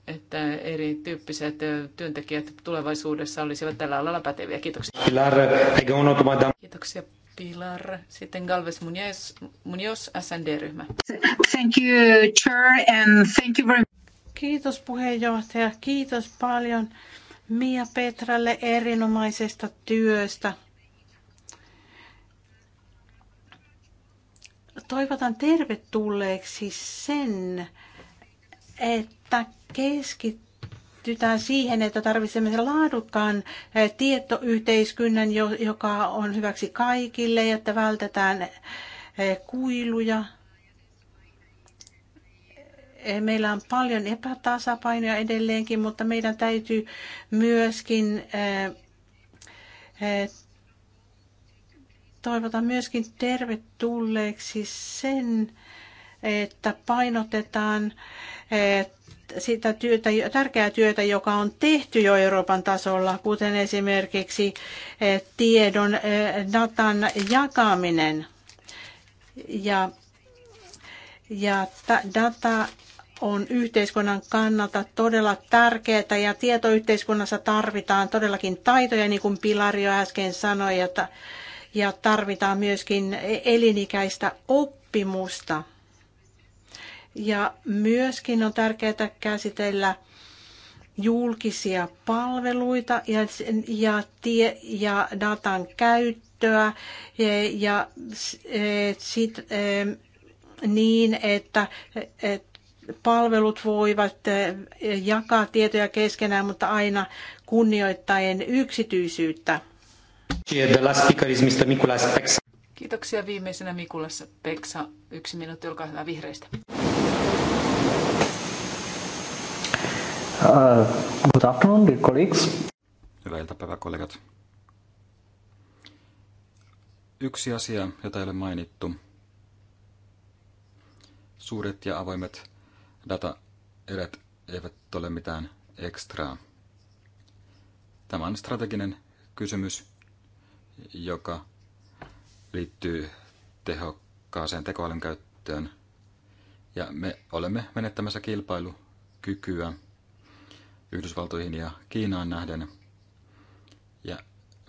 että erityyppiset työntekijät tulevaisuudessa olisivat tällä alalla päteviä. Kiitoksia. Pilar, Kiitoksia Pilar. Sitten Galvez Munoz, Munoz SND-ryhmä. Thank you, Chair, and thank you very much. Kiitos puheenjohtaja, kiitos paljon Mia Petralle erinomaisesta työstä. toivotan tervetulleeksi sen, että keskitytään siihen, että tarvitsemme laadukkaan eh, tietoyhteiskunnan, joka on hyväksi kaikille ja että vältetään eh, kuiluja. Eh, meillä on paljon epätasapainoja edelleenkin, mutta meidän täytyy myöskin toivotan myöskin tervetulleeksi sen, että painotetaan eh, sitä työtä, tärkeää työtä, joka on tehty jo Euroopan tasolla, kuten esimerkiksi eh, tiedon, eh, datan jakaminen. Ja, ja data on yhteiskunnan kannalta todella tärkeää ja tietoyhteiskunnassa tarvitaan todellakin taitoja, niin kuin Pilari jo äsken sanoi, että ja tarvitaan myöskin elinikäistä oppimusta. Ja myöskin on tärkeää käsitellä julkisia palveluita ja, ja, tie, ja datan käyttöä ja, ja e, sit, e, niin, että, että palvelut voivat e, jakaa tietoja keskenään, mutta aina kunnioittaen yksityisyyttä. E Kiitoksia viimeisenä Mikulassa. Peksa, yksi minuutti, olkaa hyvä vihreistä. Uh, good afternoon, dear colleagues. Hyvää iltapäivää, kollegat. Yksi asia, jota ei ole mainittu. Suuret ja avoimet dataerät eivät ole mitään ekstraa. Tämä on strateginen kysymys joka liittyy tehokkaaseen tekoälyn käyttöön. Ja me olemme menettämässä kilpailukykyä Yhdysvaltoihin ja Kiinaan nähden. Ja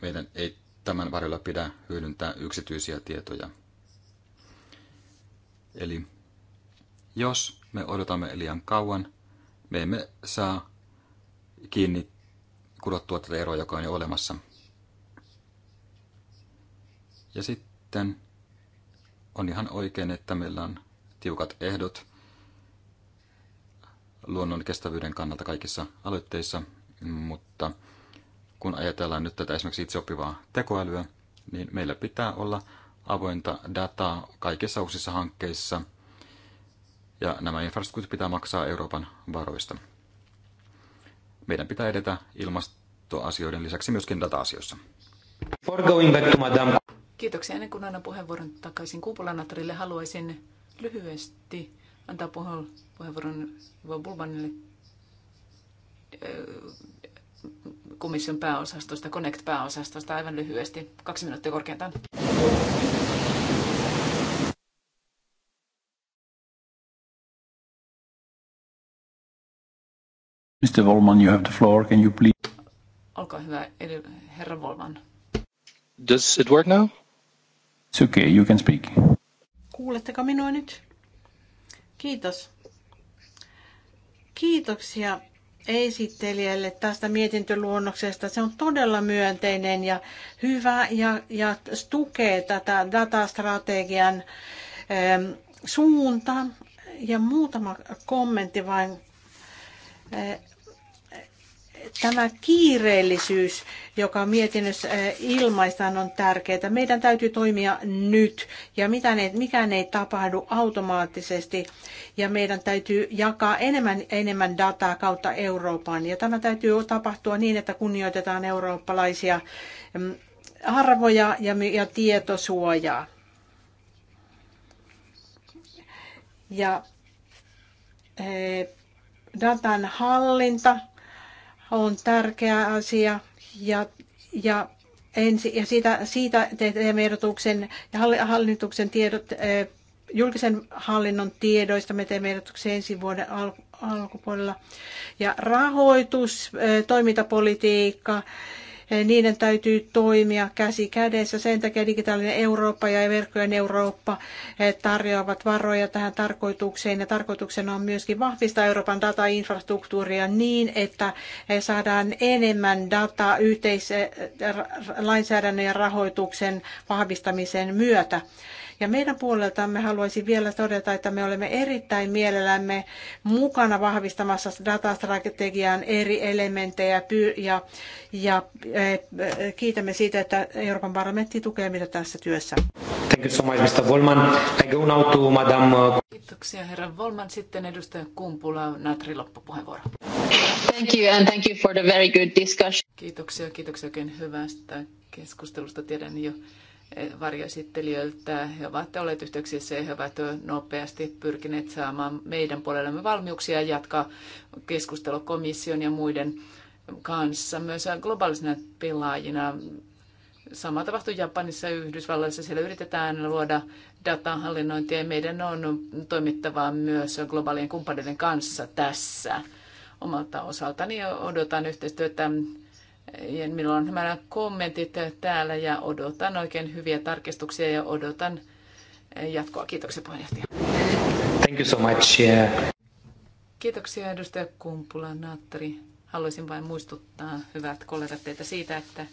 meidän ei tämän varjolla pidä hyödyntää yksityisiä tietoja. Eli jos me odotamme liian kauan, me emme saa kiinni kudottua tätä eroa, joka on jo olemassa – ja sitten on ihan oikein, että meillä on tiukat ehdot luonnon kestävyyden kannalta kaikissa aloitteissa, mutta kun ajatellaan nyt tätä esimerkiksi itseoppivaa tekoälyä, niin meillä pitää olla avointa dataa kaikissa uusissa hankkeissa, ja nämä infrastruktuurit pitää maksaa Euroopan varoista. Meidän pitää edetä ilmastoasioiden lisäksi myöskin data-asioissa. Kiitoksia. Ennen kuin annan puheenvuoron takaisin Kumpulanatorille, haluaisin lyhyesti antaa puheenvuoron Bulbanille äh, komission pääosastosta, Connect-pääosastosta aivan lyhyesti, kaksi minuuttia korkeintaan. Mr. Volman, you have the floor. Can you please... Olkaa hyvä, herra Volman. Does it work now? It's okay, you can speak. Kuuletteko minua nyt? Kiitos. Kiitoksia esittelijälle tästä mietintöluonnoksesta. Se on todella myönteinen ja hyvä ja, ja tukee tätä datastrategian ähm, suuntaa. Ja muutama kommentti vain. Äh, tämä kiireellisyys, joka mietinnössä ilmaistaan, on tärkeää. Meidän täytyy toimia nyt ja mitään ei, mikään ei tapahdu automaattisesti ja meidän täytyy jakaa enemmän enemmän dataa kautta Euroopan ja tämä täytyy tapahtua niin, että kunnioitetaan eurooppalaisia mm, arvoja ja, ja tietosuojaa. Ja datan hallinta on tärkeä asia ja, ja ensi, ja siitä, siitä teemme ehdotuksen ja hallituksen tiedot, eh, julkisen hallinnon tiedoista me teemme ehdotuksen ensi vuoden alku, alkupuolella. Ja rahoitus, eh, toimintapolitiikka niiden täytyy toimia käsi kädessä. Sen takia digitaalinen Eurooppa ja verkkojen Eurooppa eh, tarjoavat varoja tähän tarkoitukseen. Ja tarkoituksena on myöskin vahvistaa Euroopan datainfrastruktuuria niin, että eh, saadaan enemmän dataa yhteislainsäädännön eh, ja rahoituksen vahvistamisen myötä. Ja meidän puoleltamme haluaisin vielä todeta, että me olemme erittäin mielellämme mukana vahvistamassa datastrategian eri elementtejä ja, ja eh, eh, kiitämme siitä, että Euroopan parlamentti tukee meitä tässä työssä. Thank you so much, Mr. Volman. I go now to Madame... Uh, kiitoksia, herra Volman. Sitten edustaja Kumpula, Natri loppupuheenvuoro. Thank you and thank you for the very good discussion. Kiitoksia, kiitoksia oikein hyvästä keskustelusta. Tiedän jo varjoesittelijöiltä. He ovat olleet yhteyksissä ja he ovat nopeasti pyrkineet saamaan meidän puolellemme valmiuksia jatkaa keskustelua komission ja muiden kanssa myös globaalisena pelaajina. Sama tapahtui Japanissa ja Yhdysvalloissa. Siellä yritetään luoda datahallinnointia ja meidän on toimittava myös globaalien kumppaneiden kanssa tässä omalta osaltani. Odotan yhteistyötä Minulla on nämä kommentit täällä ja odotan oikein hyviä tarkistuksia ja odotan eh, jatkoa. Kiitoksia puheenjohtaja. Thank you so much. Kiitoksia edustaja Kumpula Naattari. Haluaisin vain muistuttaa, hyvät kollegat, teitä siitä, että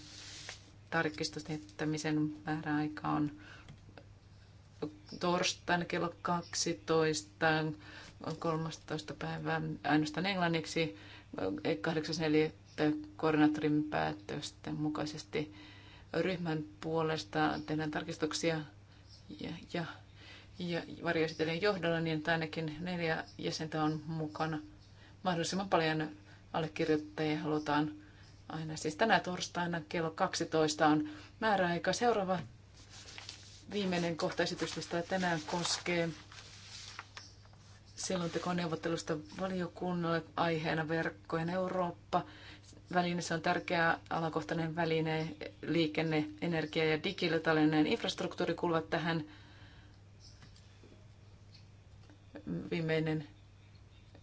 tarkistustehtämisen määräaika on torstaina kello 12, 13 päivää ainoastaan englanniksi, 8.4 koordinaattorin päätösten mukaisesti ryhmän puolesta tehdään tarkistuksia ja, ja, ja varjoesitelijän johdolla, niin että ainakin neljä jäsentä on mukana. Mahdollisimman paljon allekirjoittajia halutaan aina. Siis tänä torstaina kello 12 on määräaika. Seuraava viimeinen kohta esityslistalla tänään koskee selontekoneuvottelusta valiokunnalle aiheena verkkojen Eurooppa – väline. Se on tärkeä alakohtainen väline. Liikenne, energia ja digitaalinen infrastruktuuri kuuluvat tähän. Viimeinen,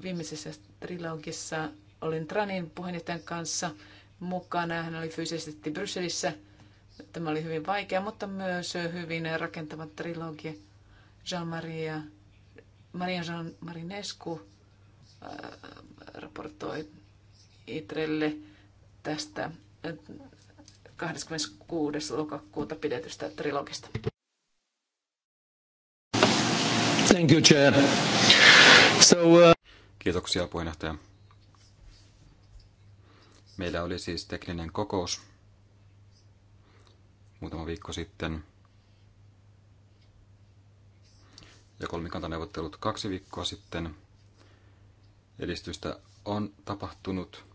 viimeisessä trilogissa olin Tranin puheenjohtajan kanssa mukana. Hän oli fyysisesti Brysselissä. Tämä oli hyvin vaikea, mutta myös hyvin rakentava trilogi. Jean-Maria, Maria Jean Marinescu äh, raportoi Itrelle tästä 26. lokakuuta pidetystä trilogista. Thank you, Chair. So, uh... Kiitoksia puheenjohtaja. Meillä oli siis tekninen kokous muutama viikko sitten ja kolmikantaneuvottelut kaksi viikkoa sitten. Edistystä on tapahtunut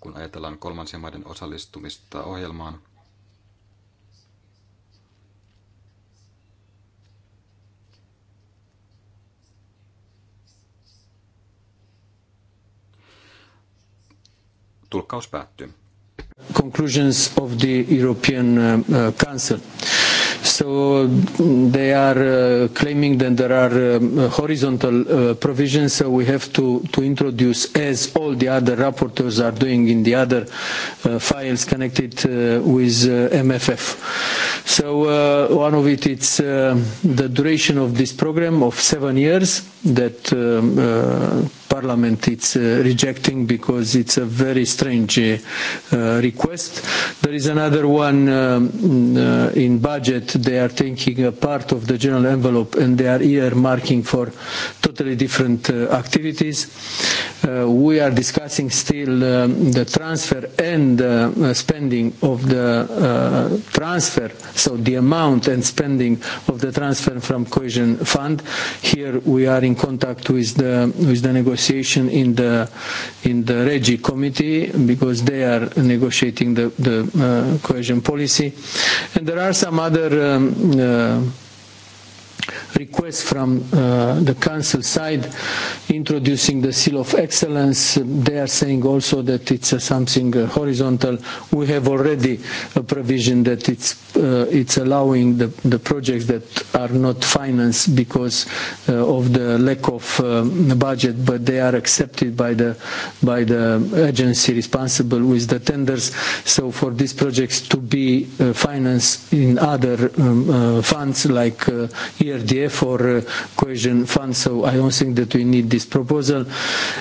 kun ajatellaan kolmansien maiden osallistumista ohjelmaan. Tulkkaus päättyy. Conclusions of the European uh, uh Council. So mm, they are uh, claiming that there are um, horizontal uh, provisions, so we have to, to introduce, as all the other rapporteurs are doing in the other uh, files connected uh, with uh, MFF. So uh, one of it, it's uh, the duration of this program of seven years that um, uh, Parliament is rejecting because it's a very strange request. There is another one um, in budget. They are taking a part of the general envelope and they are earmarking for totally different activities. we are discussing still um, the transfer and spending of the transfer So the amount and spending of the transfer from cohesion fund, here we are in contact with the with the negotiation in the in the Regi committee because they are negotiating the the uh, cohesion policy, and there are some other. Um, uh, request from uh, the council side introducing the seal of excellence. They are saying also that it's uh, something uh, horizontal. We have already a provision that it's uh, it's allowing the, the projects that are not financed because uh, of the lack of um, the budget, but they are accepted by the by the agency responsible with the tenders. So for these projects to be uh, financed in other um, uh, funds like uh, ERDF For uh, cohesion fund, so I don't think that we need this proposal.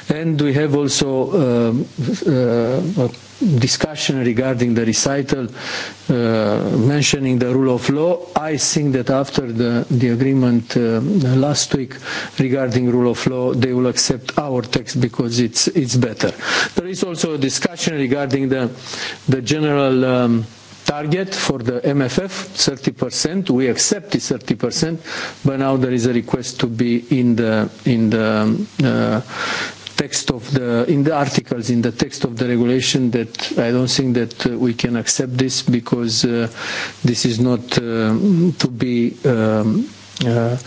And we have also um, uh, a discussion regarding the recital uh, mentioning the rule of law. I think that after the, the agreement uh, last week regarding rule of law, they will accept our text because it's it's better. There is also a discussion regarding the the general. Um, target for the MFF, 30%. We accept the 30%, but now there is a request to be in the in the uh, text of the in the articles in the text of the regulation that I don't think that uh, we can accept this because uh, this is not uh, to be um, uh,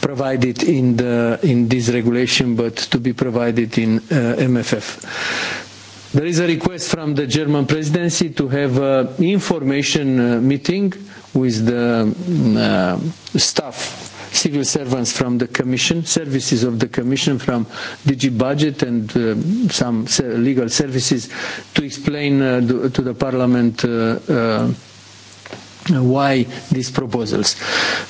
provided in the in this regulation but to be provided in uh, MFF There is a request from the German presidency to have an information uh, meeting with the um, uh, staff civil servants from the commission, services of the commission from DG budget and uh, some legal services to explain uh, to the parliament uh, uh, why these proposals.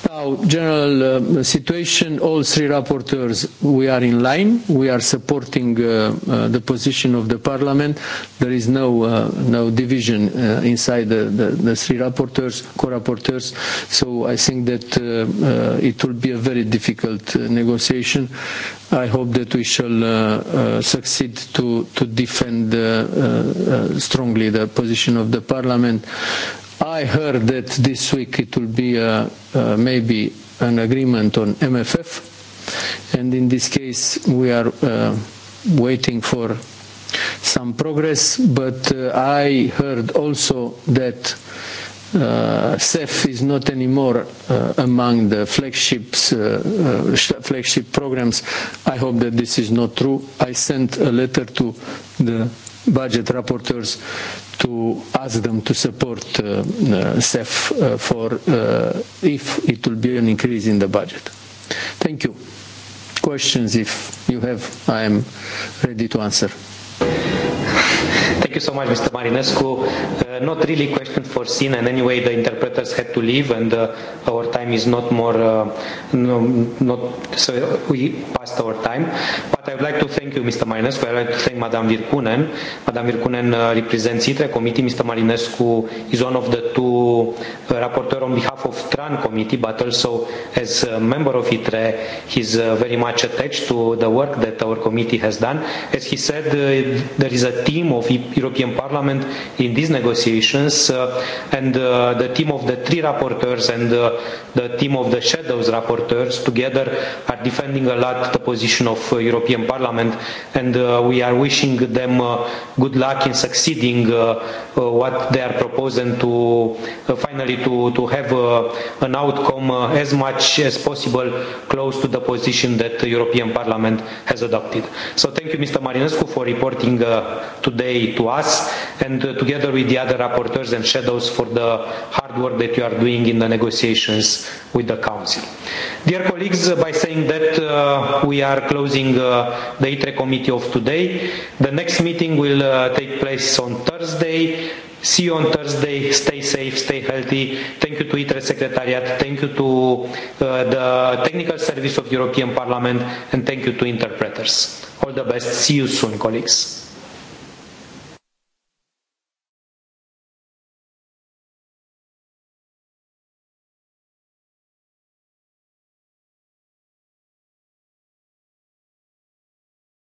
Now, general uh, situation, all three rapporteurs, we are in line. We are supporting uh, uh, the position of the parliament. There is no uh, no division uh, inside the, the, the three rapporteurs, co-rapporteurs. So I think that uh, uh, it will be a very difficult uh, negotiation. I hope that we shall uh, uh, succeed to, to defend uh, uh, uh strongly the position of the Parliament I heard that this week it will be a, uh, uh, maybe an agreement on MFF, and in this case we are uh, waiting for some progress, but uh, I heard also that uh, CEF is not anymore uh, among the flagships, uh, uh, flagship programs. I hope that this is not true. I sent a letter to the budget rapporteurs to ask them to support uh, uh, CEF uh, for uh, if it will be an increase in the budget. Thank you. Questions, if you have, I am ready to answer. Thank you so much, Mr. Marinescu. Uh, not really question foreseen, and anyway, the interpreters had to leave, and uh, our time is not more, uh, no, not so we passed our time. But I would like to thank you, Mr. Marinescu. I would like to thank Madame Virkunen. Madame Virkunen uh, represents ITRE committee. Mr. Marinescu is one of the two uh, rapporteurs on behalf of TRAN committee, but also as a member of ITRE, he's uh, very much attached to the work that our committee has done. As he said, uh, there is a team of e- European Parliament in these negotiations uh, and uh, the team of the three rapporteurs and uh, the team of the shadows rapporteurs together are defending a lot the position of uh, European Parliament and uh, we are wishing them uh, good luck in succeeding uh, uh, what they are proposing to uh, finally to, to have uh, an outcome uh, as much as possible close to the position that the European Parliament has adopted. So thank you Mr. Marinescu for reporting uh, today to us, and uh, together with the other rapporteurs and shadows for the hard work that you are doing in the negotiations with the Council. Dear colleagues, uh, by saying that, uh, we are closing uh, the ITRE committee of today. The next meeting will uh, take place on Thursday, See you on Thursday. Stay safe, stay healthy. Thank you to ITRE Secretariat. Thank you to uh, the Technical Service of European Parliament. And thank you to interpreters. All the best. See you soon, colleagues.